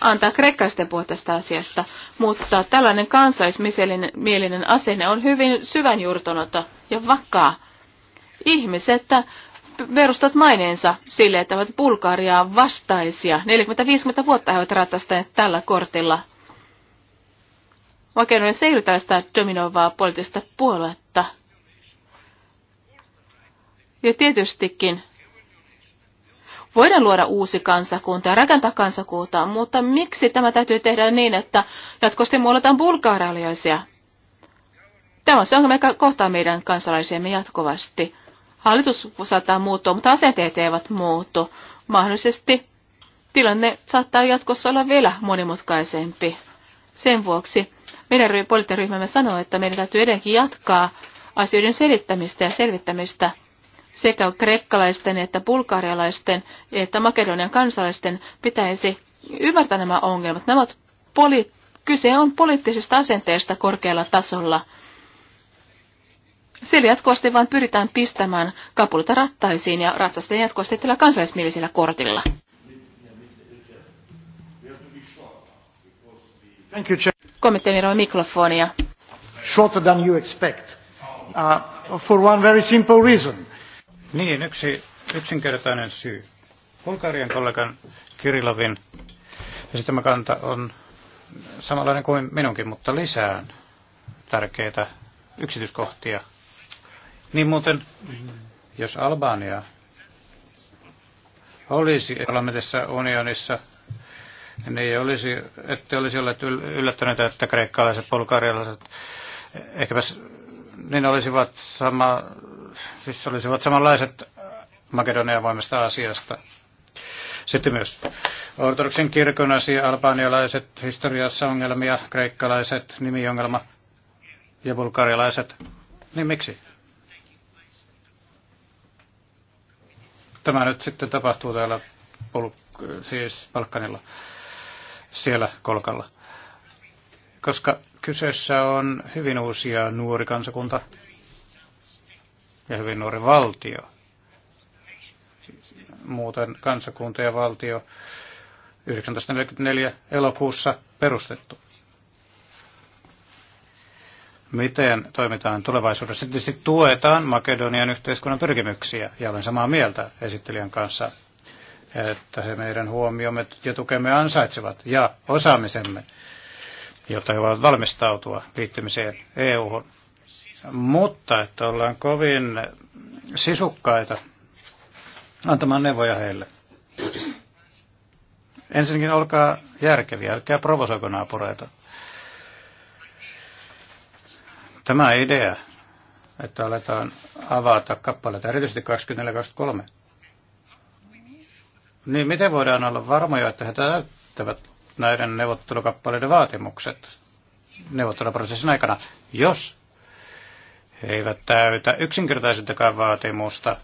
Antaa kreikkalaisten puhua tästä asiasta, mutta tällainen kansaismielinen asenne on hyvin syvän ja vakaa. Ihmiset perustat maineensa sille, että ovat Bulgariaa vastaisia. 40-50 vuotta he ovat ratsastaneet tällä kortilla. Makedoniassa ei ole tällaista dominoivaa poliittista puoluetta. Ja tietystikin voidaan luoda uusi kansakunta ja rakentaa kansakuntaa, mutta miksi tämä täytyy tehdä niin, että jatkosti muodotaan bulgaarialaisia? Tämä on se ongelma, me kohtaa meidän kansalaisiamme jatkuvasti. Hallitus saattaa muuttua, mutta asenteet eivät muuttu. Mahdollisesti tilanne saattaa jatkossa olla vielä monimutkaisempi. Sen vuoksi meidän poliittinen ryhmämme sanoo, että meidän täytyy edelleenkin jatkaa asioiden selittämistä ja selvittämistä sekä kreikkalaisten että bulgarialaisten että makedonian kansalaisten pitäisi ymmärtää nämä ongelmat. Nämä ovat poli- kyse on poliittisista asenteista korkealla tasolla. Siellä jatkuvasti vain pyritään pistämään kapulita rattaisiin ja ratsastajan jatkuvasti tällä kansallismielisellä kortilla. Kommentoimme mikrofonia. Shorter than you expect. Uh, for one very simple reason. Niin, yksi yksinkertainen syy. Bulgarian kollegan Kirilovin esittämä kanta on samanlainen kuin minunkin, mutta lisään tärkeitä yksityiskohtia niin muuten, jos Albania olisi parlamentissa unionissa, niin olisi, ette olisi olleet yllättyneitä, että kreikkalaiset, bulgarialaiset, ehkäpä niin olisivat, sama, siis olisivat samanlaiset Makedonian voimasta asiasta. Sitten myös ortodoksen kirkon asia, albanialaiset, historiassa ongelmia kreikkalaiset, nimiongelma ja bulgarialaiset. Niin miksi? tämä nyt sitten tapahtuu täällä pol- siis Balkanilla, siellä kolkalla. Koska kyseessä on hyvin uusia nuori kansakunta ja hyvin nuori valtio. Muuten kansakunta ja valtio 1944 elokuussa perustettu miten toimitaan tulevaisuudessa. Tietysti tuetaan Makedonian yhteiskunnan pyrkimyksiä, ja olen samaa mieltä esittelijän kanssa, että he meidän huomiomme ja tukemme ansaitsevat, ja osaamisemme, jotta he voivat valmistautua liittymiseen EU-hun. Mutta että ollaan kovin sisukkaita antamaan neuvoja heille. Ensinnäkin olkaa järkeviä, älkää provosoiko naapureita. Tämä idea, että aletaan avata kappaleita, erityisesti 24-23. Niin miten voidaan olla varmoja, että he täyttävät näiden neuvottelukappaleiden vaatimukset neuvotteluprosessin aikana, jos he eivät täytä yksinkertaisintakaan vaatimusta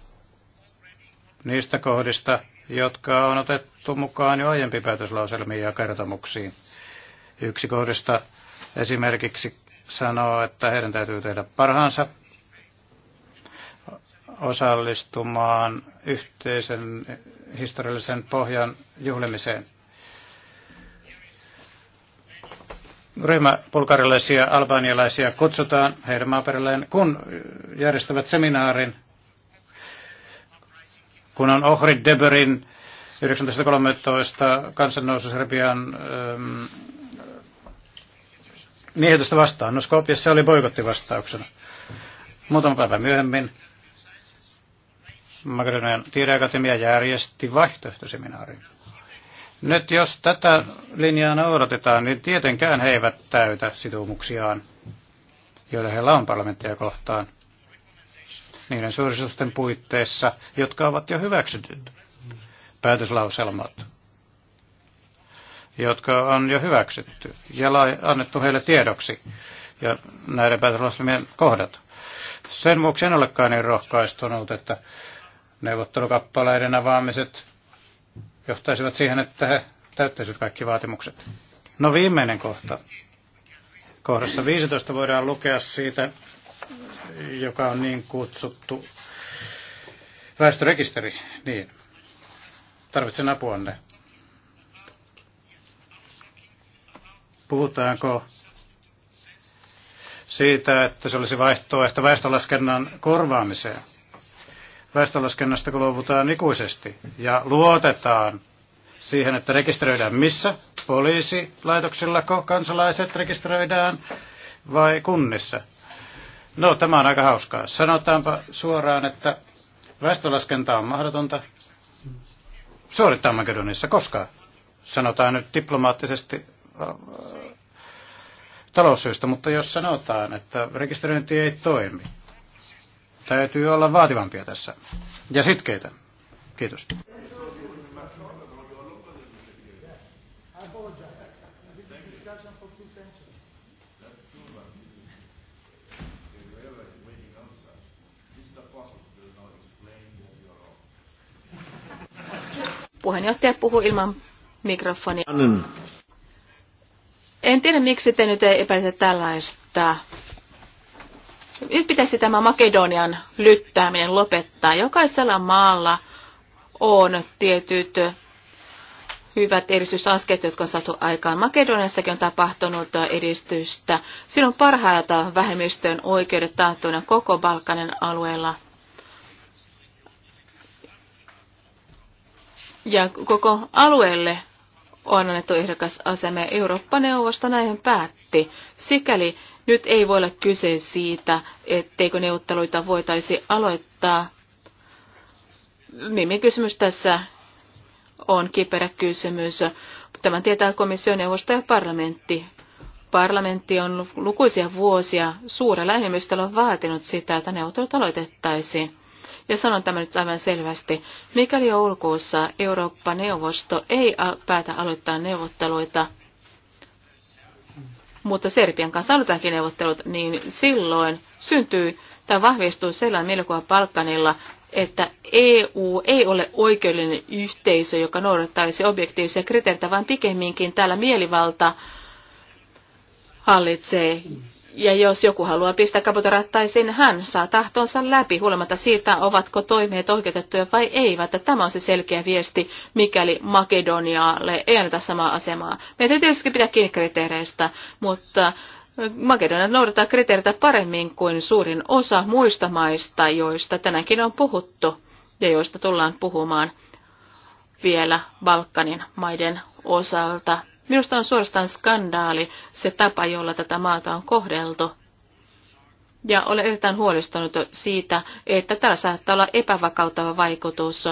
niistä kohdista, jotka on otettu mukaan jo aiempi päätöslauselmiin ja kertomuksiin. Yksi kohdista esimerkiksi sanoo, että heidän täytyy tehdä parhaansa osallistumaan yhteisen historiallisen pohjan juhlimiseen. Ryhmä bulgarilaisia albanialaisia kutsutaan heidän maaperilleen, kun järjestävät seminaarin, kun on Ohrid Deberin 1913 kansannousu Serbian ähm, miehitystä vastaan. No Skopjassa oli boikotti vastauksena. Muutama päivä myöhemmin Makedonian tiedeakatemia järjesti vaihtoehtoseminaarin. Nyt jos tätä linjaa noudatetaan, niin tietenkään he eivät täytä sitoumuksiaan, joita heillä on parlamenttia kohtaan, niiden suositusten puitteissa, jotka ovat jo hyväksytyt päätöslauselmat jotka on jo hyväksytty ja annettu heille tiedoksi ja näiden päätöslaslimien kohdat. Sen vuoksi en olekaan niin rohkaistunut, että neuvottelukappaleiden avaamiset johtaisivat siihen, että he täyttäisivät kaikki vaatimukset. No viimeinen kohta. Kohdassa 15 voidaan lukea siitä, joka on niin kutsuttu väestörekisteri. Niin. Tarvitsen apuanne. Puhutaanko siitä, että se olisi vaihtoehto väestölaskennan korvaamiseen? Väestölaskennasta kun luovutaan ikuisesti ja luotetaan siihen, että rekisteröidään missä, poliisilaitoksillako kansalaiset rekisteröidään vai kunnissa. No, tämä on aika hauskaa. Sanotaanpa suoraan, että väestölaskenta on mahdotonta suorittaa Makedonissa koskaan. Sanotaan nyt diplomaattisesti Äh, taloussyistä, mutta jos sanotaan, että rekisteröinti ei toimi, täytyy olla vaativampia tässä ja sitkeitä. Kiitos. Puheenjohtaja puhuu ilman mikrofonia. En tiedä, miksi te nyt epäilette tällaista. Nyt pitäisi tämä Makedonian lyttääminen lopettaa. Jokaisella maalla on tietyt hyvät edistysaskeet, jotka on saatu aikaan. Makedoniassakin on tapahtunut edistystä. Silloin parhailta vähemmistön oikeudet taattuina koko Balkanin alueella. Ja koko alueelle on annettu ehdokas asema. Eurooppa-neuvosto näin päätti. Sikäli nyt ei voi olla kyse siitä, etteikö neuvotteluita voitaisi aloittaa. Mimin kysymys tässä on kiperä kysymys. Tämän tietää komission neuvosto ja parlamentti. Parlamentti on lukuisia vuosia suurella enemmistöllä vaatinut sitä, että neuvottelut aloitettaisiin. Ja sanon tämän nyt aivan selvästi. Mikäli joulukuussa Eurooppa-neuvosto ei päätä aloittaa neuvotteluita, mutta Serbian kanssa aloitetaankin neuvottelut, niin silloin syntyy tai vahvistuu sellainen mielikuva Balkanilla, että EU ei ole oikeudellinen yhteisö, joka noudattaisi objektiivisia kriteereitä, vaan pikemminkin täällä mielivalta hallitsee ja jos joku haluaa pistää kapotorattaisiin, hän saa tahtonsa läpi huolimatta siitä, ovatko toimeet oikeutettuja vai eivät. Tämä on se selkeä viesti, mikäli Makedonialle ei anneta samaa asemaa. Meitä ei tietysti pitää kiinni kriteereistä, mutta Makedonia noudattaa kriteereitä paremmin kuin suurin osa muista maista, joista tänäänkin on puhuttu ja joista tullaan puhumaan vielä Balkanin maiden osalta Minusta on suorastaan skandaali se tapa, jolla tätä maata on kohdeltu. Ja olen erittäin huolestunut siitä, että tällä saattaa olla epävakauttava vaikutus.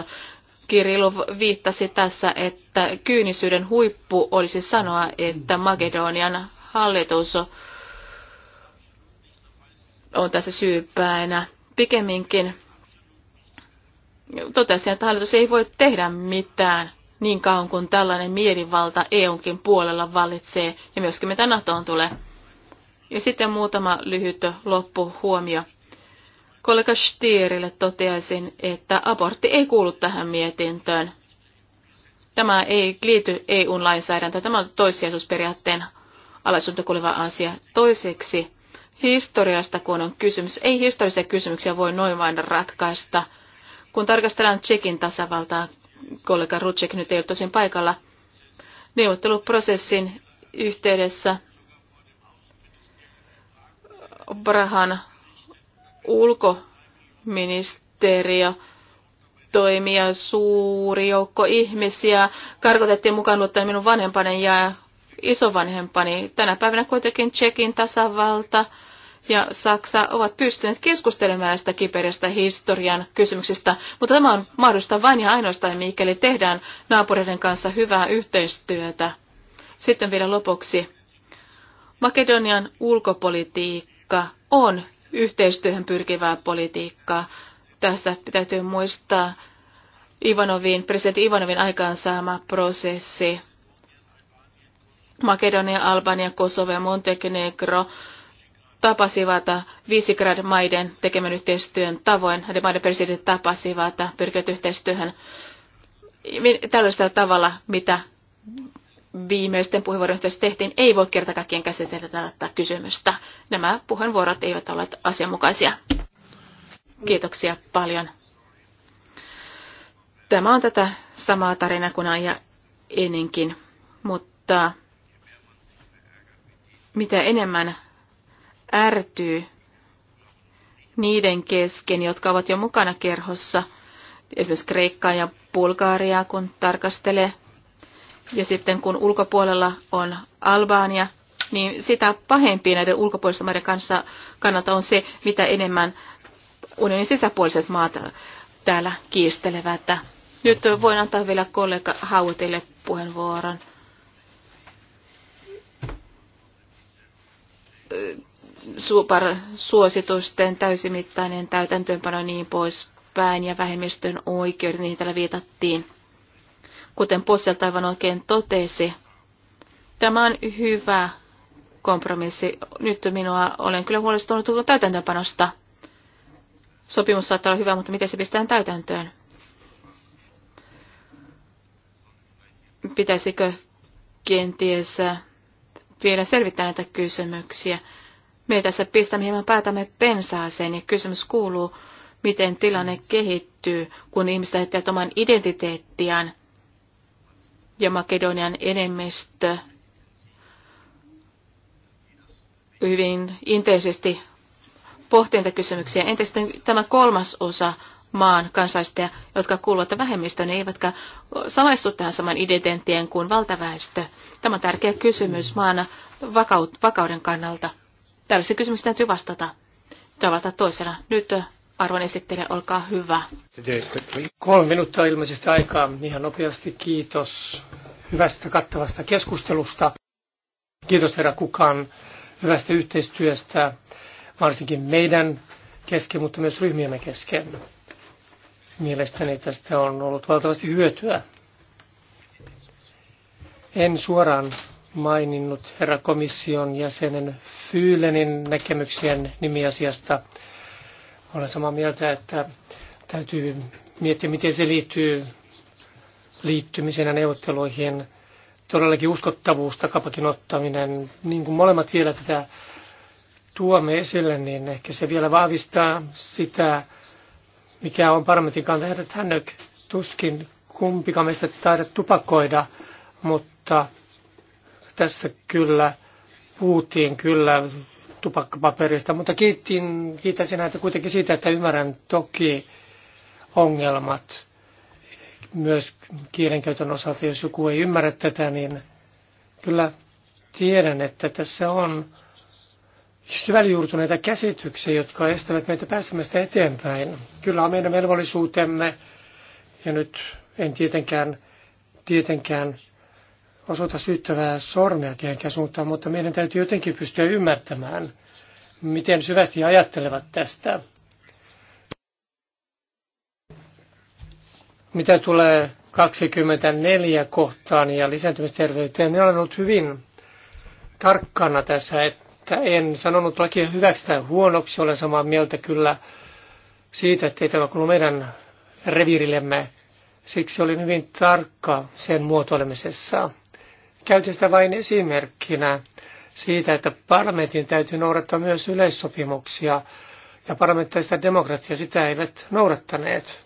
Kirilov viittasi tässä, että kyynisyyden huippu olisi sanoa, että Makedonian hallitus on tässä syypäinä. Pikemminkin totesin, että hallitus ei voi tehdä mitään niin kauan kuin tällainen mielivalta EUnkin puolella vallitsee ja myöskin mitä NATOon tulee. Ja sitten muutama lyhyt loppuhuomio. Kollega Stierille toteaisin, että abortti ei kuulu tähän mietintöön. Tämä ei liity EUn lainsäädäntöön. Tämä on toissijaisuusperiaatteen alaisuutta kuuleva asia. Toiseksi historiasta, kun on kysymys. Ei historiallisia kysymyksiä voi noin vain ratkaista. Kun tarkastellaan Tsekin tasavaltaa, kollega Rutschek nyt ei ole tosin paikalla, neuvotteluprosessin yhteydessä Brahan ulkoministeriö toimia suuri joukko ihmisiä. Karkotettiin mukaan luottaen minun vanhempani ja isovanhempani. Tänä päivänä kuitenkin Tsekin tasavalta ja Saksa ovat pystyneet keskustelemaan näistä kiperistä historian kysymyksistä, mutta tämä on mahdollista vain ja ainoastaan, mikäli tehdään naapureiden kanssa hyvää yhteistyötä. Sitten vielä lopuksi. Makedonian ulkopolitiikka on yhteistyöhön pyrkivää politiikkaa. Tässä täytyy muistaa Ivanovin, presidentti Ivanovin aikaansaama prosessi. Makedonia, Albania, Kosovo ja Montenegro tapasivat visegrad maiden tekemän yhteistyön tavoin. Ne maiden presidentit tapasivat, pyrkivät yhteistyöhön tällaisella tavalla, mitä viimeisten puheenvuorojen yhteydessä tehtiin, ei voi kerta kaikkien käsitellä tätä kysymystä. Nämä puheenvuorot eivät ole asianmukaisia. Kiitoksia paljon. Tämä on tätä samaa tarinaa kuin ja ennenkin, mutta mitä enemmän ärtyy niiden kesken, jotka ovat jo mukana kerhossa, esimerkiksi Kreikkaa ja Bulgariaa, kun tarkastelee. Ja sitten kun ulkopuolella on Albania, niin sitä pahempi näiden ulkopuolisten maiden kanssa kannalta on se, mitä enemmän unionin sisäpuoliset maat täällä kiistelevät. Nyt voin antaa vielä kollega Hautille puheenvuoron supersuositusten täysimittainen täytäntöönpano niin poispäin ja vähemmistön oikeudet, niihin täällä viitattiin. Kuten Posselt aivan oikein totesi, tämä on hyvä kompromissi. Nyt minua olen kyllä huolestunut täytäntöönpanosta. Sopimus saattaa olla hyvä, mutta miten se pistetään täytäntöön? Pitäisikö kenties vielä selvittää näitä kysymyksiä? Me tässä pistämme hieman päätämme pensaaseen ja kysymys kuuluu, miten tilanne kehittyy, kun ihmiset lähettävät oman identiteettiään ja Makedonian enemmistö hyvin intensiivisesti pohtinta kysymyksiä. Entä sitten tämä kolmas osa maan kansalaisista, jotka kuuluvat vähemmistöön, eivätkä samaistu tähän saman identiteettiin kuin valtaväestö? Tämä on tärkeä kysymys maan vakauden kannalta. Tällaisia kysymyksiä täytyy vastata tavalla toisena. Nyt äh, arvon esittelijä, olkaa hyvä. Kolme minuuttia ilmeisesti aikaa. Ihan nopeasti kiitos hyvästä kattavasta keskustelusta. Kiitos herra Kukan hyvästä yhteistyöstä, varsinkin meidän kesken, mutta myös ryhmiemme kesken. Mielestäni tästä on ollut valtavasti hyötyä. En suoraan maininnut herra komission jäsenen Fyylenin näkemyksien nimiasiasta. Olen samaa mieltä, että täytyy miettiä, miten se liittyy ja neuvotteluihin. Todellakin uskottavuus takapakin ottaminen, niin kuin molemmat vielä tätä tuomme esille, niin ehkä se vielä vahvistaa sitä, mikä on parlamentin kanta. että Hännök, tuskin kumpikaan meistä taida tupakoida, mutta tässä kyllä puhuttiin kyllä tupakkapaperista, mutta kiittin, kiitäisin näitä kuitenkin siitä, että ymmärrän toki ongelmat myös kielenkäytön osalta. Jos joku ei ymmärrä tätä, niin kyllä tiedän, että tässä on syväljuurtuneita käsityksiä, jotka estävät meitä pääsemästä eteenpäin. Kyllä on meidän velvollisuutemme, ja nyt en tietenkään, tietenkään osoita syyttävää sormea kehenkään suuntaan, mutta meidän täytyy jotenkin pystyä ymmärtämään, miten syvästi he ajattelevat tästä. Mitä tulee 24 kohtaan ja lisääntymisterveyteen, niin olen ollut hyvin tarkkana tässä, että en sanonut lakia hyväksi tai huonoksi. Olen samaa mieltä kyllä siitä, että ei tämä kuulu meidän reviirillemme. Siksi olin hyvin tarkka sen muotoilemisessa. Käytin sitä vain esimerkkinä siitä, että parlamentin täytyy noudattaa myös yleissopimuksia ja parlamentaarista demokratiaa sitä eivät noudattaneet.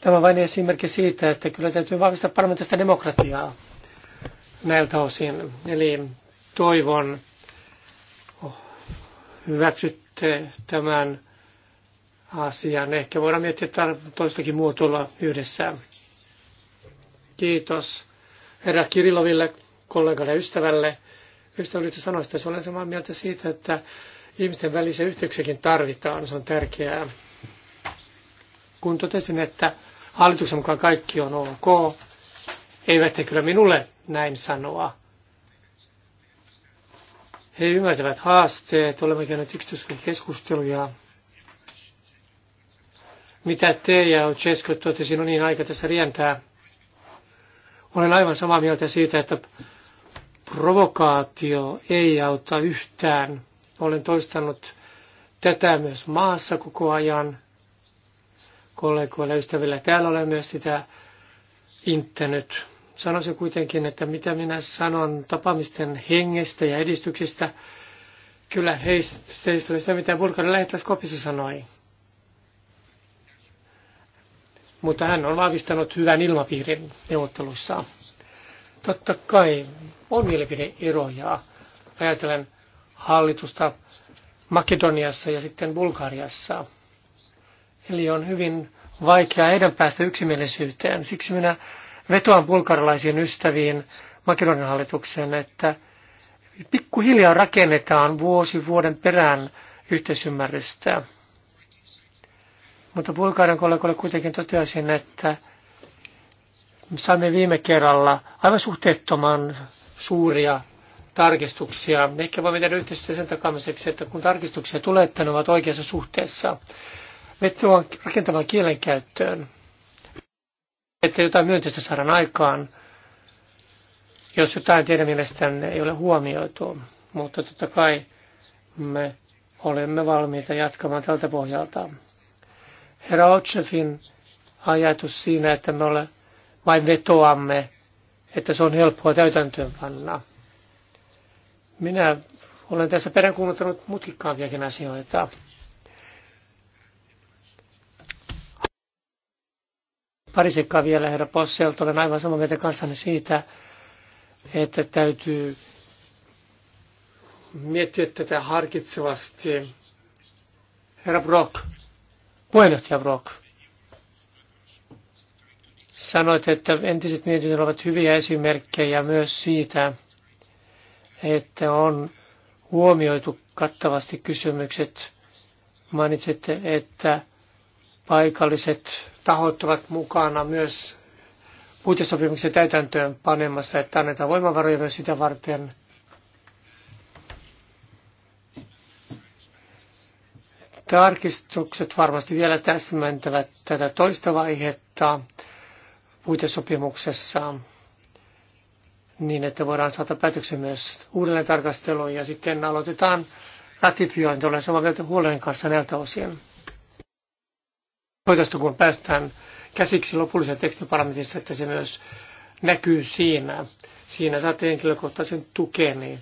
Tämä on vain esimerkki siitä, että kyllä täytyy vahvistaa parlamentaarista demokratiaa näiltä osin. Eli toivon, hyväksytte tämän asian. Ehkä voidaan miettiä toistakin muotoilla yhdessä. Kiitos herra Kirilloville kollegalle ja ystävälle ystävällistä sanoista. Olen samaa mieltä siitä, että ihmisten välisiä yhteyksiäkin tarvitaan, se on tärkeää. Kun totesin, että hallituksen mukaan kaikki on ok, eivät he kyllä minulle näin sanoa. He ymmärtävät haasteet, olemme käyneet keskusteluja. Mitä te ja Cesko totesi, on no niin aika tässä rientää. Olen aivan samaa mieltä siitä, että provokaatio ei auta yhtään. Olen toistanut tätä myös maassa koko ajan. Kollegoilla ja ystävillä täällä olen myös sitä inttänyt. Sanoisin kuitenkin, että mitä minä sanon tapaamisten hengestä ja edistyksestä, kyllä heistä heistä oli sitä, mitä Bulgarin lähettiläs sanoi. Mutta hän on vahvistanut hyvän ilmapiirin neuvottelussaan. Totta kai on mielipideeroja. Ajatellen hallitusta Makedoniassa ja sitten Bulgariassa. Eli on hyvin vaikea heidän päästä yksimielisyyteen. Siksi minä vetoan bulgarilaisiin ystäviin Makedonian hallitukseen, että pikkuhiljaa rakennetaan vuosi vuoden perään yhteisymmärrystä. Mutta Bulgarian kollegoille kuitenkin toteaisin, että saimme viime kerralla aivan suhteettoman suuria tarkistuksia. Ehkä voimme tehdä yhteistyötä sen takamiseksi, että kun tarkistuksia tulee, että ne ovat oikeassa suhteessa. me tullaan rakentamaan kielenkäyttöön, että jotain myönteistä saadaan aikaan, jos jotain teidän mielestänne ei ole huomioitu. Mutta totta kai me olemme valmiita jatkamaan tältä pohjalta. Herra Otsefin ajatus siinä, että me olemme vain vetoamme, että se on helppoa panna. Minä olen tässä peräänkuuluttanut mutkikkaampiakin asioita. Pari sekkaa vielä, herra Posselt. Olen aivan samaa mieltä kanssanne siitä, että täytyy miettiä tätä harkitsevasti. Herra Brock, puheenjohtaja Brock. Sanoit, että entiset mietinnöt ovat hyviä esimerkkejä myös siitä, että on huomioitu kattavasti kysymykset. Mainitsitte, että paikalliset tahot ovat mukana myös puitesopimuksen täytäntöön panemassa, että annetaan voimavaroja myös sitä varten. Tarkistukset varmasti vielä täsmentävät tätä toista vaihetta puitesopimuksessa niin, että voidaan saada päätöksen myös uudelleen tarkasteluun ja sitten aloitetaan ratifiointi. Olen samaa mieltä huolen kanssa näiltä osin. Toivottavasti kun päästään käsiksi lopulliseen tekstiparlamentissa, että se myös näkyy siinä. Siinä saatte henkilökohtaisen tukeni.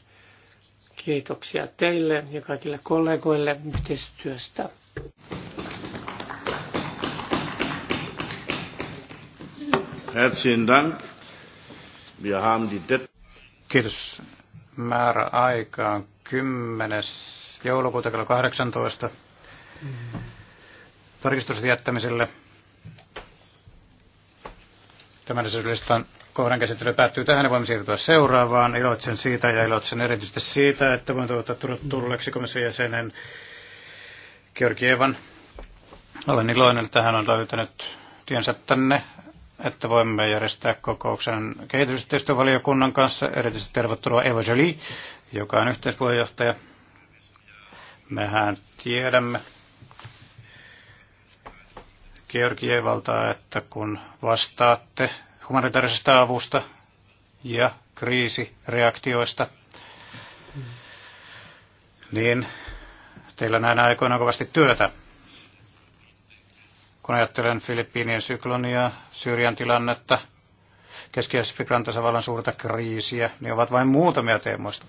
Kiitoksia teille ja kaikille kollegoille yhteistyöstä. Herzlichen Dank. Wir haben die Kiitos. Määräaika on 10. joulukuuta kello 18. Tarkistusten jättämiselle. Tämän esityslistan kohdan käsittely päättyy tähän ja voimme siirtyä seuraavaan. Iloitsen siitä ja iloitsen erityisesti siitä, että voin toivottaa tulleeksi komission jäsenen Georgievan. Olen iloinen, että hän on löytänyt tiensä tänne että voimme järjestää kokouksen kehitysyhteistyövaliokunnan kanssa. Erityisesti tervetuloa Evo Jolie, joka on yhteispuheenjohtaja. Mehän tiedämme Georgievalta, että kun vastaatte humanitaarisesta avusta ja kriisireaktioista, niin teillä näinä aikoina kovasti työtä kun ajattelen Filippiinien syklonia, Syyrian tilannetta, Keski-Afrikan tasavallan suurta kriisiä, niin ovat vain muutamia teemoista.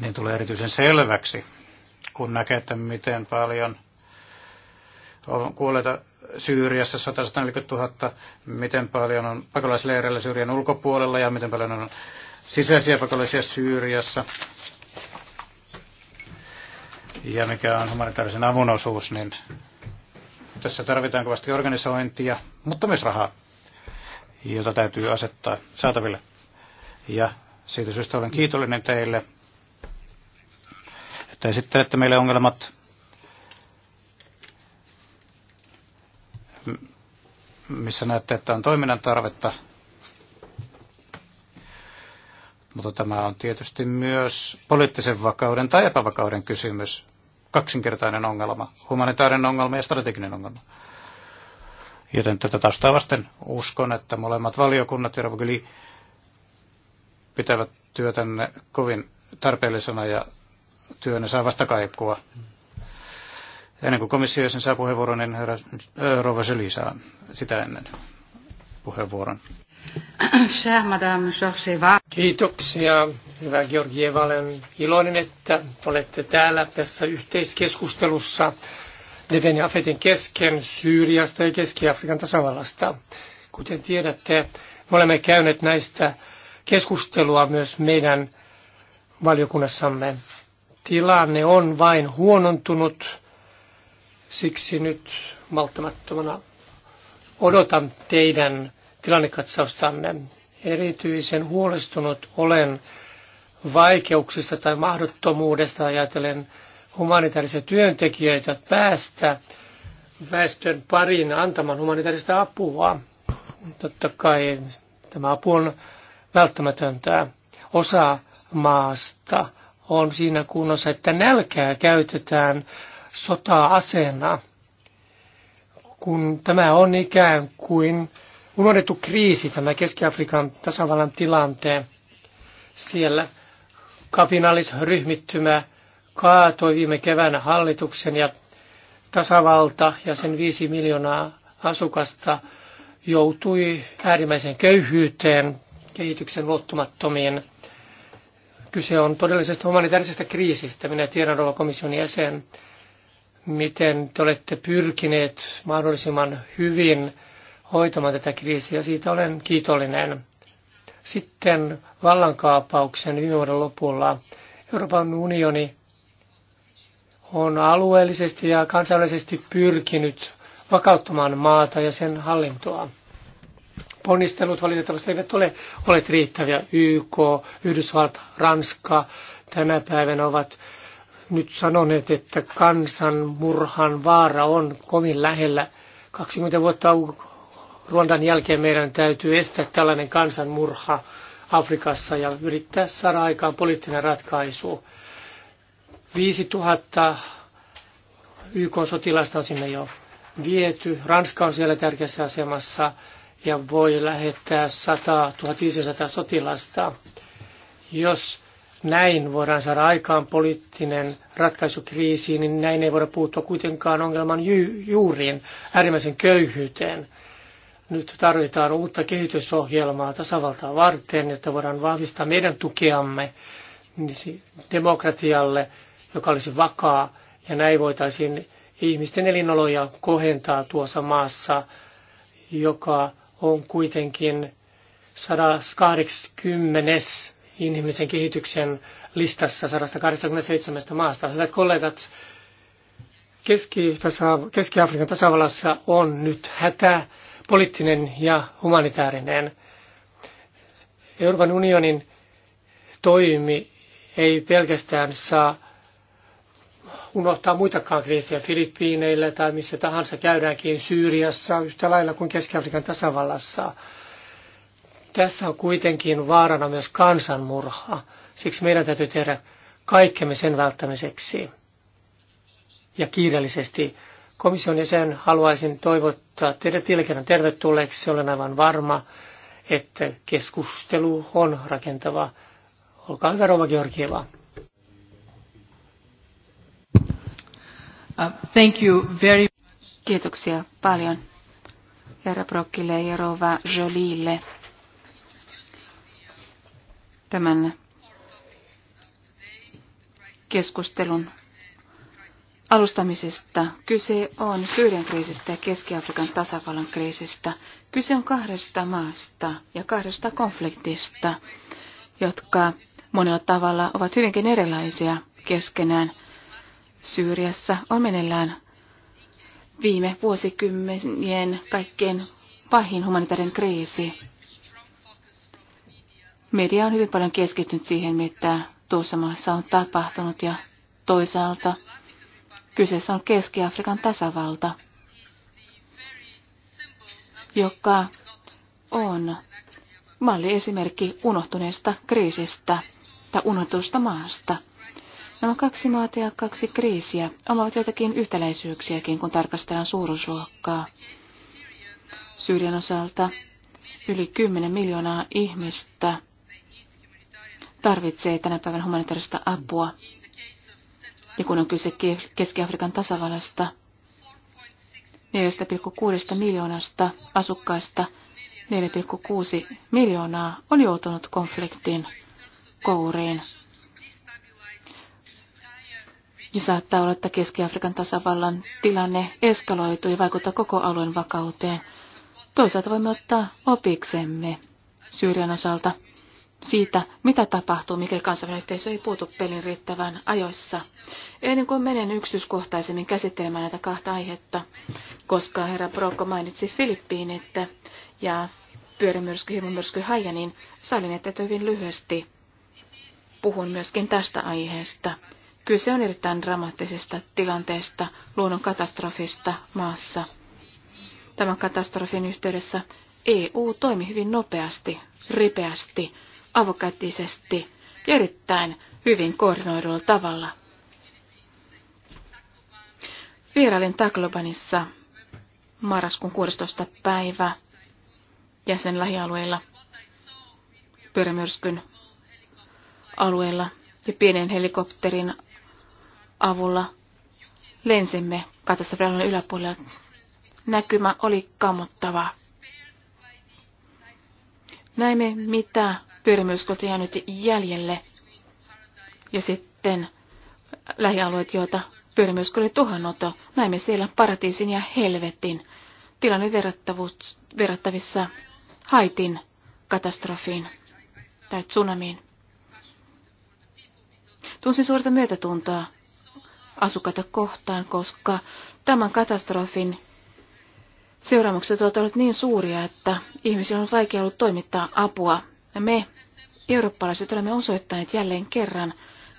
Niin tulee erityisen selväksi, kun näkee, että miten paljon on kuolleita Syyriassa 140 000, miten paljon on pakolaisleireillä Syyrian ulkopuolella ja miten paljon on sisäisiä pakolaisia Syyriassa. Ja mikä on humanitaarisen avun osuus, niin tässä tarvitaan kovasti organisointia, mutta myös rahaa, jota täytyy asettaa saataville. Ja siitä syystä olen kiitollinen teille, että esittelette meille ongelmat. missä näette, että on toiminnan tarvetta. Mutta tämä on tietysti myös poliittisen vakauden tai epävakauden kysymys kaksinkertainen ongelma, humanitaarinen ongelma ja strateginen ongelma. Joten tätä taustaa vasten uskon, että molemmat valiokunnat ja kyllä pitävät työtänne kovin tarpeellisena ja työnne saa vastakaipua. Ennen kuin komissio sen saa puheenvuoron, niin herra, Rova saa sitä ennen puheenvuoron. Kiitoksia, hyvä Georgieva. Olen iloinen, että olette täällä tässä yhteiskeskustelussa Neven ja Afetin kesken Syyriasta ja Keski-Afrikan tasavallasta. Kuten tiedätte, me olemme käyneet näistä keskustelua myös meidän valiokunnassamme. Tilanne on vain huonontunut, siksi nyt malttamattomana odotan teidän tilannekatsaustanne. Erityisen huolestunut olen vaikeuksista tai mahdottomuudesta ajatellen humanitaarisia työntekijöitä päästä väestön pariin antamaan humanitaarista apua. Totta kai tämä apu on välttämätöntä. Osa maasta on siinä kunnossa, että nälkää käytetään sotaa aseena, kun tämä on ikään kuin unohdettu kriisi, tämä Keski-Afrikan tasavallan tilanteen. Siellä kapinallisryhmittymä kaatoi viime keväänä hallituksen ja tasavalta ja sen viisi miljoonaa asukasta joutui äärimmäiseen köyhyyteen, kehityksen luottamattomiin. Kyse on todellisesta humanitaarisesta kriisistä. Minä tiedän, rouva komission jäsen, miten te olette pyrkineet mahdollisimman hyvin hoitamaan tätä kriisiä. Siitä olen kiitollinen. Sitten vallankaapauksen viime vuoden lopulla Euroopan unioni on alueellisesti ja kansainvälisesti pyrkinyt vakauttamaan maata ja sen hallintoa. Ponnistelut valitettavasti eivät ole olleet riittäviä. YK, Yhdysvallat, Ranska tänä päivänä ovat nyt sanoneet, että kansanmurhan vaara on kovin lähellä. 20 vuotta Ruandan jälkeen meidän täytyy estää tällainen kansanmurha Afrikassa ja yrittää saada aikaan poliittinen ratkaisu. 5000 YK-sotilasta on sinne jo viety. Ranska on siellä tärkeässä asemassa ja voi lähettää 100 1500 sotilasta. Jos näin voidaan saada aikaan poliittinen ratkaisu kriisiin, niin näin ei voida puuttua kuitenkaan ongelman ju- juuriin, äärimmäisen köyhyyteen – nyt tarvitaan uutta kehitysohjelmaa tasavaltaa varten, jotta voidaan vahvistaa meidän tukeamme demokratialle, joka olisi vakaa, ja näin voitaisiin ihmisten elinoloja kohentaa tuossa maassa, joka on kuitenkin 180 inhimillisen kehityksen listassa 187 maasta. Hyvät kollegat, Keski-Afrikan tasavallassa on nyt hätä poliittinen ja humanitaarinen. Euroopan unionin toimi ei pelkästään saa unohtaa muitakaan kriisejä Filippiineillä tai missä tahansa käydäänkin Syyriassa yhtä lailla kuin Keski-Afrikan tasavallassa. Tässä on kuitenkin vaarana myös kansanmurha. Siksi meidän täytyy tehdä kaikkemme sen välttämiseksi ja kiireellisesti Komission jäsen haluaisin toivottaa teidät vielä kerran tervetulleeksi. Olen aivan varma, että keskustelu on rakentava. Olkaa hyvä, Rova Georgieva. Uh, thank you very Kiitoksia paljon herra Brockille ja Rova Jolille tämän keskustelun alustamisesta. Kyse on Syyrian kriisistä ja Keski-Afrikan tasavallan kriisistä. Kyse on kahdesta maasta ja kahdesta konfliktista, jotka monella tavalla ovat hyvinkin erilaisia keskenään. Syyriassa on meneillään viime vuosikymmenien kaikkein pahin humanitaarinen kriisi. Media on hyvin paljon keskittynyt siihen, mitä tuossa maassa on tapahtunut ja toisaalta Kyseessä on Keski-Afrikan tasavalta, joka on malliesimerkki unohtuneesta kriisistä tai unohtusta maasta. Nämä kaksi maata ja kaksi kriisiä omaavat joitakin yhtäläisyyksiäkin, kun tarkastellaan suuruusluokkaa. Syyrian osalta yli 10 miljoonaa ihmistä tarvitsee tänä päivänä humanitaarista apua. Ja kun on kyse Keski-Afrikan tasavallasta, 4,6 miljoonasta asukkaasta 4,6 miljoonaa on joutunut konfliktin kouriin. Ja saattaa olla, että Keski-Afrikan tasavallan tilanne eskaloituu ja vaikuttaa koko alueen vakauteen. Toisaalta voimme ottaa opiksemme Syyrian osalta siitä, mitä tapahtuu, mikä kansainvälinen yhteisö ei puutu pelin riittävän ajoissa. Ennen kuin menen yksityiskohtaisemmin käsittelemään näitä kahta aihetta, koska herra Brokko mainitsi Filippiinit ja pyörimyrsky, hirmumyrsky Haija, niin sallin, että hyvin lyhyesti puhun myöskin tästä aiheesta. Kyse on erittäin dramaattisesta tilanteesta, luonnon katastrofista maassa. Tämän katastrofin yhteydessä EU toimi hyvin nopeasti, ripeästi avokätisesti ja erittäin hyvin koordinoidulla tavalla. Vierailin Taklobanissa marraskuun 16. päivä ja sen lähialueilla pyörämyrskyn alueella ja pienen helikopterin avulla lensimme katastrofin yläpuolella. Näkymä oli kammottava. Näimme, mitä pyörimyrskyt jäänyt jäljelle. Ja sitten lähialueet, joita pyörimyrsky oli tuhannut, näimme siellä paratiisin ja helvetin. Tilanne verrattavissa Haitin katastrofiin tai tsunamiin. Tunsin suurta myötätuntoa asukkaita kohtaan, koska tämän katastrofin seuraamukset ovat olleet niin suuria, että ihmisillä on vaikea ollut toimittaa apua me eurooppalaiset olemme osoittaneet jälleen kerran,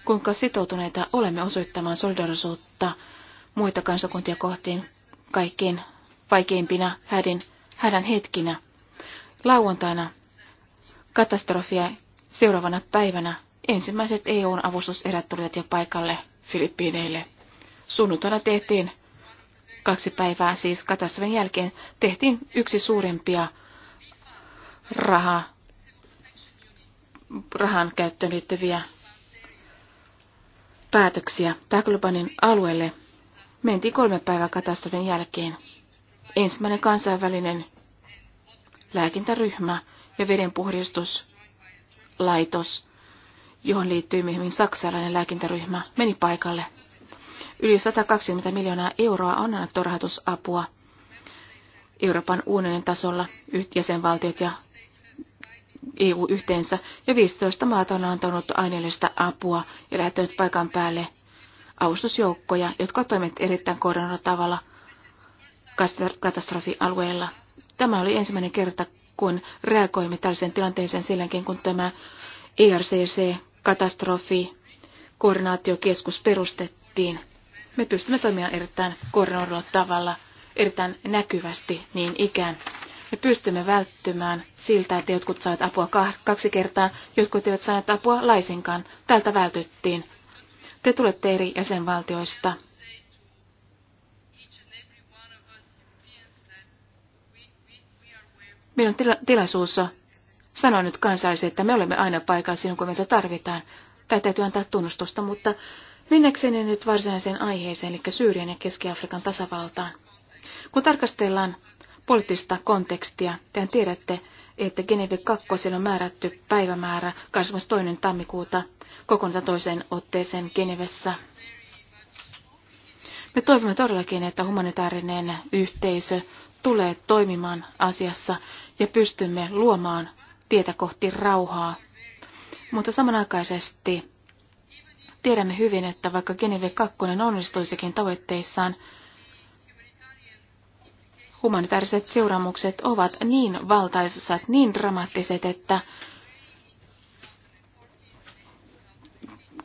kuinka sitoutuneita olemme osoittamaan solidarisuutta muita kansakuntia kohtiin kaikkein vaikeimpina hädin, hädän hetkinä. Lauantaina katastrofia seuraavana päivänä ensimmäiset EUn avustuserät tulivat jo paikalle Filippiineille. Sunnuntaina tehtiin kaksi päivää siis katastrofin jälkeen tehtiin yksi suurimpia rahaa rahan käyttöön liittyviä päätöksiä Taklubanin alueelle mentiin kolme päivää katastrofin jälkeen. Ensimmäinen kansainvälinen lääkintäryhmä ja vedenpuhdistuslaitos, johon liittyi myöhemmin saksalainen lääkintäryhmä, meni paikalle. Yli 120 miljoonaa euroa on annettu rahoitusapua Euroopan unionin tasolla, jäsenvaltiot ja EU yhteensä, ja 15 maata on antanut aineellista apua ja lähettänyt paikan päälle avustusjoukkoja, jotka toimivat erittäin koordinoidulla tavalla katastrofialueella. Tämä oli ensimmäinen kerta, kun reagoimme tällaiseen tilanteeseen silläkin, kun tämä ERCC-katastrofi koordinaatiokeskus perustettiin. Me pystymme toimimaan erittäin koordinoidulla tavalla, erittäin näkyvästi niin ikään. Me pystymme välttymään siltä, että jotkut saivat apua kaksi kertaa, jotkut eivät saaneet apua laisinkaan. Tältä vältyttiin. Te tulette eri jäsenvaltioista. Meillä on tila- tilaisuus sanoa nyt kansalaisille, että me olemme aina paikalla silloin, kun meitä tarvitaan. Tai täytyy antaa tunnustusta, mutta mennäkseni nyt varsinaiseen aiheeseen, eli Syyrian ja Keski-Afrikan tasavaltaan. Kun tarkastellaan poliittista kontekstia. Tehän tiedätte, että Geneve 2 on määrätty päivämäärä 22. tammikuuta kokonaan toiseen otteeseen Genevessä. Me toivomme todellakin, että humanitaarinen yhteisö tulee toimimaan asiassa ja pystymme luomaan tietä kohti rauhaa. Mutta samanaikaisesti tiedämme hyvin, että vaikka Geneve 2 onnistuisikin tavoitteissaan, humanitaariset seuraamukset ovat niin valtaisat, niin dramaattiset, että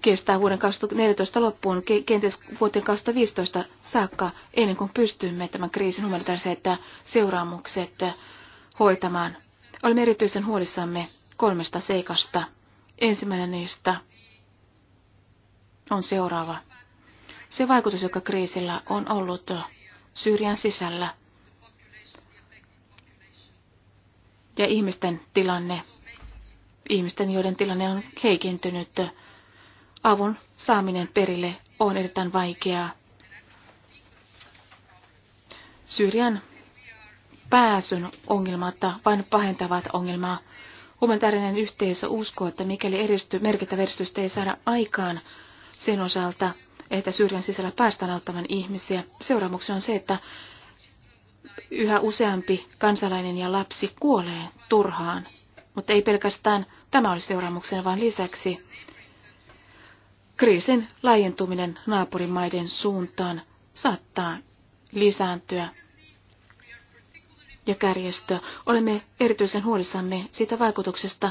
kestää vuoden 2014 loppuun, kenties vuoteen 2015 saakka, ennen kuin pystymme tämän kriisin humanitaariset seuraamukset hoitamaan. Olemme erityisen huolissamme kolmesta seikasta. Ensimmäinen niistä on seuraava. Se vaikutus, joka kriisillä on ollut Syyrian sisällä ja ihmisten tilanne, ihmisten, joiden tilanne on heikentynyt, avun saaminen perille on erittäin vaikeaa. Syyrian pääsyn ongelmat vain pahentavat ongelmaa. Humanitaarinen yhteisö uskoo, että mikäli edisty, merkittävä edistystä ei saada aikaan sen osalta, että Syyrian sisällä päästään auttamaan ihmisiä, seuraamuksena on se, että yhä useampi kansalainen ja lapsi kuolee turhaan. Mutta ei pelkästään tämä oli seuraamuksena, vaan lisäksi kriisin laajentuminen naapurimaiden suuntaan saattaa lisääntyä. Ja kärjestö, olemme erityisen huolissamme siitä vaikutuksesta,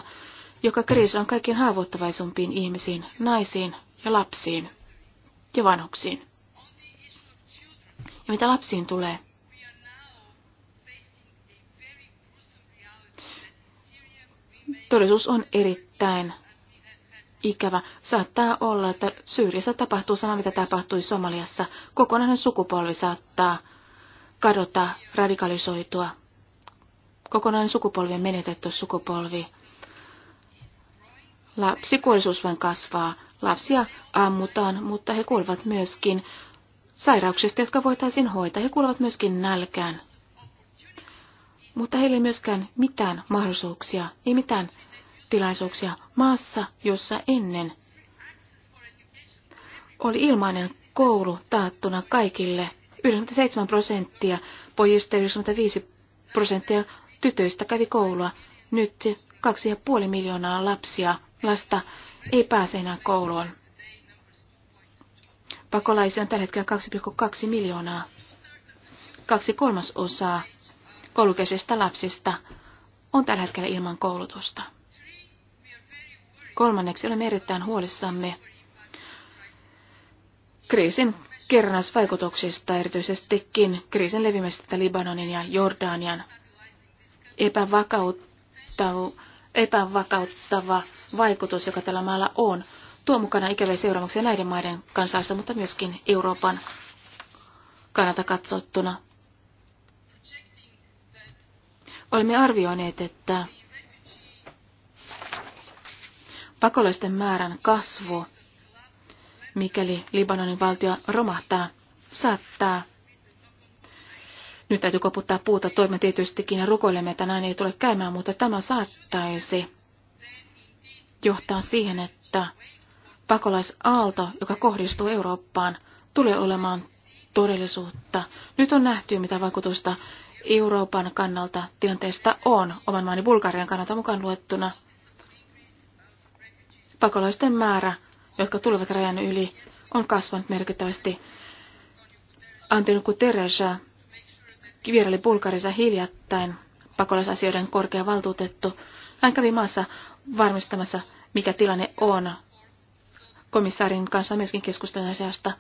joka kriisi on kaikkein haavoittavaisumpiin ihmisiin, naisiin ja lapsiin ja vanhuksiin. Ja mitä lapsiin tulee, Todellisuus on erittäin ikävä. Saattaa olla, että Syyriassa tapahtuu sama, mitä tapahtui Somaliassa. Kokonainen sukupolvi saattaa kadota, radikalisoitua. Kokonainen sukupolvi on menetetty sukupolvi. Lapsikuolisuus vain kasvaa. Lapsia ammutaan, mutta he kuolevat myöskin sairauksista, jotka voitaisiin hoitaa. He kuolevat myöskin nälkään mutta heillä ei myöskään mitään mahdollisuuksia, ei mitään tilaisuuksia maassa, jossa ennen oli ilmainen koulu taattuna kaikille. 97 prosenttia pojista ja 95 prosenttia tytöistä kävi koulua. Nyt 2,5 miljoonaa lapsia, lasta ei pääse enää kouluun. Pakolaisia on tällä hetkellä 2,2 miljoonaa. Kaksi kolmasosaa koulukäisistä lapsista on tällä hetkellä ilman koulutusta. Kolmanneksi olemme erittäin huolissamme kriisin kerrannaisvaikutuksista, erityisestikin kriisin levimisestä Libanonin ja Jordanian epävakauttava vaikutus, joka tällä maalla on, tuo mukana ikäviä seuraamuksia näiden maiden kansalaisten, mutta myöskin Euroopan kannalta katsottuna. Olemme arvioineet, että pakolaisten määrän kasvu, mikäli Libanonin valtio romahtaa, saattaa. Nyt täytyy koputtaa puuta toimme tietystikin ja rukoilemme, että näin ei tule käymään, mutta tämä saattaisi johtaa siihen, että pakolaisaalto, joka kohdistuu Eurooppaan, tulee olemaan todellisuutta. Nyt on nähty, mitä vaikutusta Euroopan kannalta tilanteesta on, oman maani Bulgarian kannalta mukaan luettuna. Pakolaisten määrä, jotka tulevat rajan yli, on kasvanut merkittävästi. Antin Guterres vieraili Bulgarissa hiljattain pakolaisasioiden korkea valtuutettu. Hän kävi maassa varmistamassa, mikä tilanne on. Komissaarin kanssa myöskin keskustelun asiasta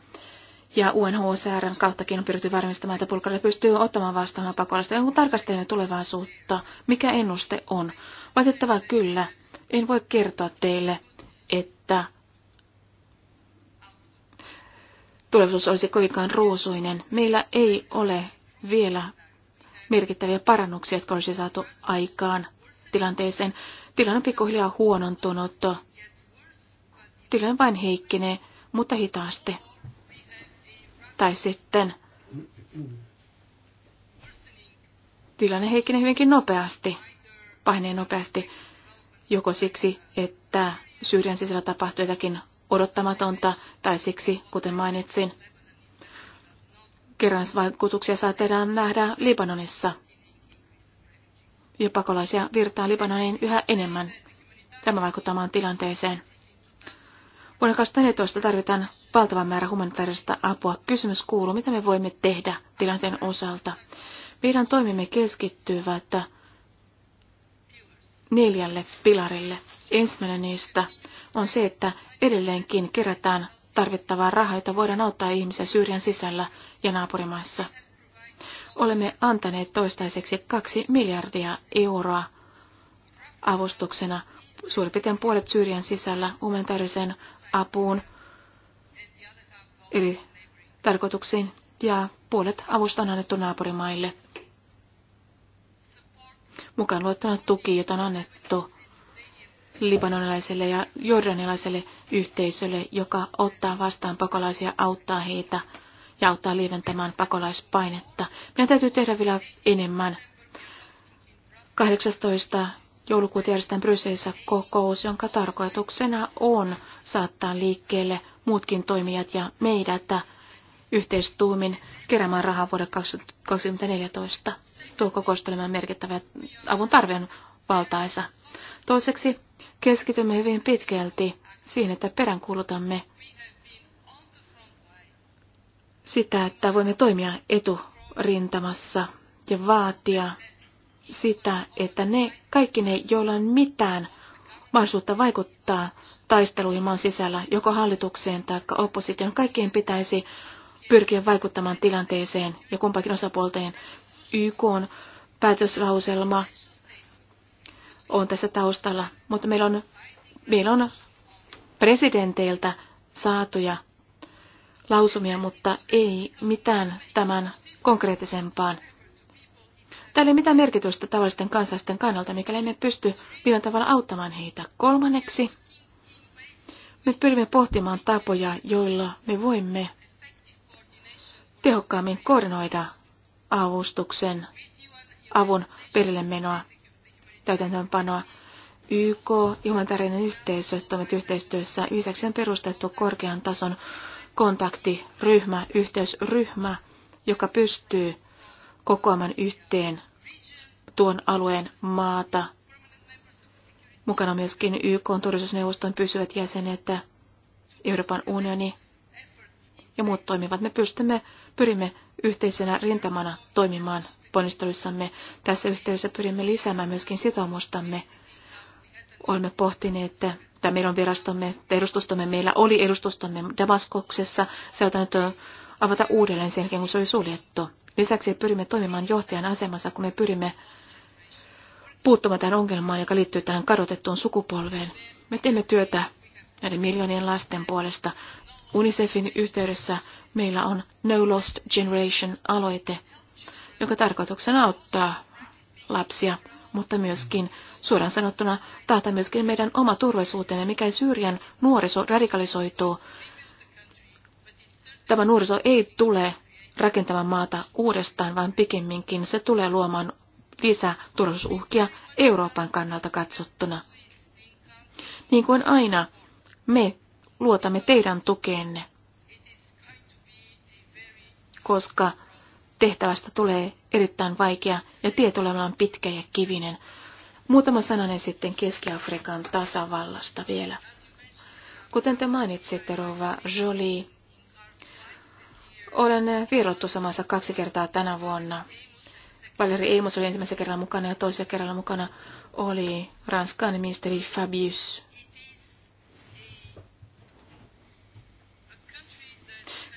ja UNHCR kauttakin on pyritty varmistamaan, että Bulgaria pystyy ottamaan vastaan pakolaista. Ja kun tarkastelemme tulevaisuutta, mikä ennuste on? Valitettavaa kyllä, en voi kertoa teille, että tulevaisuus olisi kovinkaan ruusuinen. Meillä ei ole vielä merkittäviä parannuksia, jotka olisi saatu aikaan tilanteeseen. Tilanne on pikkuhiljaa huonontunut. Tilanne vain heikkenee, mutta hitaasti tai sitten tilanne heikkenee hyvinkin nopeasti, pahenee nopeasti, joko siksi, että Syyrian sisällä tapahtui jotakin odottamatonta, tai siksi, kuten mainitsin, kerrannaisvaikutuksia saatetaan nähdä Libanonissa. Ja pakolaisia virtaa Libanoniin yhä enemmän. Tämä vaikuttamaan tilanteeseen. Vuonna 2014 tarvitaan valtava määrä humanitaarista apua. Kysymys kuuluu, mitä me voimme tehdä tilanteen osalta. Meidän toimimme keskittyvät neljälle pilarille. Ensimmäinen niistä on se, että edelleenkin kerätään tarvittavaa rahaa, jota voidaan auttaa ihmisiä Syyrian sisällä ja naapurimaissa. Olemme antaneet toistaiseksi kaksi miljardia euroa avustuksena suurin piirtein puolet Syyrian sisällä humanitaarisen apuun eri tarkoituksiin ja puolet avusta on annettu naapurimaille. Mukaan luettuna tuki, jota on annettu libanonilaiselle ja jordanilaiselle yhteisölle, joka ottaa vastaan pakolaisia, auttaa heitä ja auttaa lieventämään pakolaispainetta. Meidän täytyy tehdä vielä enemmän. 18. joulukuuta järjestetään Brysselissä kokous, jonka tarkoituksena on saattaa liikkeelle muutkin toimijat ja meidät yhteistuumin keräämään rahaa vuodelle 2014. Tuo kokousta merkittävä avun tarve on valtaisa. Toiseksi keskitymme hyvin pitkälti siihen, että peräänkuulutamme sitä, että voimme toimia eturintamassa ja vaatia sitä, että ne kaikki ne, joilla on mitään mahdollisuutta vaikuttaa taisteluihin maan sisällä, joko hallitukseen tai opposition. Kaikkien pitäisi pyrkiä vaikuttamaan tilanteeseen ja kumpakin osapuolteen. YK on päätöslauselma on tässä taustalla, mutta meillä on, meillä on presidenteiltä saatuja lausumia, mutta ei mitään tämän konkreettisempaan. Täällä ei mitään merkitystä tavallisten kansalaisten kannalta, mikäli emme pysty millään tavalla auttamaan heitä. Kolmanneksi, me pyrimme pohtimaan tapoja, joilla me voimme tehokkaammin koordinoida avustuksen avun perille menoa, täytäntöönpanoa. YK, humanitaarinen yhteisö, toimet yhteistyössä. Lisäksi on perustettu korkean tason kontaktiryhmä, yhteysryhmä, joka pystyy kokoamaan yhteen tuon alueen maata mukana myöskin YK turvallisuusneuvoston pysyvät jäsenet, Euroopan unioni ja muut toimivat. Me pystymme, pyrimme yhteisenä rintamana toimimaan ponnisteluissamme. Tässä yhteydessä pyrimme lisäämään myöskin sitoumustamme. Olemme pohtineet, että tämä meidän virastomme, edustustomme, meillä oli edustustomme Damaskoksessa, se on nyt avata uudelleen sen jälkeen, kun se oli suljettu. Lisäksi pyrimme toimimaan johtajan asemassa, kun me pyrimme puuttumaan tähän ongelmaan, joka liittyy tähän kadotettuun sukupolveen. Me teemme työtä näiden miljoonien lasten puolesta. UNICEFin yhteydessä meillä on No Lost Generation-aloite, jonka tarkoituksena auttaa lapsia, mutta myöskin suoraan sanottuna taata myöskin meidän oma turvallisuutemme, mikä Syyrian nuoriso radikalisoituu. Tämä nuoriso ei tule rakentamaan maata uudestaan, vaan pikemminkin se tulee luomaan lisää turvallisuusuhkia Euroopan kannalta katsottuna. Niin kuin aina, me luotamme teidän tukeenne, koska tehtävästä tulee erittäin vaikea ja tie tulemaan pitkä ja kivinen. Muutama sananen sitten Keski-Afrikan tasavallasta vielä. Kuten te mainitsitte, Rova Jolie, olen vierottu samassa kaksi kertaa tänä vuonna. Valeri Eimos oli ensimmäisen kerran mukana ja toisella kerralla mukana oli Ranskan ministeri Fabius.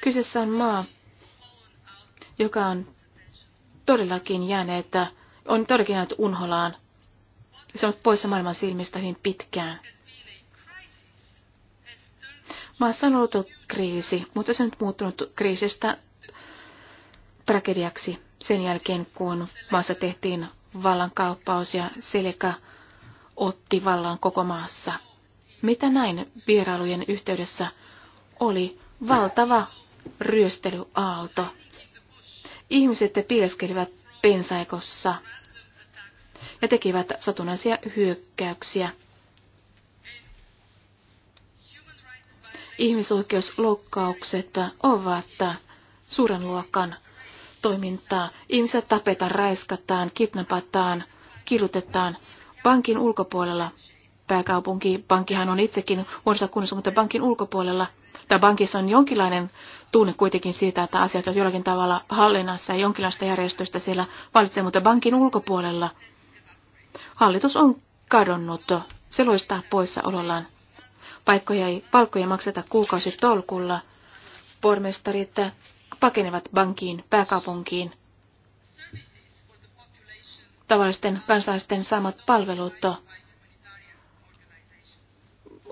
Kyseessä on maa, joka on todellakin jäänyt, on todellakin jäänyt unholaan. Se on poissa maailman silmistä hyvin pitkään. Maassa on ollut kriisi, mutta se on nyt muuttunut kriisistä tragediaksi sen jälkeen, kun maassa tehtiin vallankauppaus ja Seleka otti vallan koko maassa. Mitä näin vierailujen yhteydessä oli valtava ryöstelyaalto. Ihmiset piileskelivät pensaikossa ja tekivät satunnaisia hyökkäyksiä. Ihmisoikeusloukkaukset ovat suuren luokan toimintaa. Ihmiset tapetaan, raiskataan, kidnapataan, kirjoitetaan Pankin ulkopuolella, pääkaupunki, pankkihan on itsekin huonossa kunnossa, mutta pankin ulkopuolella, tai pankissa on jonkinlainen tunne kuitenkin siitä, että asiat ovat jollakin tavalla hallinnassa ja jonkinlaista järjestystä siellä valitsee, mutta pankin ulkopuolella hallitus on kadonnut, se loistaa poissaolollaan. Paikkoja ei, palkkoja makseta kuukausitolkulla. Pormestarit pakenevat bankiin, pääkaupunkiin. Tavallisten kansalaisten saamat palvelut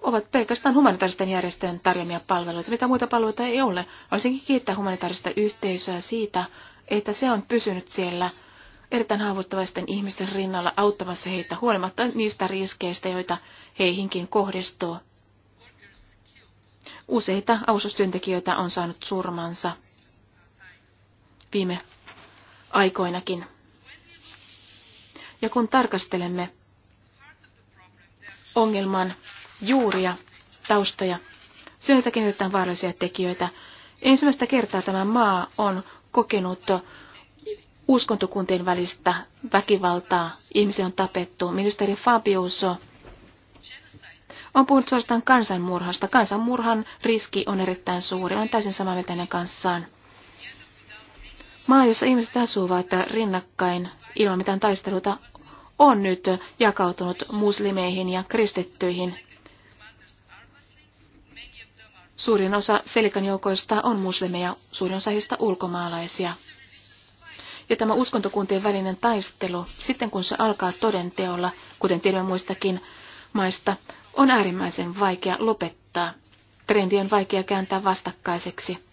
ovat pelkästään humanitaaristen järjestöjen tarjoamia palveluita. Mitä muita palveluita ei ole. Olisinkin kiittää humanitaarista yhteisöä siitä, että se on pysynyt siellä erittäin haavoittavaisten ihmisten rinnalla auttamassa heitä huolimatta niistä riskeistä, joita heihinkin kohdistuu. Useita avustustyöntekijöitä on saanut surmansa viime aikoinakin. Ja kun tarkastelemme ongelman juuria, taustoja, se on vaarallisia tekijöitä. Ensimmäistä kertaa tämä maa on kokenut uskontokuntien välistä väkivaltaa. Ihmisiä on tapettu. Ministeri Fabius on puhunut suorastaan kansanmurhasta. Kansanmurhan riski on erittäin suuri. On täysin samaa mieltä kanssaan. Maa, jossa ihmiset asuvat rinnakkain ilman mitään taisteluta, on nyt jakautunut muslimeihin ja kristittyihin. Suurin osa selikan joukoista on muslimeja, suurin osa heistä ulkomaalaisia. Ja tämä uskontokuntien välinen taistelu, sitten kun se alkaa todenteolla, kuten tiedämme muistakin maista, on äärimmäisen vaikea lopettaa. Trendi on vaikea kääntää vastakkaiseksi.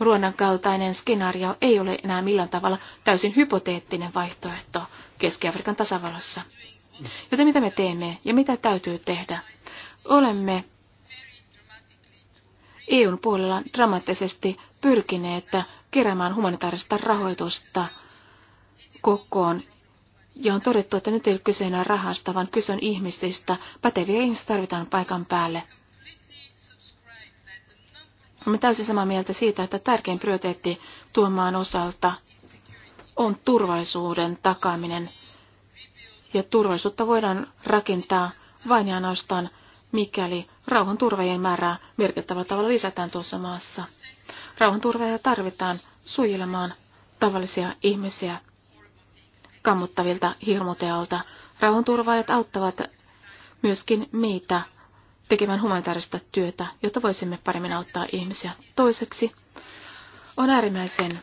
Ruonan kaltainen skenaario ei ole enää millään tavalla täysin hypoteettinen vaihtoehto Keski-Afrikan tasavallassa. Joten mitä me teemme ja mitä täytyy tehdä? Olemme EUn puolella dramaattisesti pyrkineet keräämään humanitaarista rahoitusta kokoon. Ja on todettu, että nyt ei ole kyse enää rahasta, vaan kyse on ihmisistä. Päteviä ihmisiä tarvitaan paikan päälle. Olemme täysin samaa mieltä siitä, että tärkein prioriteetti tuon maan osalta on turvallisuuden takaaminen. Ja turvallisuutta voidaan rakentaa vain ja ainoastaan, mikäli rauhanturvajien määrää merkittävällä tavalla lisätään tuossa maassa. Rauhanturvajia tarvitaan suojelemaan tavallisia ihmisiä kammuttavilta hirmuteolta. Rauhanturvajat auttavat myöskin meitä tekemään humanitaarista työtä, jotta voisimme paremmin auttaa ihmisiä. Toiseksi on äärimmäisen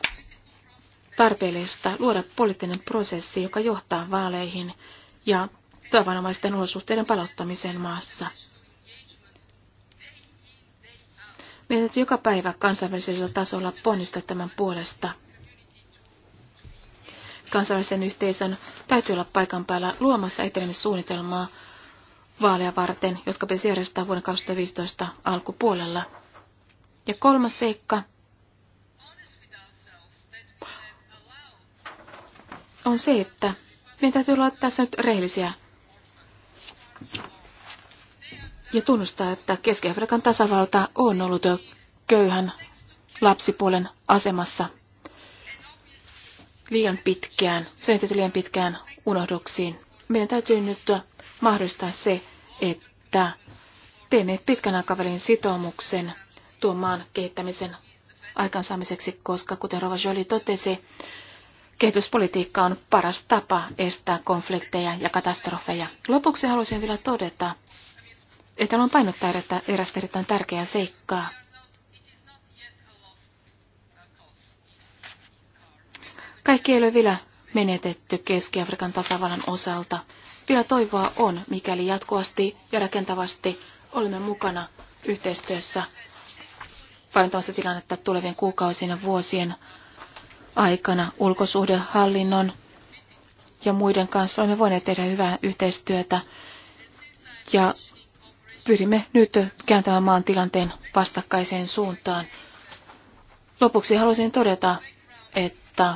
tarpeellista luoda poliittinen prosessi, joka johtaa vaaleihin ja tavanomaisten olosuhteiden palauttamiseen maassa. Meidän täytyy joka päivä kansainvälisellä tasolla ponnistaa tämän puolesta. Kansainvälisen yhteisön täytyy olla paikan päällä luomassa etenemissuunnitelmaa vaaleja varten, jotka pitäisi järjestää vuonna 2015 alkupuolella. Ja kolmas seikka on se, että meidän täytyy olla tässä nyt rehellisiä ja tunnustaa, että Keski-Afrikan tasavalta on ollut jo köyhän lapsipuolen asemassa liian pitkään, syötetty liian pitkään unohduksiin. Meidän täytyy nyt mahdollistaa se, että teemme pitkän aikavälin sitoumuksen tuon maan kehittämisen aikaansaamiseksi, koska kuten Rova Jolie totesi, kehityspolitiikka on paras tapa estää konflikteja ja katastrofeja. Lopuksi haluaisin vielä todeta, että haluan painottaa erästä erittäin tärkeää seikkaa. Kaikki ei ole vielä menetetty Keski-Afrikan tasavallan osalta. Vielä toivoa on, mikäli jatkuvasti ja rakentavasti olemme mukana yhteistyössä parantamassa tilannetta tulevien kuukausien ja vuosien aikana ulkosuhdehallinnon ja muiden kanssa olemme voineet tehdä hyvää yhteistyötä ja pyrimme nyt kääntämään maan tilanteen vastakkaiseen suuntaan. Lopuksi haluaisin todeta, että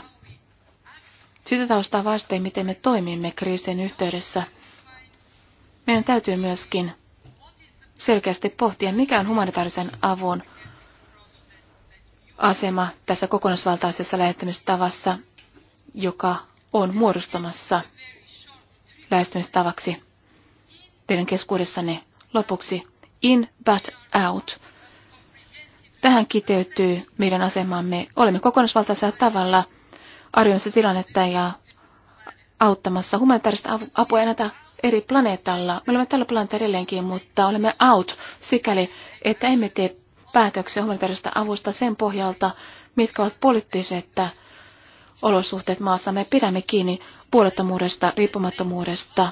sitä taustaa vasten, miten me toimimme kriisin yhteydessä, meidän täytyy myöskin selkeästi pohtia, mikä on humanitaarisen avun asema tässä kokonaisvaltaisessa lähestymistavassa, joka on muodostumassa lähestymistavaksi teidän keskuudessanne lopuksi. In but out. Tähän kiteytyy meidän asemamme. Olemme kokonaisvaltaisella tavalla – arjonsa tilannetta ja auttamassa humanitaarista apua näitä eri planeetalla. Me olemme tällä planeetalla edelleenkin, mutta olemme out sikäli, että emme tee päätöksiä humanitaarista avusta sen pohjalta, mitkä ovat poliittiset olosuhteet maassa. Me pidämme kiinni puolettomuudesta, riippumattomuudesta.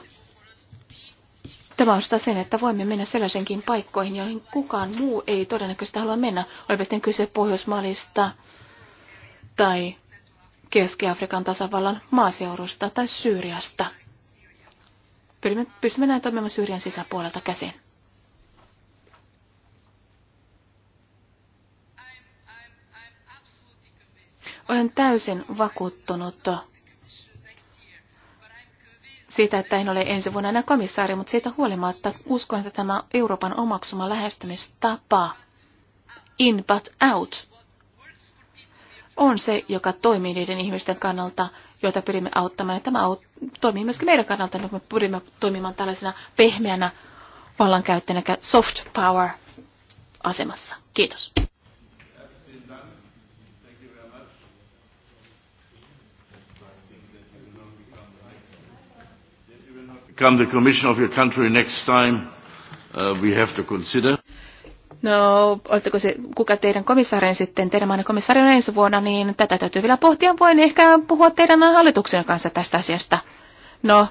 Tämä vastaa sen, että voimme mennä sellaisenkin paikkoihin, joihin kukaan muu ei todennäköisesti halua mennä. Olipa sitten kyse Pohjoismaalista tai Keski-Afrikan tasavallan maaseudusta tai Syyriasta. Pyrimme, pystymme näin toimimaan Syyrian sisäpuolelta käsin. Olen täysin vakuuttunut siitä, että en ole ensi vuonna enää komissaari, mutta siitä huolimatta uskon, että tämä Euroopan omaksuma lähestymistapa, in but out, on se, joka toimii niiden ihmisten kannalta, joita pyrimme auttamaan. Ja tämä aut- toimii myöskin meidän kannalta, kun niin me pyrimme toimimaan tällaisena pehmeänä vallankäyttäjänä soft power asemassa. Kiitos. become the commission of your country next time, uh, we have to consider. No, oletteko se, kuka teidän komissaarin sitten, teidän maan komissaari on ensi vuonna, niin tätä täytyy vielä pohtia. Voin ehkä puhua teidän hallituksen kanssa tästä asiasta. No,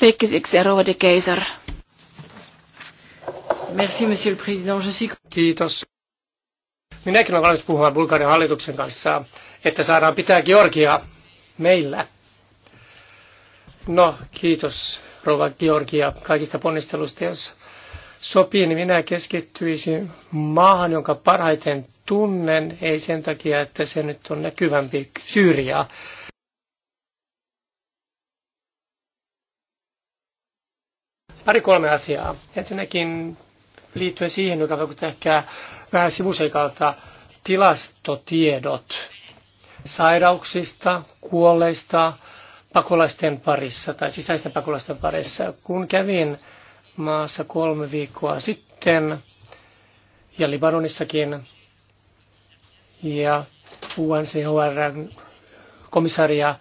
leikkisiksi ja Rovadi Keiser. Merci, monsieur le président. Je suis... Kiitos. Minäkin olen valmis puhua Bulgarian hallituksen kanssa, että saadaan pitää Georgia meillä. No, kiitos rouva Georgia kaikista ponnistelusta, jos sopii, niin minä keskittyisin maahan, jonka parhaiten tunnen, ei sen takia, että se nyt on näkyvämpi syrjää. Pari kolme asiaa. Ensinnäkin liittyen siihen, joka vaikuttaa ehkä vähän kautta, tilastotiedot sairauksista, kuolleista, pakolaisten parissa tai sisäisten pakolaisten parissa. Kun kävin maassa kolme viikkoa sitten ja Libanonissakin. Ja UNCHR komissaria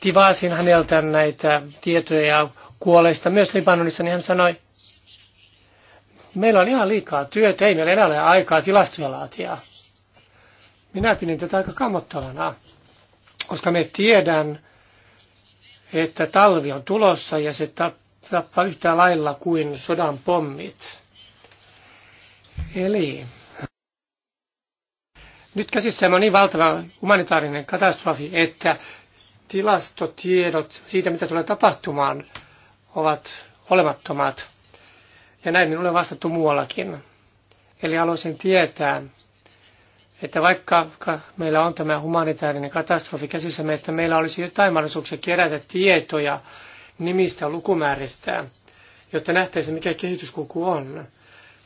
tivasin häneltä näitä tietoja kuoleista myös Libanonissa, niin hän sanoi, meillä on ihan liikaa työtä, ei meillä enää ole aikaa tilastoja laatia. Minä pidin tätä aika kammottavana, koska me tiedän, että talvi on tulossa ja se tappaa yhtä lailla kuin sodan pommit. Eli nyt käsissämme on niin valtava humanitaarinen katastrofi, että tilastotiedot siitä, mitä tulee tapahtumaan, ovat olemattomat. Ja näin minulle on vastattu muuallakin. Eli haluaisin tietää, että vaikka meillä on tämä humanitaarinen katastrofi käsissämme, että meillä olisi jotain mahdollisuuksia kerätä tietoja nimistä lukumääristä, jotta nähtäisiin, mikä kehityskulku on,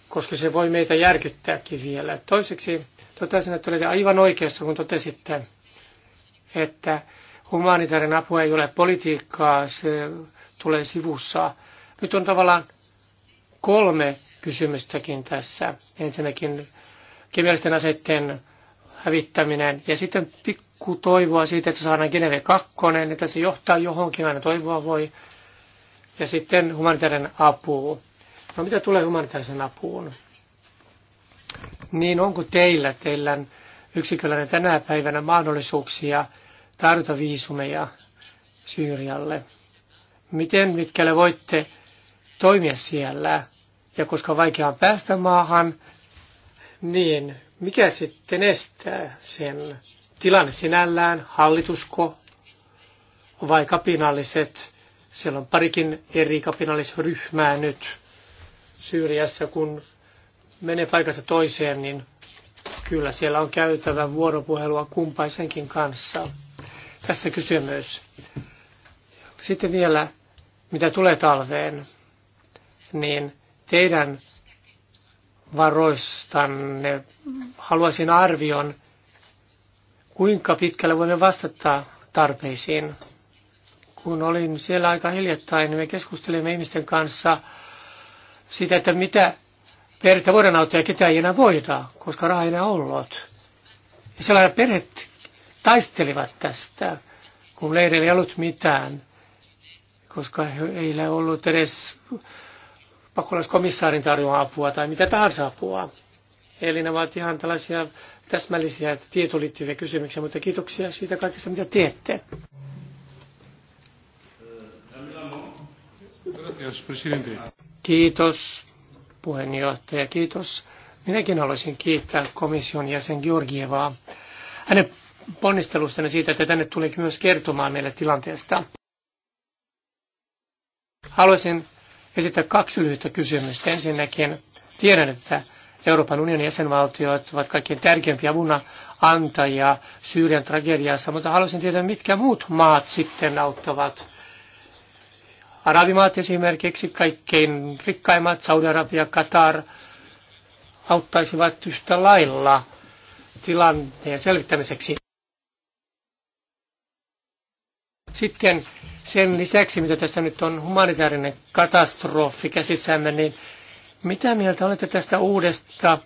koska se voi meitä järkyttääkin vielä. Toiseksi totesin, että olette aivan oikeassa, kun totesitte, että humanitaarinen apu ei ole politiikkaa, se tulee sivussa. Nyt on tavallaan kolme kysymystäkin tässä. Ensinnäkin kemiallisten aseiden hävittäminen ja sitten toivoa siitä, että saadaan Geneve 2, että se johtaa johonkin, aina toivoa voi. Ja sitten humanitaarinen apu. No mitä tulee humanitaarisen apuun? Niin onko teillä, teillä yksiköllänne tänä päivänä mahdollisuuksia tarjota viisumeja Syyrialle? Miten mitkälle voitte toimia siellä? Ja koska vaikea on päästä maahan, niin mikä sitten estää sen? tilanne sinällään, hallitusko vai kapinalliset. Siellä on parikin eri kapinallisryhmää nyt Syyriassa, kun menee paikasta toiseen, niin kyllä siellä on käytävä vuoropuhelua kumpaisenkin kanssa. Tässä kysymys. Sitten vielä, mitä tulee talveen, niin teidän varoistanne haluaisin arvion kuinka pitkälle voimme vastata tarpeisiin. Kun olin siellä aika hiljattain, niin me keskustelimme ihmisten kanssa siitä, että mitä perhettä voidaan auttaa ja ketä ei enää voida, koska raha ei enää ollut. Ja sellaiset perheet taistelivat tästä, kun leirillä ei ollut mitään, koska heillä ei ollut edes pakolaiskomissaarin tarjoamaa apua tai mitä tahansa apua. Eli ne ovat ihan tällaisia täsmällisiä tietoon liittyviä kysymyksiä, mutta kiitoksia siitä kaikesta, mitä teette. Kiitos puheenjohtaja, kiitos. Minäkin haluaisin kiittää komission jäsen Georgievaa hänen ponnistelustani siitä, että tänne tuli myös kertomaan meille tilanteesta. Haluaisin esittää kaksi lyhyttä kysymystä. Ensinnäkin tiedän, että Euroopan unionin jäsenvaltiot ovat kaikkein tärkeimpiä avuna antajia Syyrian tragediassa, mutta haluaisin tietää, mitkä muut maat sitten auttavat. Arabimaat esimerkiksi, kaikkein rikkaimmat, Saudi-Arabia, Katar, auttaisivat yhtä lailla tilanteen selvittämiseksi. Sitten sen lisäksi, mitä tässä nyt on humanitaarinen katastrofi käsissämme, niin mitä mieltä olette tästä uudesta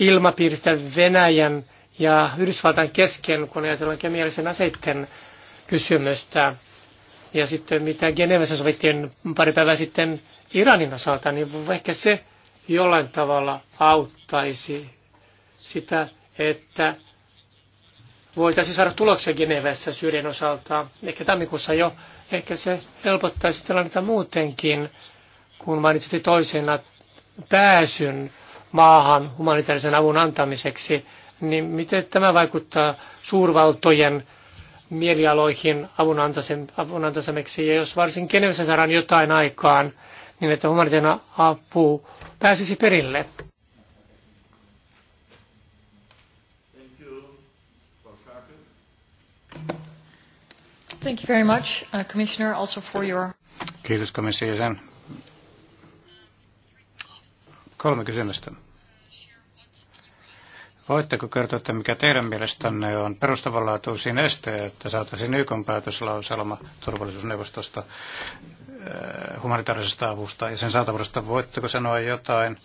ilmapiiristä Venäjän ja Yhdysvaltain kesken, kun ajatellaan kemiallisen aseiden kysymystä? Ja sitten mitä Genevessä sovittiin pari päivää sitten Iranin osalta, niin ehkä se jollain tavalla auttaisi sitä, että voitaisiin saada tuloksia Genevessä Syyrian osalta, ehkä tammikuussa jo. Ehkä se helpottaisi tilannetta muutenkin, kun mainitsit toisena pääsyn maahan humanitaarisen avun antamiseksi, niin miten tämä vaikuttaa suurvaltojen mielialoihin avun, antamiseksi? Ja jos varsin Genevessä saadaan jotain aikaan, niin että humanitaarinen apu pääsisi perille. Thank you very much, uh, Commissioner, also for your... Kiitos komission Kolme kysymystä. Voitteko kertoa, että mikä teidän mielestänne on perustavanlaatuisin este, että saataisiin YK päätöslauselma turvallisuusneuvostosta eh, humanitaarisesta avusta ja sen saatavuudesta? Voitteko sanoa jotain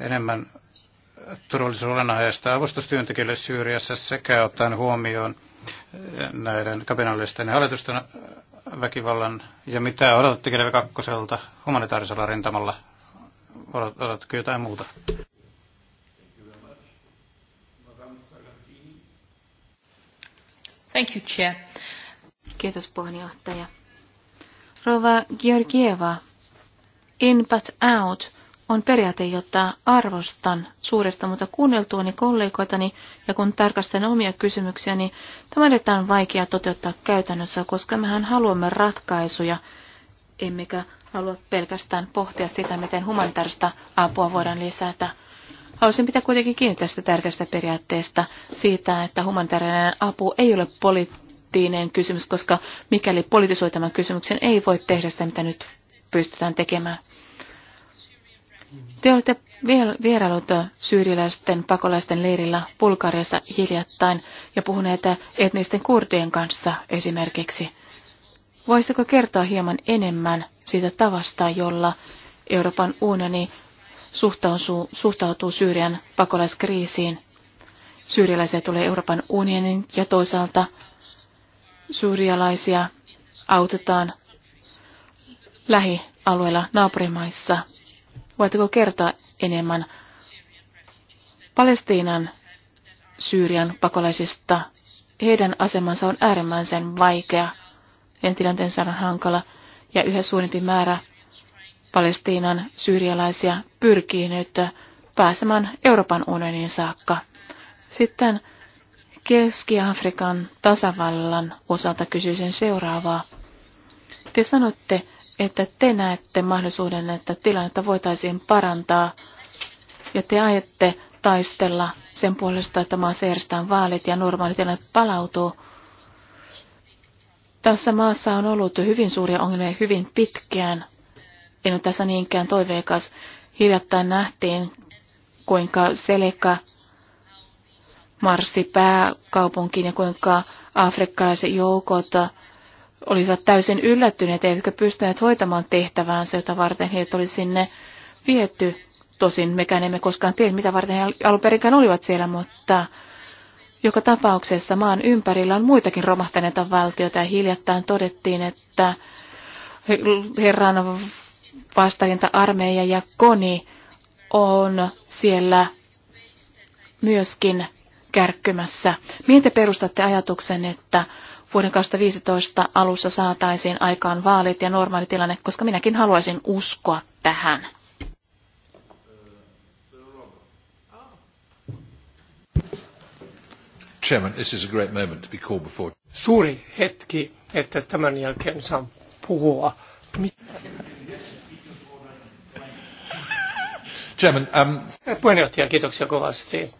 enemmän turvallisuusolennaisesta avustustyöntekijöille Syyriassa sekä ottaen huomioon eh, näiden kapinallisten ja hallitusten väkivallan ja mitä odotatte kakkoselta humanitaarisella rintamalla Odotatko jotain muuta? Thank you, Chair. Kiitos puheenjohtaja. Rova Georgieva, in but out on periaate, jota arvostan suuresta, mutta kuunneltuani kollegoitani ja kun tarkastan omia kysymyksiäni, tämä on vaikea toteuttaa käytännössä, koska mehän haluamme ratkaisuja, emmekä halua pelkästään pohtia sitä, miten humanitaarista apua voidaan lisätä. Haluaisin pitää kuitenkin kiinni tästä tärkeästä periaatteesta siitä, että humanitaarinen apu ei ole poliittinen kysymys, koska mikäli politisoi tämän kysymyksen, ei voi tehdä sitä, mitä nyt pystytään tekemään. Te olette vierailut syyriläisten pakolaisten leirillä Bulgariassa hiljattain ja puhuneet etnisten kurdien kanssa esimerkiksi. Voisiko kertoa hieman enemmän siitä tavasta, jolla Euroopan unioni suhtautuu, suhtautuu Syyrian pakolaiskriisiin? Syyrialaisia tulee Euroopan unionin ja toisaalta syyrialaisia autetaan lähialueilla naapurimaissa. Voitteko kertoa enemmän Palestiinan Syyrian pakolaisista? Heidän asemansa on äärimmäisen vaikea heidän tilanteensa on hankala ja yhä suurempi määrä Palestiinan syyrialaisia pyrkii nyt pääsemään Euroopan unionin saakka. Sitten Keski-Afrikan tasavallan osalta kysyisin seuraavaa. Te sanotte, että te näette mahdollisuuden, että tilannetta voitaisiin parantaa ja te ajatte taistella sen puolesta, että maassa järjestetään vaalit ja normaali tilanne palautuu. Tässä maassa on ollut hyvin suuria ongelmia hyvin pitkään. En ole tässä niinkään toiveikas. Hiljattain nähtiin, kuinka Seleka marssi pääkaupunkiin ja kuinka afrikkalaiset joukot olivat täysin yllättyneet, eivätkä pystyneet hoitamaan tehtäväänsä, jota varten heidät oli sinne viety. Tosin mekään emme koskaan tiedä, mitä varten he alun perinkään olivat siellä, mutta joka tapauksessa maan ympärillä on muitakin romahtaneita valtioita ja hiljattain todettiin, että herran vastarinta-armeija ja koni on siellä myöskin kärkkymässä. Mihin te perustatte ajatuksen, että vuoden 2015 alussa saataisiin aikaan vaalit ja normaali tilanne, koska minäkin haluaisin uskoa tähän. Chairman, this is a great moment to be called before. Suuri hetki, että tämän jälkeen saan puhua. Chairman, um... Puheenjohtaja, kiitoksia kovasti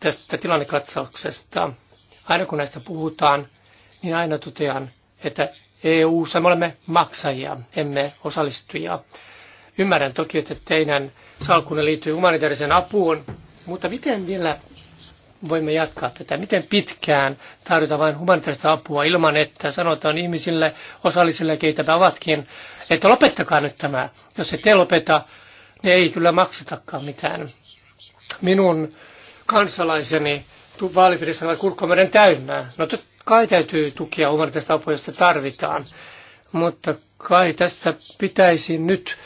tästä tilannekatsauksesta. Aina kun näistä puhutaan, niin aina totean, että eu me olemme maksajia, emme osallistujia. Ymmärrän toki, että teidän salkunne liittyy humanitaariseen apuun, mutta miten vielä voimme jatkaa tätä? Miten pitkään tarvitaan vain humanitaarista apua ilman, että sanotaan ihmisille, osallisille, keitäpä ovatkin, että lopettakaa nyt tämä. Jos ette lopeta, niin ei kyllä maksetakaan mitään. Minun kansalaiseni vaalipiirissä on kurkkomeren täynnä. No totta kai täytyy tukea humanitaarista apua, jos sitä tarvitaan. Mutta kai tässä pitäisi nyt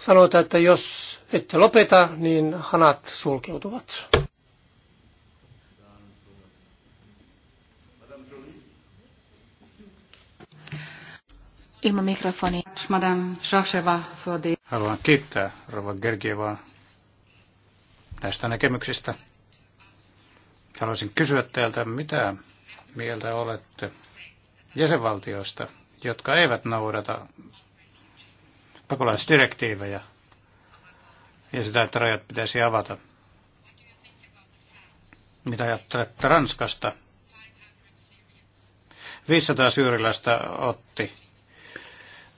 sanota, että jos ette lopeta, niin hanat sulkeutuvat. ilman mikrofoni Haluan kiittää Rova Gergievaa näistä näkemyksistä. Haluaisin kysyä teiltä, mitä mieltä olette jäsenvaltioista, jotka eivät noudata pakolaisdirektiivejä ja sitä, että rajat pitäisi avata. Mitä ajattelette Ranskasta? 500 syyriläistä otti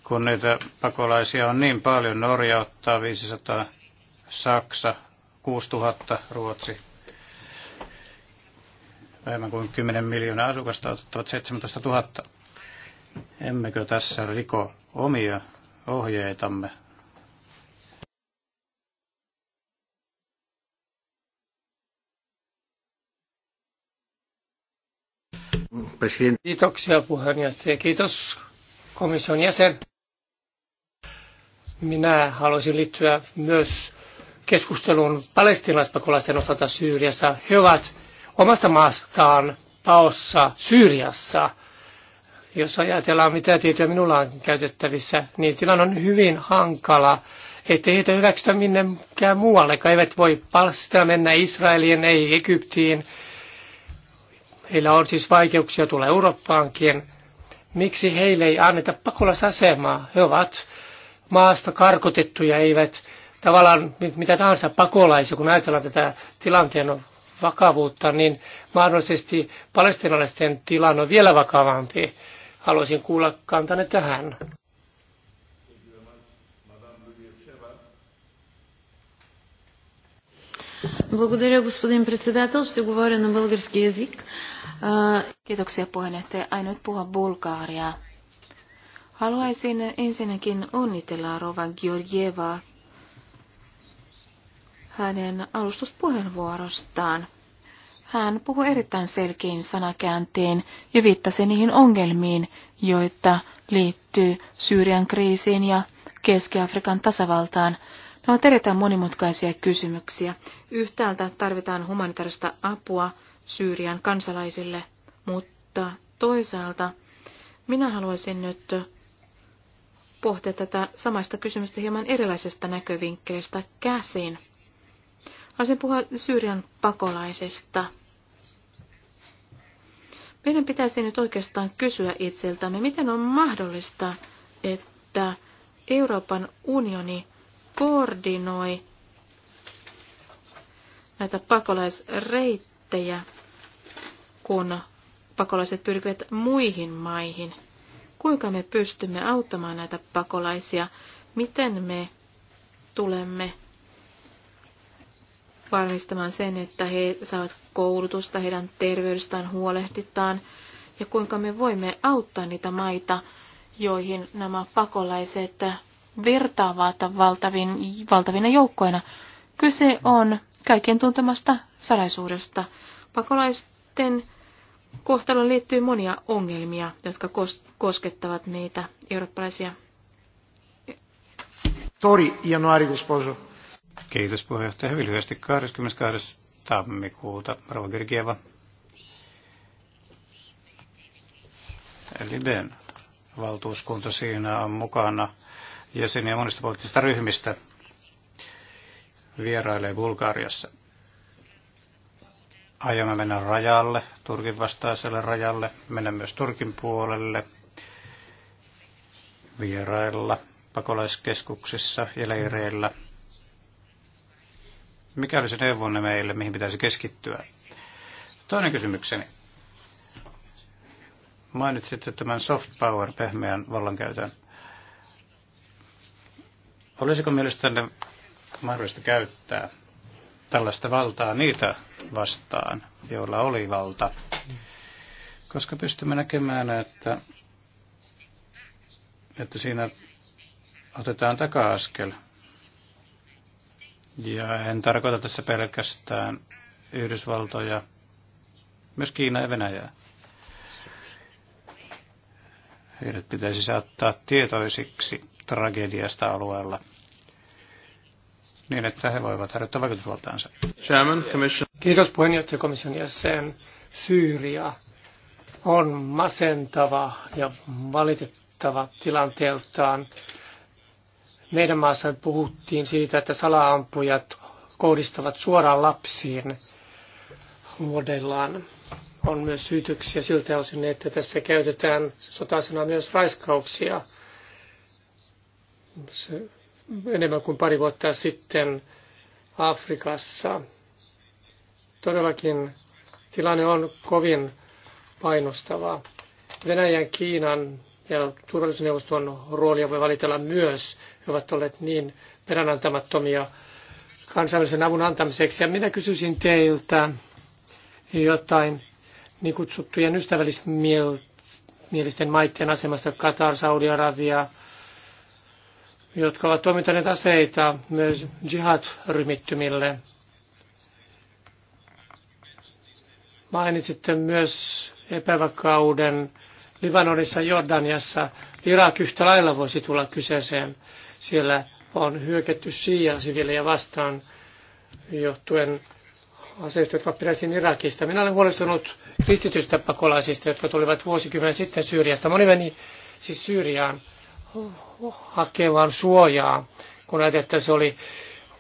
kun niitä pakolaisia on niin paljon. Norja ottaa 500, Saksa 6000, Ruotsi vähemmän kuin 10 miljoonaa asukasta ottavat 17 000. Emmekö tässä riko omia ohjeitamme? Kiitoksia puheenjohtaja. Kiitos komission jäsen. Minä haluaisin liittyä myös keskusteluun palestinaispakolaisten osalta Syyriassa. He ovat omasta maastaan paossa Syyriassa. Jos ajatellaan, mitä tietoja minulla on käytettävissä, niin tilanne on hyvin hankala, ettei heitä hyväksytä minnekään kai Eivät voi palstaa mennä Israeliin, ei Egyptiin. Heillä on siis vaikeuksia tulla Eurooppaankin. Miksi heille ei anneta pakolaisasemaa? He ovat maasta karkotettuja, eivät tavallaan mitä tahansa pakolaisia, kun ajatellaan tätä tilanteen vakavuutta, niin mahdollisesti palestinalaisten tilanne on vielä vakavampi. Haluaisin kuulla kantanne tähän. Благодаря, господин председател. Ще говоря на български язик. Kiitoksia puheenjohtaja. Aion nyt puhua bulgaariaa. Haluaisin ensinnäkin onnitella Rova Georgievaa hänen alustuspuheenvuorostaan. Hän puhui erittäin selkein sanakääntein ja viittasi niihin ongelmiin, joita liittyy Syyrian kriisiin ja Keski-Afrikan tasavaltaan. Ne ovat erittäin monimutkaisia kysymyksiä. Yhtäältä tarvitaan humanitaarista apua Syyrian kansalaisille, mutta toisaalta minä haluaisin nyt pohtia tätä samaista kysymystä hieman erilaisesta näkövinkkelistä käsin. Haluaisin puhua Syyrian pakolaisesta. Meidän pitäisi nyt oikeastaan kysyä itseltämme, miten on mahdollista, että Euroopan unioni koordinoi näitä pakolaisreittejä, kun pakolaiset pyrkivät muihin maihin – Kuinka me pystymme auttamaan näitä pakolaisia? Miten me tulemme varmistamaan sen, että he saavat koulutusta, heidän terveydestään huolehditaan ja kuinka me voimme auttaa niitä maita, joihin nämä pakolaiset virtaavat valtavin, valtavina joukkoina. Kyse on kaiken tuntemasta salaisuudesta. Pakolaisten kohtaloon liittyy monia ongelmia, jotka kos- koskettavat meitä eurooppalaisia. Tori januari, gosposo. Kiitos puheenjohtaja. Hyvin lyhyesti 22. tammikuuta. Rova Gergieva. Liben valtuuskunta siinä on mukana jäseniä monista poliittisista ryhmistä vierailee Bulgariassa. Aiomme mennä rajalle, Turkin vastaiselle rajalle, mennä myös Turkin puolelle, vierailla, pakolaiskeskuksissa ja leireillä. Mikä olisi neuvonne meille, mihin pitäisi keskittyä? Toinen kysymykseni. Mainitsitte tämän soft power, pehmeän vallankäytön. Olisiko mielestäni mahdollista käyttää tällaista valtaa niitä vastaan, joilla oli valta. Koska pystymme näkemään, että, että siinä otetaan taka-askel. Ja en tarkoita tässä pelkästään Yhdysvaltoja, myös Kiina ja Venäjää. Heidät pitäisi saattaa tietoisiksi tragediasta alueella – niin, että he voivat harjoittaa vaikutusvaltaansa. Chairman, commission. Kiitos puheenjohtaja komission jäsen. Syyria on masentava ja valitettava tilanteeltaan. Meidän maassa puhuttiin siitä, että salaampujat kohdistavat suoraan lapsiin muodellaan. On myös syytyksiä siltä osin, että tässä käytetään sotasena myös raiskauksia enemmän kuin pari vuotta sitten Afrikassa. Todellakin tilanne on kovin painostava. Venäjän, Kiinan ja turvallisuusneuvoston roolia voi valitella myös. He ovat olleet niin peränantamattomia kansainvälisen avun antamiseksi. Ja minä kysyisin teiltä jotain niin kutsuttujen ystävällismielisten maiden asemasta, Katar, Saudi-Arabia, jotka ovat toimittaneet aseita myös jihad-ryhmittymille. Mainitsitte myös epävakauden Libanonissa, Jordaniassa. Irak yhtä lailla voisi tulla kyseeseen. Siellä on hyökätty siia-siviilejä vastaan johtuen aseista, jotka peräisin Irakista. Minä olen huolestunut kristitystä pakolaisista, jotka tulivat vuosikymmen sitten Syyriasta. Moni meni siis Syyriaan hakevan suojaa, kun ajateltiin, että se oli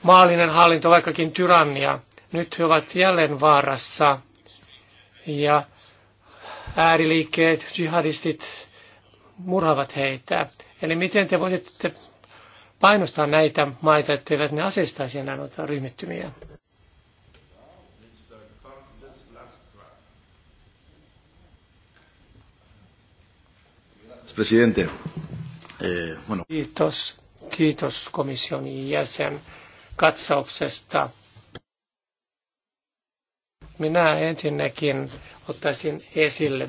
maallinen hallinto, vaikkakin tyrannia. Nyt he ovat jälleen vaarassa ja ääriliikkeet, jihadistit murhavat heitä. Eli miten te voitte painostaa näitä maita, etteivät ne aseistaisi enää noita ryhmittymiä? Presidente. Eh, kiitos, kiitos komission jäsen katsauksesta. Minä ensinnäkin ottaisin esille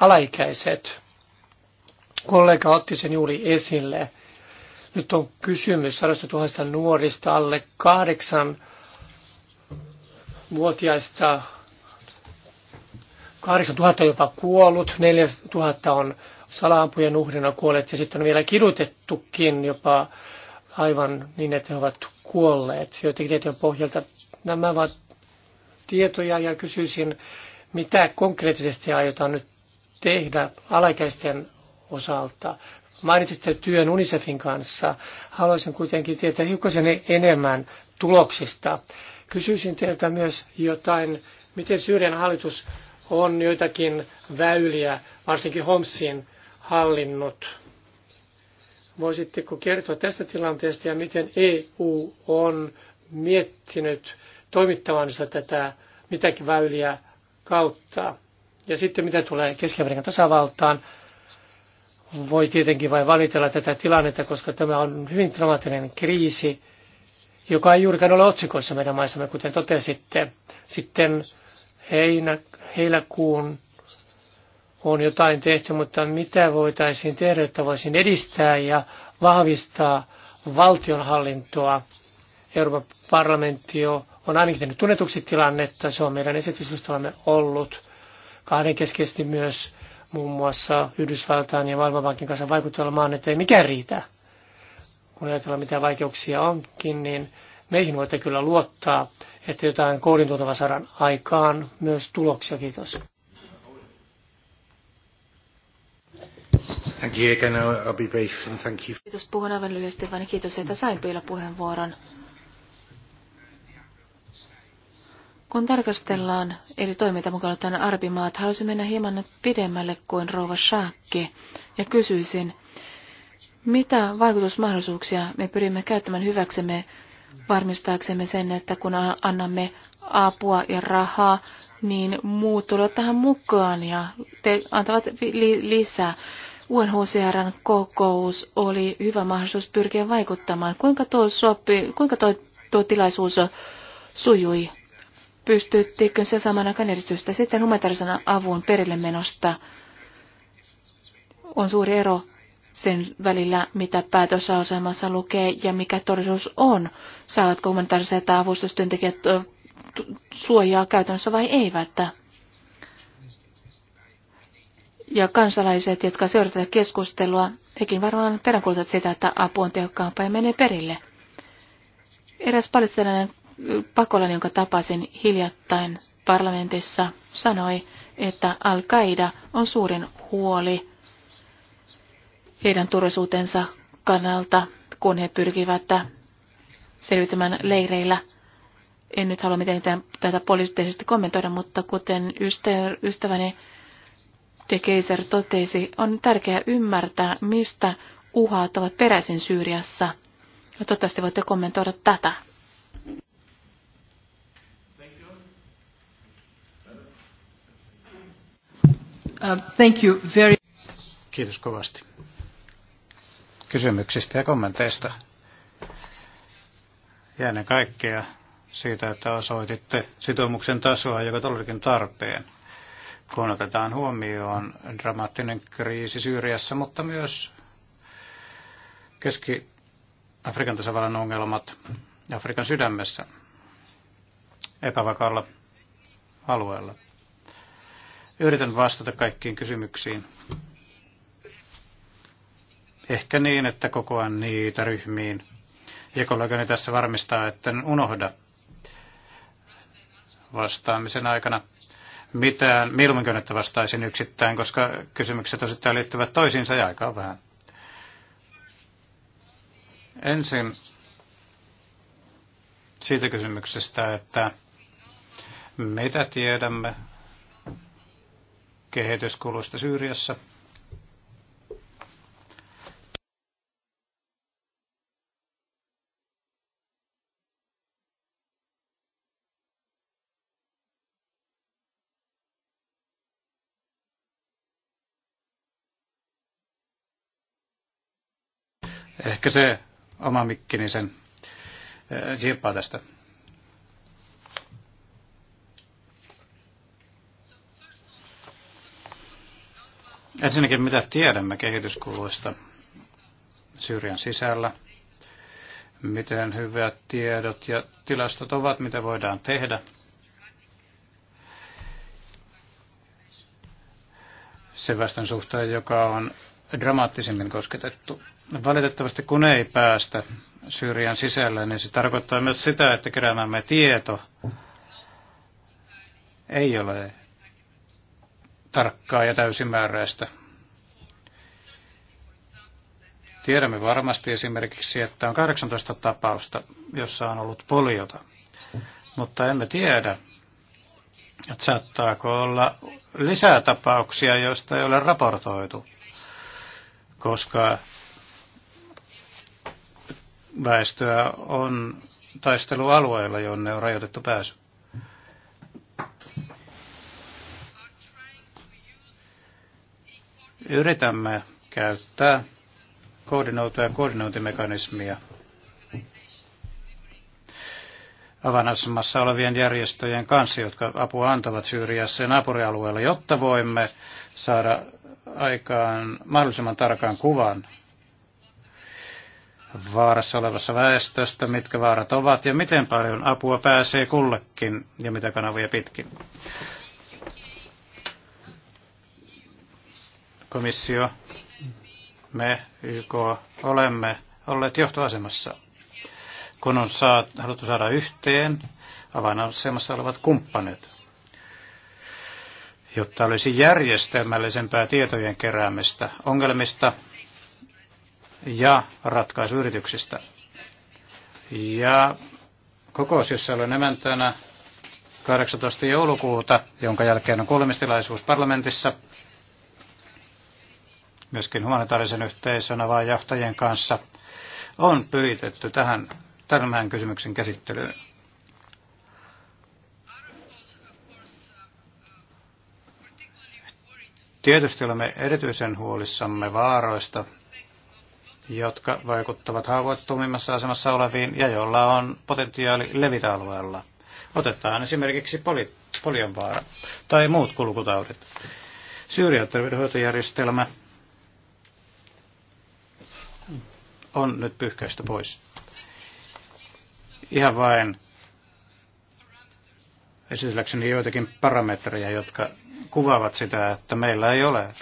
alaikäiset. Kollega otti sen juuri esille. Nyt on kysymys 100 000 nuorista alle kahdeksan vuotiaista 8000 on jopa kuollut, 4 000 on salaampujen uhrina kuolleet ja sitten on vielä kidutettukin jopa aivan niin, että he ovat kuolleet joitakin tietojen pohjalta. Nämä ovat tietoja ja kysyisin, mitä konkreettisesti aiotaan nyt tehdä alaikäisten osalta. Mainitsitte työn UNICEFin kanssa. Haluaisin kuitenkin tietää hiukkasen enemmän tuloksista. Kysyisin teiltä myös jotain, miten Syyrian hallitus on joitakin väyliä, varsinkin Homsin hallinnut. Voisitteko kertoa tästä tilanteesta ja miten EU on miettinyt toimittavansa tätä mitäkin väyliä kautta? Ja sitten mitä tulee Keski-Amerikan tasavaltaan, voi tietenkin vain valitella tätä tilannetta, koska tämä on hyvin dramaattinen kriisi, joka ei juurikaan ole otsikoissa meidän maissamme, kuten totesitte. Sitten heinä, heinäkuun on jotain tehty, mutta mitä voitaisiin tehdä, että voisin edistää ja vahvistaa valtionhallintoa. Euroopan parlamentti on ainakin tehnyt tunnetuksi tilannetta, se on meidän esityslistallamme ollut kahdenkeskeisesti myös muun muassa Yhdysvaltain ja Maailmanpankin kanssa vaikutelmaan, että ei mikään riitä. Kun ajatellaan, mitä vaikeuksia onkin, niin meihin voitte kyllä luottaa, että jotain koodin tuotava saadaan aikaan myös tuloksia. Kiitos. Kiitos, puhun aivan lyhyesti, vaan kiitos, että sain vielä puheenvuoron. Kun tarkastellaan eri toiminta mukaan ottaen arabimaat, haluaisin mennä hieman pidemmälle kuin rouva Shaakki ja kysyisin, mitä vaikutusmahdollisuuksia me pyrimme käyttämään hyväksemme varmistaaksemme sen, että kun annamme apua ja rahaa, niin muut tulevat tähän mukaan ja te antavat li- lisää. UNHCRn kokous oli hyvä mahdollisuus pyrkiä vaikuttamaan. Kuinka tuo, sopi, kuinka tuo, tuo tilaisuus sujui? Pystyttikö se samana aikaan edistystä? Sitten humanitaarisena avun perille menosta on suuri ero sen välillä, mitä päätösasemassa lukee ja mikä todellisuus on. Saavatko humanitaariset avustustyöntekijät suojaa käytännössä vai eivät? ja kansalaiset, jotka seurata keskustelua, hekin varmaan peräänkuulutat sitä, että apu on tehokkaampaa ja menee perille. Eräs palestinainen pakolainen, jonka tapasin hiljattain parlamentissa, sanoi, että Al-Qaida on suurin huoli heidän turvallisuutensa kannalta, kun he pyrkivät selvitymään leireillä. En nyt halua miten tätä poliittisesti kommentoida, mutta kuten ystäväni de Keiser totesi, on tärkeää ymmärtää, mistä uhat ovat peräisin Syyriassa. Ja toivottavasti voitte kommentoida tätä. Uh, thank you very... Kiitos kovasti kysymyksistä ja kommenteista. Ja ennen kaikkea siitä, että osoititte sitoumuksen tasoa, joka todellakin tarpeen – kun otetaan huomioon dramaattinen kriisi Syyriassa, mutta myös Keski-Afrikan tasavallan ongelmat Afrikan sydämessä epävakaalla alueella. Yritän vastata kaikkiin kysymyksiin. Ehkä niin, että kokoan niitä ryhmiin. Ja kollegani tässä varmistaa, että en unohda vastaamisen aikana mitään mieluummin että vastaisin yksittäin, koska kysymykset osittain liittyvät toisiinsa ja aikaa vähän. Ensin siitä kysymyksestä, että mitä tiedämme kehityskuluista Syyriassa – Ehkä se oma mikkini sen sirppaa tästä. Ensinnäkin mitä tiedämme kehityskuluista Syyrian sisällä, miten hyvät tiedot ja tilastot ovat, mitä voidaan tehdä. Se väestön suhteen, joka on dramaattisemmin kosketettu. Valitettavasti kun ei päästä Syyrian sisällä, niin se tarkoittaa myös sitä, että keräämämme tieto ei ole tarkkaa ja täysimääräistä. Tiedämme varmasti esimerkiksi, että on 18 tapausta, jossa on ollut poliota, mutta emme tiedä, että saattaako olla lisää tapauksia, joista ei ole raportoitu koska väestöä on taistelualueilla, jonne on rajoitettu pääsy. Yritämme käyttää koordinoituja ja koordinointimekanismia avainasemassa olevien järjestöjen kanssa, jotka apua antavat Syyriassa ja naapurialueella, jotta voimme saada aikaan mahdollisimman tarkan kuvan vaarassa olevassa väestöstä, mitkä vaarat ovat ja miten paljon apua pääsee kullekin ja mitä kanavia pitkin. Komissio, me, YK, olemme olleet johtoasemassa, kun on saat, haluttu saada yhteen avainasemassa olevat kumppanit jotta olisi järjestelmällisempää tietojen keräämistä ongelmista ja ratkaisuyrityksistä. Ja kokous, jossa olen emäntänä 18. joulukuuta, jonka jälkeen on kuulemistilaisuus parlamentissa, myöskin humanitaarisen yhteisön avaajohtajien kanssa, on pyytetty tähän tämän kysymyksen käsittelyyn. Tietysti olemme erityisen huolissamme vaaroista, jotka vaikuttavat haavoittumimmassa asemassa oleviin ja joilla on potentiaali levitä alueella. Otetaan esimerkiksi poli, polion vaara tai muut kulkutaudit. Syyrian terveydenhoitojärjestelmä on nyt pyyhkäistä pois. Ihan vain esitelläkseni joitakin parametreja, jotka kuvaavat sitä, että meillä ei ole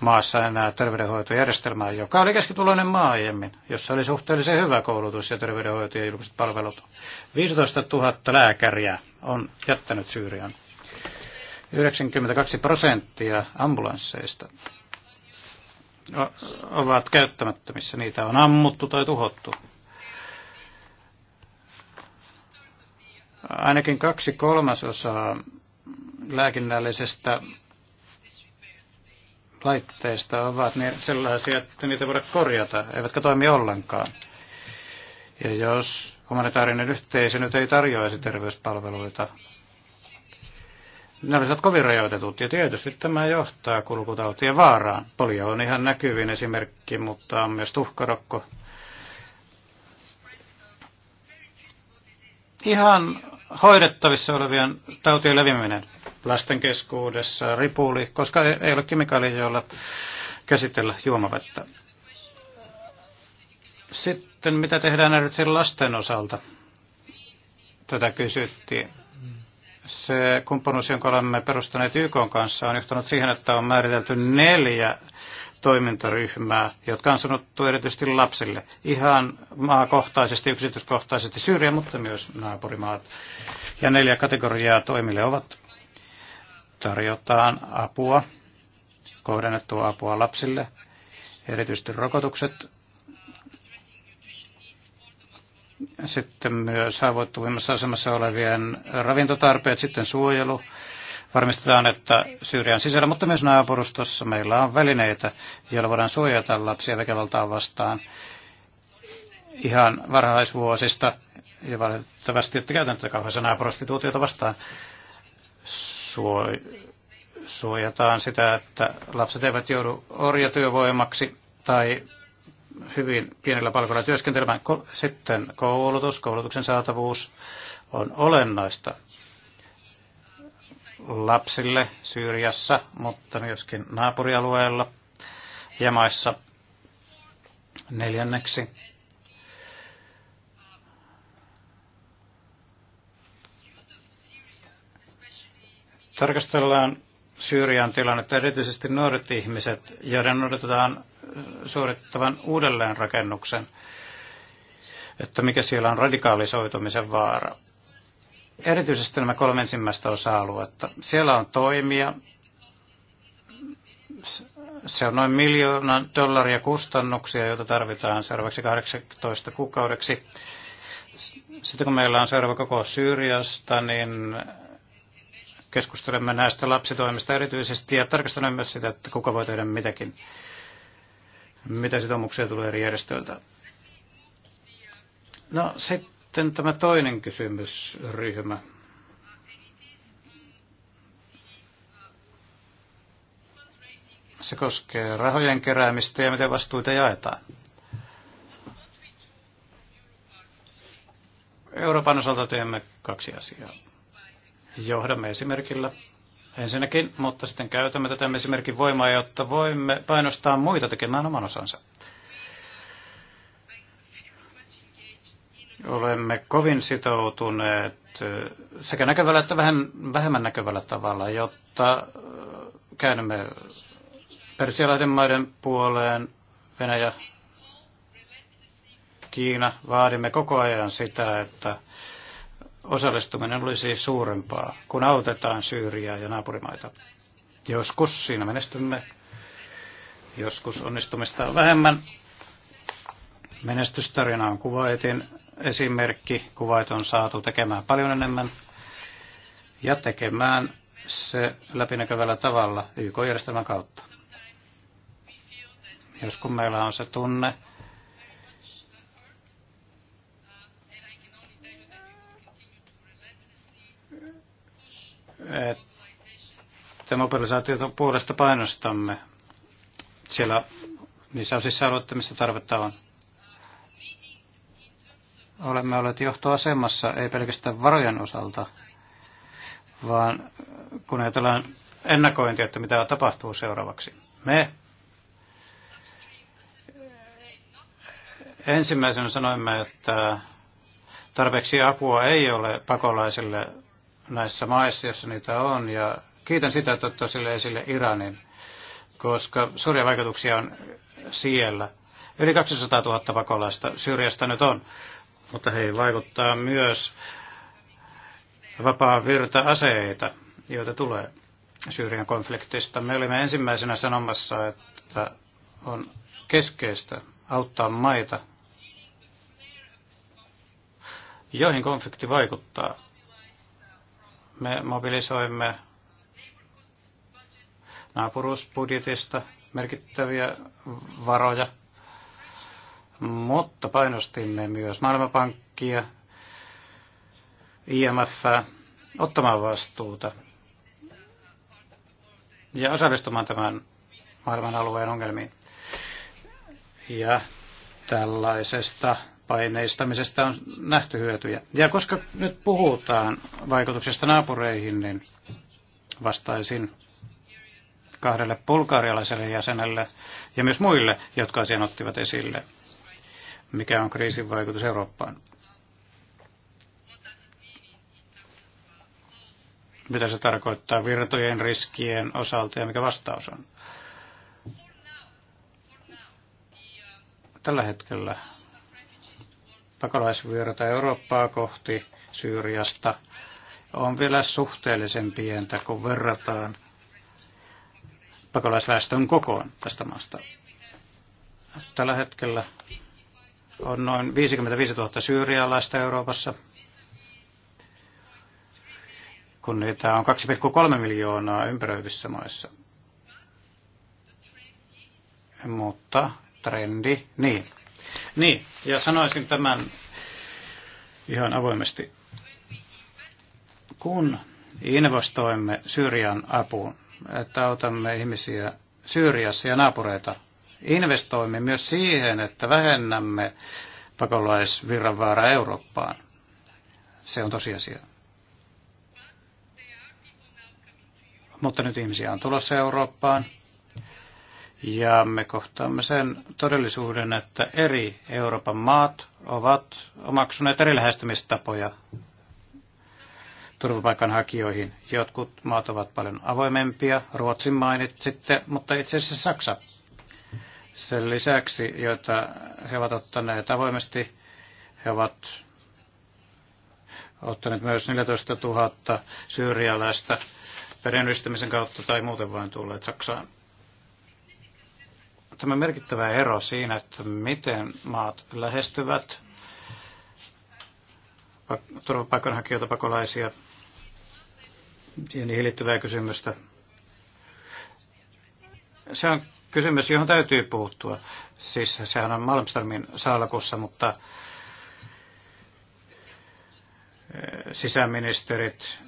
maassa enää terveydenhoitojärjestelmää, joka oli keskituloinen maa aiemmin, jossa oli suhteellisen hyvä koulutus ja terveydenhoito ja julkiset palvelut. 15 000 lääkäriä on jättänyt Syyrian. 92 prosenttia ambulansseista ovat käyttämättömissä. Niitä on ammuttu tai tuhottu. Ainakin kaksi kolmasosaa lääkinnällisestä laitteista ovat niin sellaisia, että niitä voidaan korjata, eivätkä toimi ollenkaan. Ja jos humanitaarinen yhteisö nyt ei tarjoaisi terveyspalveluita, ne olisivat kovin rajoitetut. Ja tietysti tämä johtaa kulkutautien vaaraan. Polio on ihan näkyvin esimerkki, mutta on myös tuhkarokko. Ihan hoidettavissa olevien tautien leviminen lasten keskuudessa, ripuli, koska ei ole kemikaalia, joilla käsitellä juomavettä. Sitten mitä tehdään erityisesti lasten osalta? Tätä kysyttiin. Se kumppanuus, jonka olemme perustaneet YK kanssa, on johtanut siihen, että on määritelty neljä toimintaryhmää, jotka on sanottu erityisesti lapsille, ihan maakohtaisesti, yksityiskohtaisesti Syyriä, mutta myös naapurimaat. Ja neljä kategoriaa toimille ovat tarjotaan apua, kohdennettua apua lapsille, erityisesti rokotukset, sitten myös haavoittuvimmassa asemassa olevien ravintotarpeet, sitten suojelu, varmistetaan, että Syyrian sisällä, mutta myös naapurustossa meillä on välineitä, joilla voidaan suojata lapsia väkivaltaa vastaan ihan varhaisvuosista ja valitettavasti että käytän tätä kauheaa naapurustituutiota vastaan. suojataan sitä, että lapset eivät joudu orjatyövoimaksi tai hyvin pienellä palkalla työskentelemään. Sitten koulutus, koulutuksen saatavuus on olennaista lapsille Syyriassa, mutta myöskin naapurialueella ja maissa. Neljänneksi tarkastellaan Syyrian tilannetta, erityisesti nuoret ihmiset, joiden odotetaan suorittavan uudelleenrakennuksen, että mikä siellä on radikaalisoitumisen vaara. Erityisesti nämä kolme ensimmäistä osa-aluetta. Siellä on toimia. Se on noin miljoonan dollaria kustannuksia, joita tarvitaan seuraavaksi 18 kuukaudeksi. Sitten kun meillä on seuraava koko Syyriasta, niin keskustelemme näistä lapsitoimista erityisesti ja tarkastelemme myös sitä, että kuka voi tehdä mitäkin, mitä sitoumuksia tulee eri järjestöiltä. No sitten sitten tämä toinen kysymysryhmä. Se koskee rahojen keräämistä ja miten vastuita jaetaan. Euroopan osalta teemme kaksi asiaa. Johdamme esimerkillä ensinnäkin, mutta sitten käytämme tätä esimerkin voimaa, jotta voimme painostaa muita tekemään oman osansa. olemme kovin sitoutuneet sekä näkyvällä että vähän, vähemmän näkyvällä tavalla, jotta käännymme Persialaiden maiden puoleen, Venäjä, Kiina, vaadimme koko ajan sitä, että osallistuminen olisi suurempaa, kun autetaan Syyriaa ja naapurimaita. Joskus siinä menestymme, joskus onnistumista on vähemmän. Menestystarina on Kuwaitin esimerkki. Kuvait on saatu tekemään paljon enemmän ja tekemään se läpinäkyvällä tavalla YK-järjestelmän kautta. Joskus meillä on se tunne, että mobilisaatiota puolesta painostamme siellä niissä osissa alueita, missä tarvetta on olemme olleet johtoasemassa, ei pelkästään varojen osalta, vaan kun ajatellaan ennakointia, että mitä tapahtuu seuraavaksi. Me ensimmäisenä sanoimme, että tarpeeksi apua ei ole pakolaisille näissä maissa, joissa niitä on, ja kiitän sitä, että ottaa sille esille Iranin, koska suuria vaikutuksia on siellä. Yli 200 000 pakolaista Syyriasta nyt on mutta he vaikuttaa myös vapaa virta aseita, joita tulee Syyrian konfliktista. Me olimme ensimmäisenä sanomassa, että on keskeistä auttaa maita, joihin konflikti vaikuttaa. Me mobilisoimme naapuruusbudjetista merkittäviä varoja – mutta painostimme myös Maailmanpankkia, IMF ottamaan vastuuta ja osallistumaan tämän maailman alueen ongelmiin. Ja tällaisesta paineistamisesta on nähty hyötyjä. Ja koska nyt puhutaan vaikutuksesta naapureihin, niin vastaisin kahdelle bulgarialaiselle jäsenelle ja myös muille, jotka asian ottivat esille mikä on kriisin vaikutus Eurooppaan. Mitä se tarkoittaa virtojen riskien osalta ja mikä vastaus on? Tällä hetkellä pakolaisvirta Eurooppaa kohti Syyriasta on vielä suhteellisen pientä, kun verrataan pakolaisväestön kokoon tästä maasta. Tällä hetkellä on noin 55 000 syyrialaista Euroopassa, kun niitä on 2,3 miljoonaa ympäröivissä maissa. Mutta trendi, niin. Niin, ja sanoisin tämän ihan avoimesti. Kun investoimme Syyrian apuun, että autamme ihmisiä Syyriassa ja naapureita investoimme myös siihen, että vähennämme pakolaisvirran vaaraa Eurooppaan. Se on tosiasia. Mutta nyt ihmisiä on tulossa Eurooppaan. Ja me kohtaamme sen todellisuuden, että eri Euroopan maat ovat omaksuneet eri lähestymistapoja turvapaikanhakijoihin. Jotkut maat ovat paljon avoimempia, Ruotsin mainitsitte, mutta itse asiassa Saksa sen lisäksi, joita he ovat ottaneet avoimesti, he ovat ottaneet myös 14 000 syyrialaista perheenyhdistämisen kautta tai muuten vain tulleet Saksaan. Tämä merkittävä ero siinä, että miten maat lähestyvät turvapaikanhakijoita, pakolaisia ja niihin liittyvää kysymystä. Se on kysymys, johon täytyy puuttua. Siis sehän on Malmströmin salkussa, mutta eh, sisäministerit,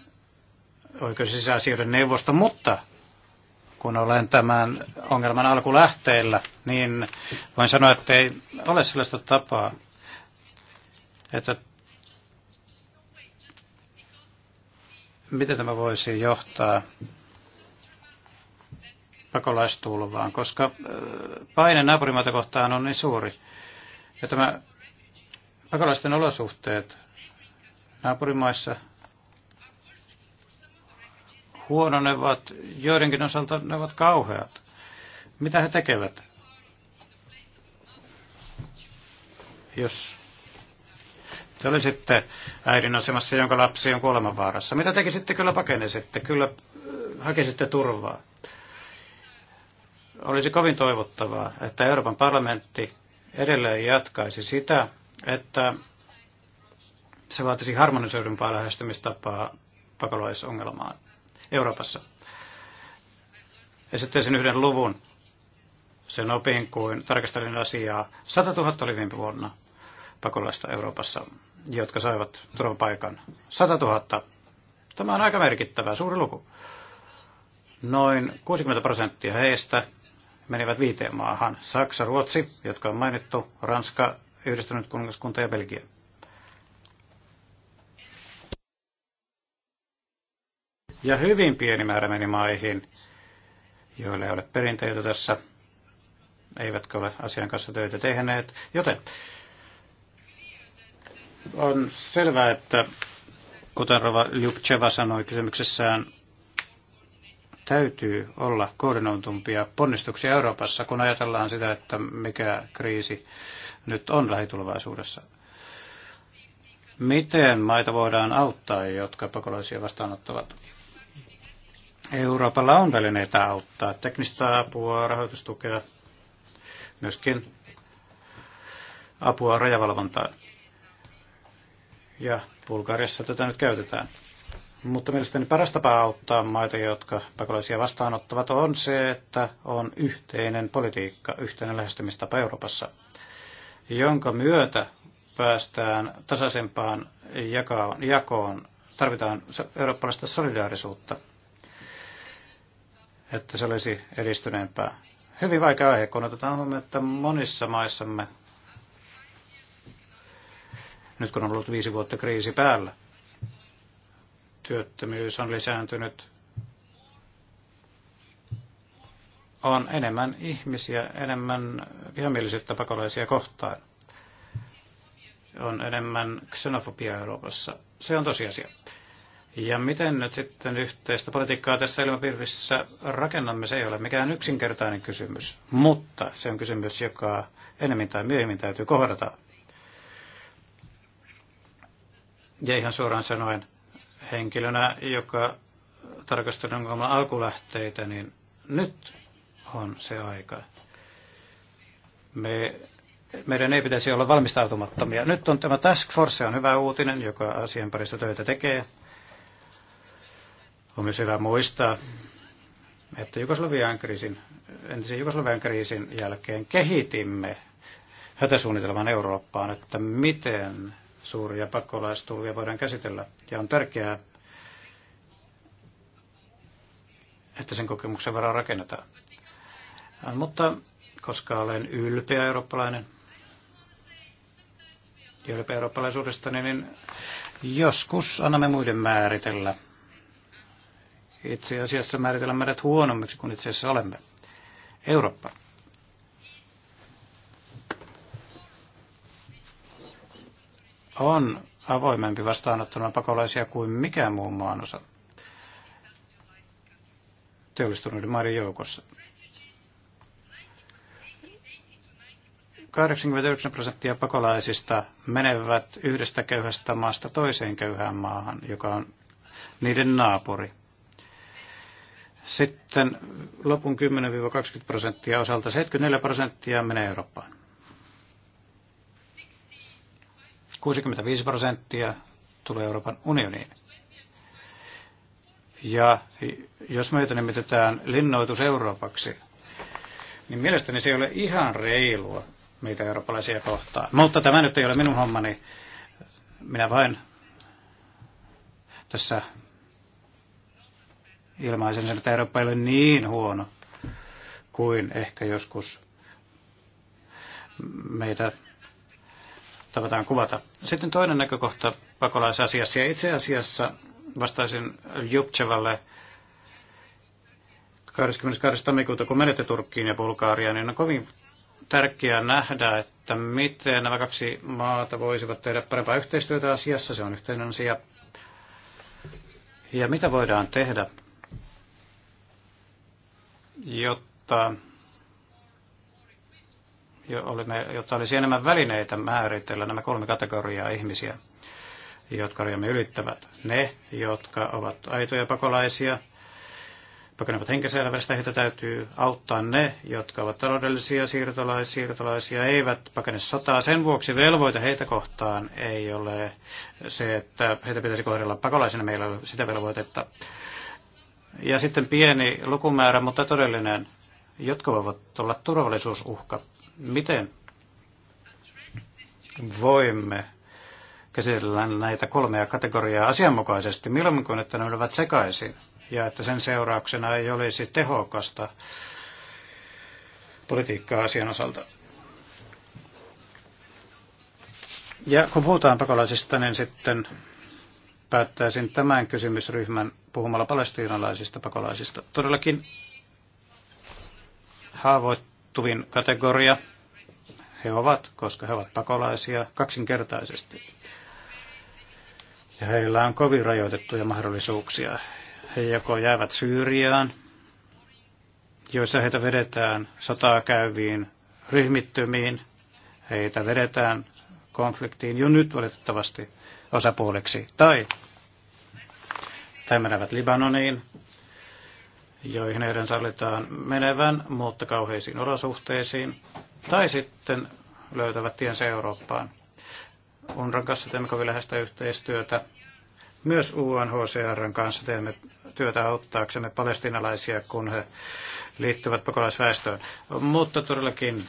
oikeus- sisäasioiden neuvosto, mutta kun olen tämän ongelman alkulähteillä, niin voin sanoa, että ei ole sellaista tapaa, että miten tämä voisi johtaa pakolaistulvaan, koska paine naapurimaita kohtaan on niin suuri. Ja tämä pakolaisten olosuhteet naapurimaissa huononevat, joidenkin osalta ne ovat kauheat. Mitä he tekevät? Jos te olisitte äidin asemassa, jonka lapsi on kuolemanvaarassa, mitä tekisitte? Kyllä pakenisitte, kyllä hakisitte turvaa. Olisi kovin toivottavaa, että Euroopan parlamentti edelleen jatkaisi sitä, että se vaatisi harmonisoidumpaa lähestymistapaa pakolaisongelmaan Euroopassa. Esittäisin yhden luvun. Sen opin, kuin tarkastelin asiaa. 100 000 oli viime vuonna pakolaista Euroopassa, jotka saivat turvapaikan. 100 000. Tämä on aika merkittävä, suuri luku. Noin 60 prosenttia heistä menivät viiteen maahan. Saksa, Ruotsi, jotka on mainittu, Ranska, Yhdistynyt kuningaskunta ja Belgia. Ja hyvin pieni määrä meni maihin, joilla ei ole perinteitä tässä, eivätkä ole asian kanssa töitä tehneet. Joten on selvää, että kuten Rova Ljubcheva sanoi kysymyksessään, täytyy olla koordinoitumpia ponnistuksia Euroopassa, kun ajatellaan sitä, että mikä kriisi nyt on lähitulevaisuudessa. Miten maita voidaan auttaa, jotka pakolaisia vastaanottavat? Euroopalla on välineitä auttaa, teknistä apua, rahoitustukea, myöskin apua rajavalvontaan. Ja Bulgariassa tätä nyt käytetään. Mutta mielestäni paras tapa auttaa maita, jotka pakolaisia vastaanottavat, on se, että on yhteinen politiikka, yhteinen lähestymistapa Euroopassa, jonka myötä päästään tasaisempaan jakoon. Tarvitaan eurooppalaista solidaarisuutta, että se olisi edistyneempää. Hyvin vaikea aihe, kun otetaan huomioon, että monissa maissamme, nyt kun on ollut viisi vuotta kriisi päällä, työttömyys on lisääntynyt. On enemmän ihmisiä, enemmän vihamielisyyttä pakolaisia kohtaan. On enemmän xenofobiaa Euroopassa. Se on tosiasia. Ja miten nyt sitten yhteistä politiikkaa tässä ilmapiirissä rakennamme, se ei ole mikään yksinkertainen kysymys, mutta se on kysymys, joka enemmän tai myöhemmin täytyy kohdata. Ja ihan suoraan sanoen, henkilönä, joka tarkastelee ongelman alkulähteitä, niin nyt on se aika. Me, meidän ei pitäisi olla valmistautumattomia. Nyt on tämä Task Force, on hyvä uutinen, joka asian parissa töitä tekee. On myös hyvä muistaa, että Jugoslavian kriisin, entisen Jugoslavian kriisin jälkeen kehitimme hätäsuunnitelman Eurooppaan, että miten suuria pakolaistulvia voidaan käsitellä. Ja on tärkeää, että sen kokemuksen varaa rakennetaan. Mutta koska olen ylpeä eurooppalainen, ylpeä eurooppalaisuudesta, niin, niin joskus annamme muiden määritellä. Itse asiassa määritellä meidät huonommiksi kuin itse asiassa olemme. Eurooppa. on avoimempi vastaanottamaan pakolaisia kuin mikään muu maanosa teollistuneiden maiden joukossa. 89 prosenttia pakolaisista menevät yhdestä köyhästä maasta toiseen köyhään maahan, joka on niiden naapuri. Sitten lopun 10-20 prosenttia osalta 74 prosenttia menee Eurooppaan. 65 prosenttia tulee Euroopan unioniin. Ja jos meitä nimitetään linnoitus Euroopaksi, niin mielestäni se ei ole ihan reilua meitä eurooppalaisia kohtaan. Mutta tämä nyt ei ole minun hommani. Minä vain tässä ilmaisen sen, että Eurooppa ei ole niin huono kuin ehkä joskus meitä tavataan kuvata. Sitten toinen näkökohta pakolaisasiassa, ja itse asiassa vastaisin Jupchevalle 22. tammikuuta, kun menette Turkkiin ja Bulgaariaan, niin on kovin tärkeää nähdä, että miten nämä kaksi maata voisivat tehdä parempaa yhteistyötä asiassa. Se on yhteinen asia. Ja mitä voidaan tehdä, jotta jotta olisi enemmän välineitä määritellä nämä kolme kategoriaa ihmisiä, jotka rajamme ylittävät. Ne, jotka ovat aitoja pakolaisia, pakenevat henkiselvästä, heitä täytyy auttaa ne, jotka ovat taloudellisia siirtolaisia, siirtolaisia eivät pakene sotaa. Sen vuoksi velvoite heitä kohtaan ei ole se, että heitä pitäisi kohdella pakolaisina, meillä on sitä velvoitetta. Ja sitten pieni lukumäärä, mutta todellinen, jotka voivat olla turvallisuusuhka. Miten voimme käsitellä näitä kolmea kategoriaa asianmukaisesti, milloin kuin että ne ovat sekaisin ja että sen seurauksena ei olisi tehokasta politiikkaa asian osalta. Ja kun puhutaan pakolaisista, niin sitten päättäisin tämän kysymysryhmän puhumalla palestiinalaisista pakolaisista. Todellakin haavoittaa tuvin kategoria he ovat, koska he ovat pakolaisia kaksinkertaisesti. Ja heillä on kovin rajoitettuja mahdollisuuksia. He joko jäävät Syyriaan, joissa heitä vedetään sotaa käyviin ryhmittymiin, heitä vedetään konfliktiin jo nyt valitettavasti osapuoleksi, tai tai menevät Libanoniin, joihin heidän sallitaan menevän, mutta kauheisiin olosuhteisiin, tai sitten löytävät tiensä Eurooppaan. UNRAN kanssa teemme kovin läheistä yhteistyötä. Myös UNHCRn kanssa teemme työtä auttaaksemme palestinalaisia, kun he liittyvät pakolaisväestöön. Mutta todellakin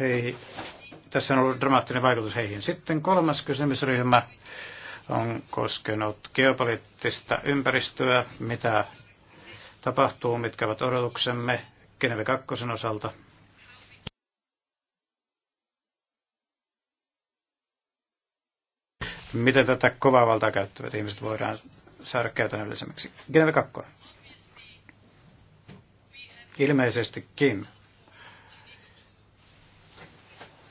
hei, tässä on ollut dramaattinen vaikutus heihin. Sitten kolmas kysymysryhmä on koskenut geopoliittista ympäristöä, mitä tapahtuu, mitkä ovat odotuksemme Geneve 2 osalta. Miten tätä kovaa valtaa käyttävät ihmiset voidaan saada käytännöllisemmäksi? Geneve 2. Ilmeisestikin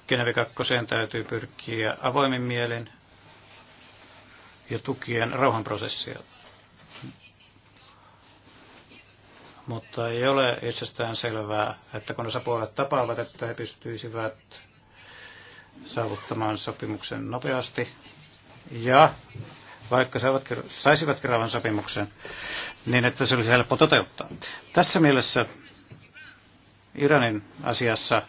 Geneve 2 täytyy pyrkiä avoimin mielin ja tukien rauhanprosessia mutta ei ole itsestään selvää, että kun osapuolet tapaavat, että he pystyisivät saavuttamaan sopimuksen nopeasti. Ja vaikka saavat, saisivat kerran sopimuksen, niin että se olisi helppo toteuttaa. Tässä mielessä Iranin asiassa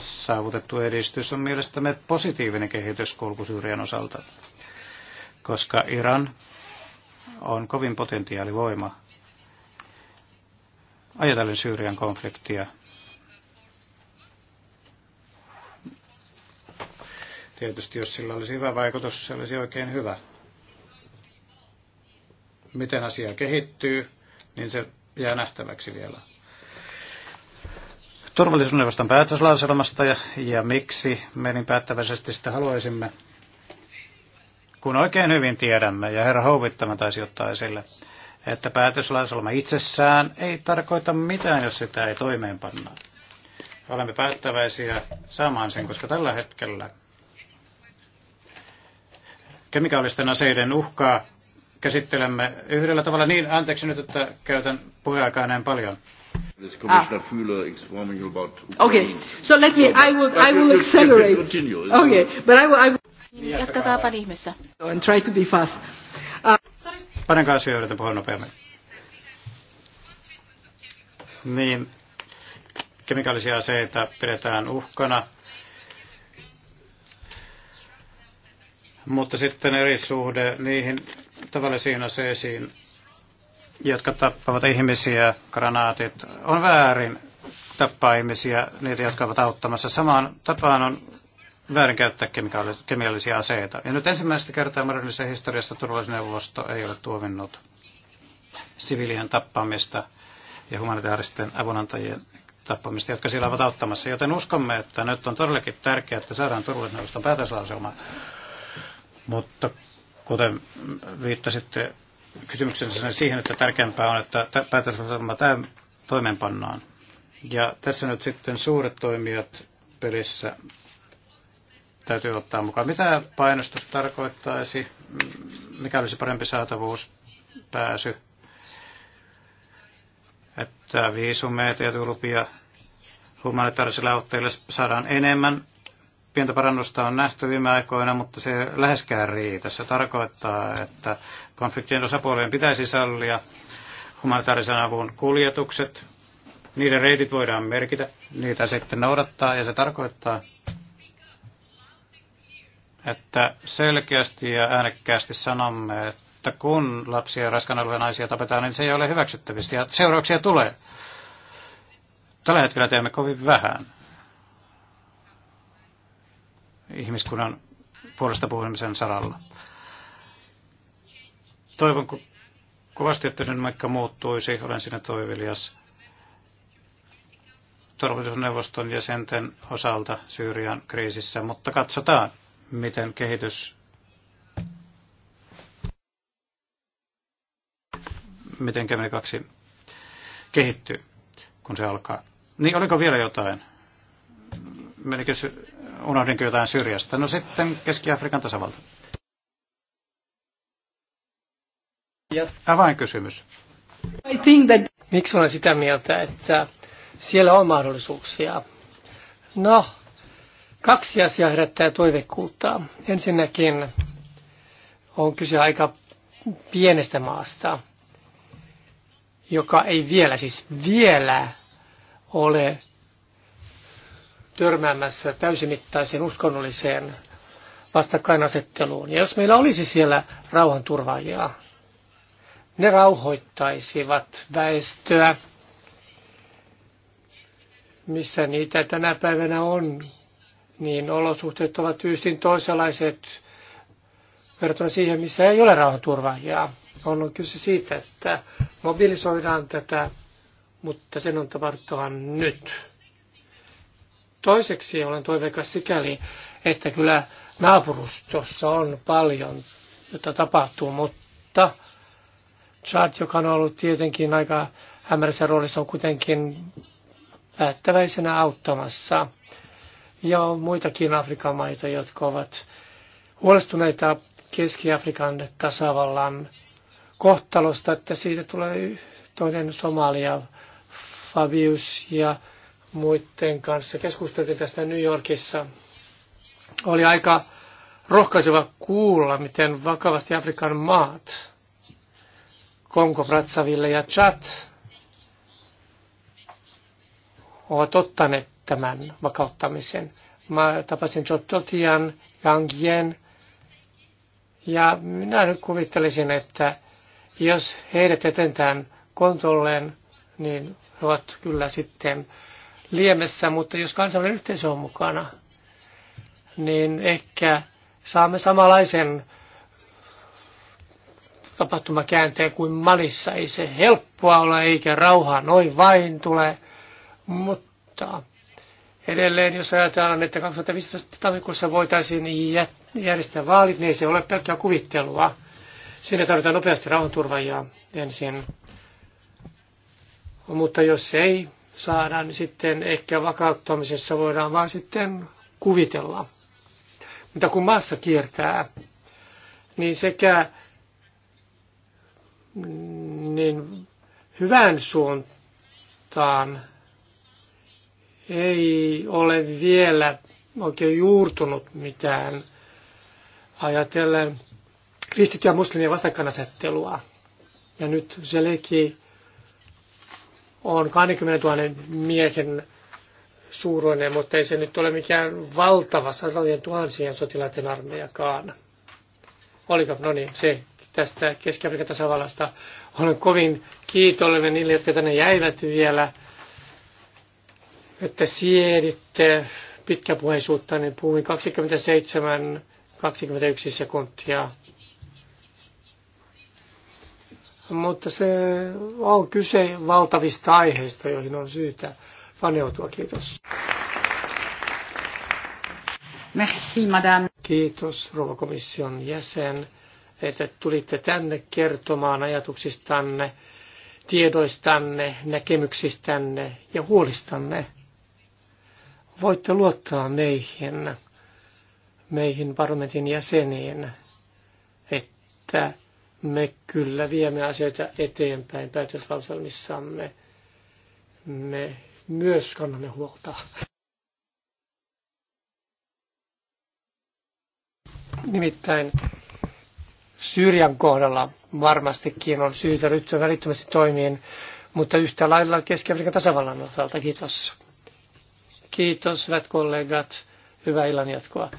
saavutettu edistys on mielestämme positiivinen kehityskulku Syyrian osalta, koska Iran on kovin potentiaalivoima ajatellen Syyrian konfliktia. Tietysti jos sillä olisi hyvä vaikutus, se olisi oikein hyvä. Miten asia kehittyy, niin se jää nähtäväksi vielä. Turvallisuusneuvoston päätöslauselmasta ja, ja miksi me niin päättäväisesti sitä haluaisimme, kun oikein hyvin tiedämme, ja herra Houvittama taisi ottaa esille, että päätöslauselma itsessään ei tarkoita mitään, jos sitä ei toimeenpanna. Olemme päättäväisiä saamaan sen, koska tällä hetkellä kemikaalisten aseiden uhkaa käsittelemme yhdellä tavalla. Niin, anteeksi nyt, että käytän puheaikaa näin paljon. Ah. Okay, so let me, I will, I will accelerate. Okay, but I will, I will... Niin, Jatkakaapa ihmeessä. And try to be fast. Uh, Sorry. Paljon kanssa yritän puhua nopeammin. Niin, kemikaalisia aseita pidetään uhkana. Mutta sitten eri suhde niihin tavallisiin aseisiin, jotka tappavat ihmisiä, granaatit, on väärin tappaa ihmisiä, niitä, jotka ovat auttamassa. Samaan tapaan on väärinkäyttää kemiallisia aseita. Ja nyt ensimmäistä kertaa modernisessa historiassa turvallisuusneuvosto ei ole tuominnut siviilien tappamista ja humanitaaristen avunantajien tappamista, jotka siellä ovat auttamassa. Joten uskomme, että nyt on todellakin tärkeää, että saadaan turvallisuusneuvoston päätöslauselma. Mutta kuten viittasitte kysymyksensä siihen, että tärkeämpää on, että päätöslauselma toimeenpannaan. Ja tässä nyt sitten suuret toimijat pelissä täytyy ottaa mukaan. Mitä painostus tarkoittaisi? Mikä olisi parempi saatavuus, pääsy? Että viisumeita ja tulupia humanitaarisille autteille saadaan enemmän. Pientä parannusta on nähty viime aikoina, mutta se läheskään riitä. Se tarkoittaa, että konfliktien osapuolien pitäisi sallia humanitaarisen avun kuljetukset. Niiden reitit voidaan merkitä, niitä sitten noudattaa ja se tarkoittaa, että selkeästi ja äänekkäästi sanomme, että kun lapsia ja raskan alueen naisia tapetaan, niin se ei ole hyväksyttävistä ja seurauksia tulee. Tällä hetkellä teemme kovin vähän ihmiskunnan puolesta puhumisen saralla. Toivon kovasti, että dynamiikka muuttuisi. Olen siinä toivelias turvallisuusneuvoston jäsenten osalta Syyrian kriisissä, mutta katsotaan miten kehitys miten Kemeni 2 kehittyy, kun se alkaa. Niin oliko vielä jotain? Menikö, unohdinko jotain syrjästä? No sitten Keski-Afrikan tasavalta. Avainkysymys. I think that... Miksi olen sitä mieltä, että siellä on mahdollisuuksia? No, Kaksi asiaa herättää toivekkuutta. Ensinnäkin on kyse aika pienestä maasta, joka ei vielä, siis vielä ole törmäämässä täysimittaiseen uskonnolliseen vastakkainasetteluun. Ja jos meillä olisi siellä rauhanturvaajia, ne rauhoittaisivat väestöä, missä niitä tänä päivänä on niin olosuhteet ovat tyystin toisenlaiset verrattuna siihen, missä ei ole rauhanturvaajia. On kyse siitä, että mobilisoidaan tätä, mutta sen on tapahtuva nyt. Toiseksi olen toiveikas sikäli, että kyllä naapurustossa on paljon, jota tapahtuu, mutta Chad, joka on ollut tietenkin aika hämärässä roolissa, on kuitenkin päättäväisenä auttamassa – ja on muitakin Afrikan maita, jotka ovat huolestuneita Keski-Afrikan tasavallan kohtalosta, että siitä tulee toinen Somalia, Fabius ja muiden kanssa. Keskusteltiin tästä New Yorkissa. Oli aika rohkaiseva kuulla, miten vakavasti Afrikan maat, Kongo, Brazzaville ja Chad, ovat ottaneet tämän vakauttamisen. Mä tapasin Jototian, Gangien, ja minä nyt kuvittelisin, että jos heidät etentään kontolleen, niin he ovat kyllä sitten liemessä, mutta jos kansainvälinen yhteisö on mukana, niin ehkä saamme samanlaisen tapahtumakäänteen kuin Malissa. Ei se helppoa ole eikä rauhaa noin vain tule, mutta Edelleen, jos ajatellaan, että 2015 tammikuussa voitaisiin järjestää vaalit, niin ei se ole pelkkää kuvittelua. Siinä tarvitaan nopeasti rauhanturvajia ensin. Mutta jos ei saada, niin sitten ehkä vakauttamisessa voidaan vaan sitten kuvitella. Mutta kun maassa kiertää, niin sekä niin hyvän suuntaan ei ole vielä oikein juurtunut mitään ajatellen kristittyä muslimien vastakkainasettelua. Ja nyt Zeleki on 20 000 miehen suuruinen, mutta ei se nyt ole mikään valtava satojen tuhansien sotilaiden armeijakaan. Oliko? No niin, se tästä keski tasavallasta. Olen kovin kiitollinen niille, jotka tänne jäivät vielä että sieditte pitkäpuheisuutta, niin puhuin 27-21 sekuntia. Mutta se on kyse valtavista aiheista, joihin on syytä paneutua. Kiitos. Merci, madame. Kiitos, rouva komission jäsen, että tulitte tänne kertomaan ajatuksistanne, tiedoistanne, näkemyksistänne ja huolistanne voitte luottaa meihin, meihin parlamentin jäseniin, että me kyllä viemme asioita eteenpäin päätöslauselmissamme. Me myös kannamme huolta. Nimittäin Syyrian kohdalla varmastikin on syytä ryhtyä välittömästi toimiin, mutta yhtä lailla Keski-Afrikan tasavallan osalta. Kiitos. Kiitos, hyvät kollegat. Hyvää illan jatkoa.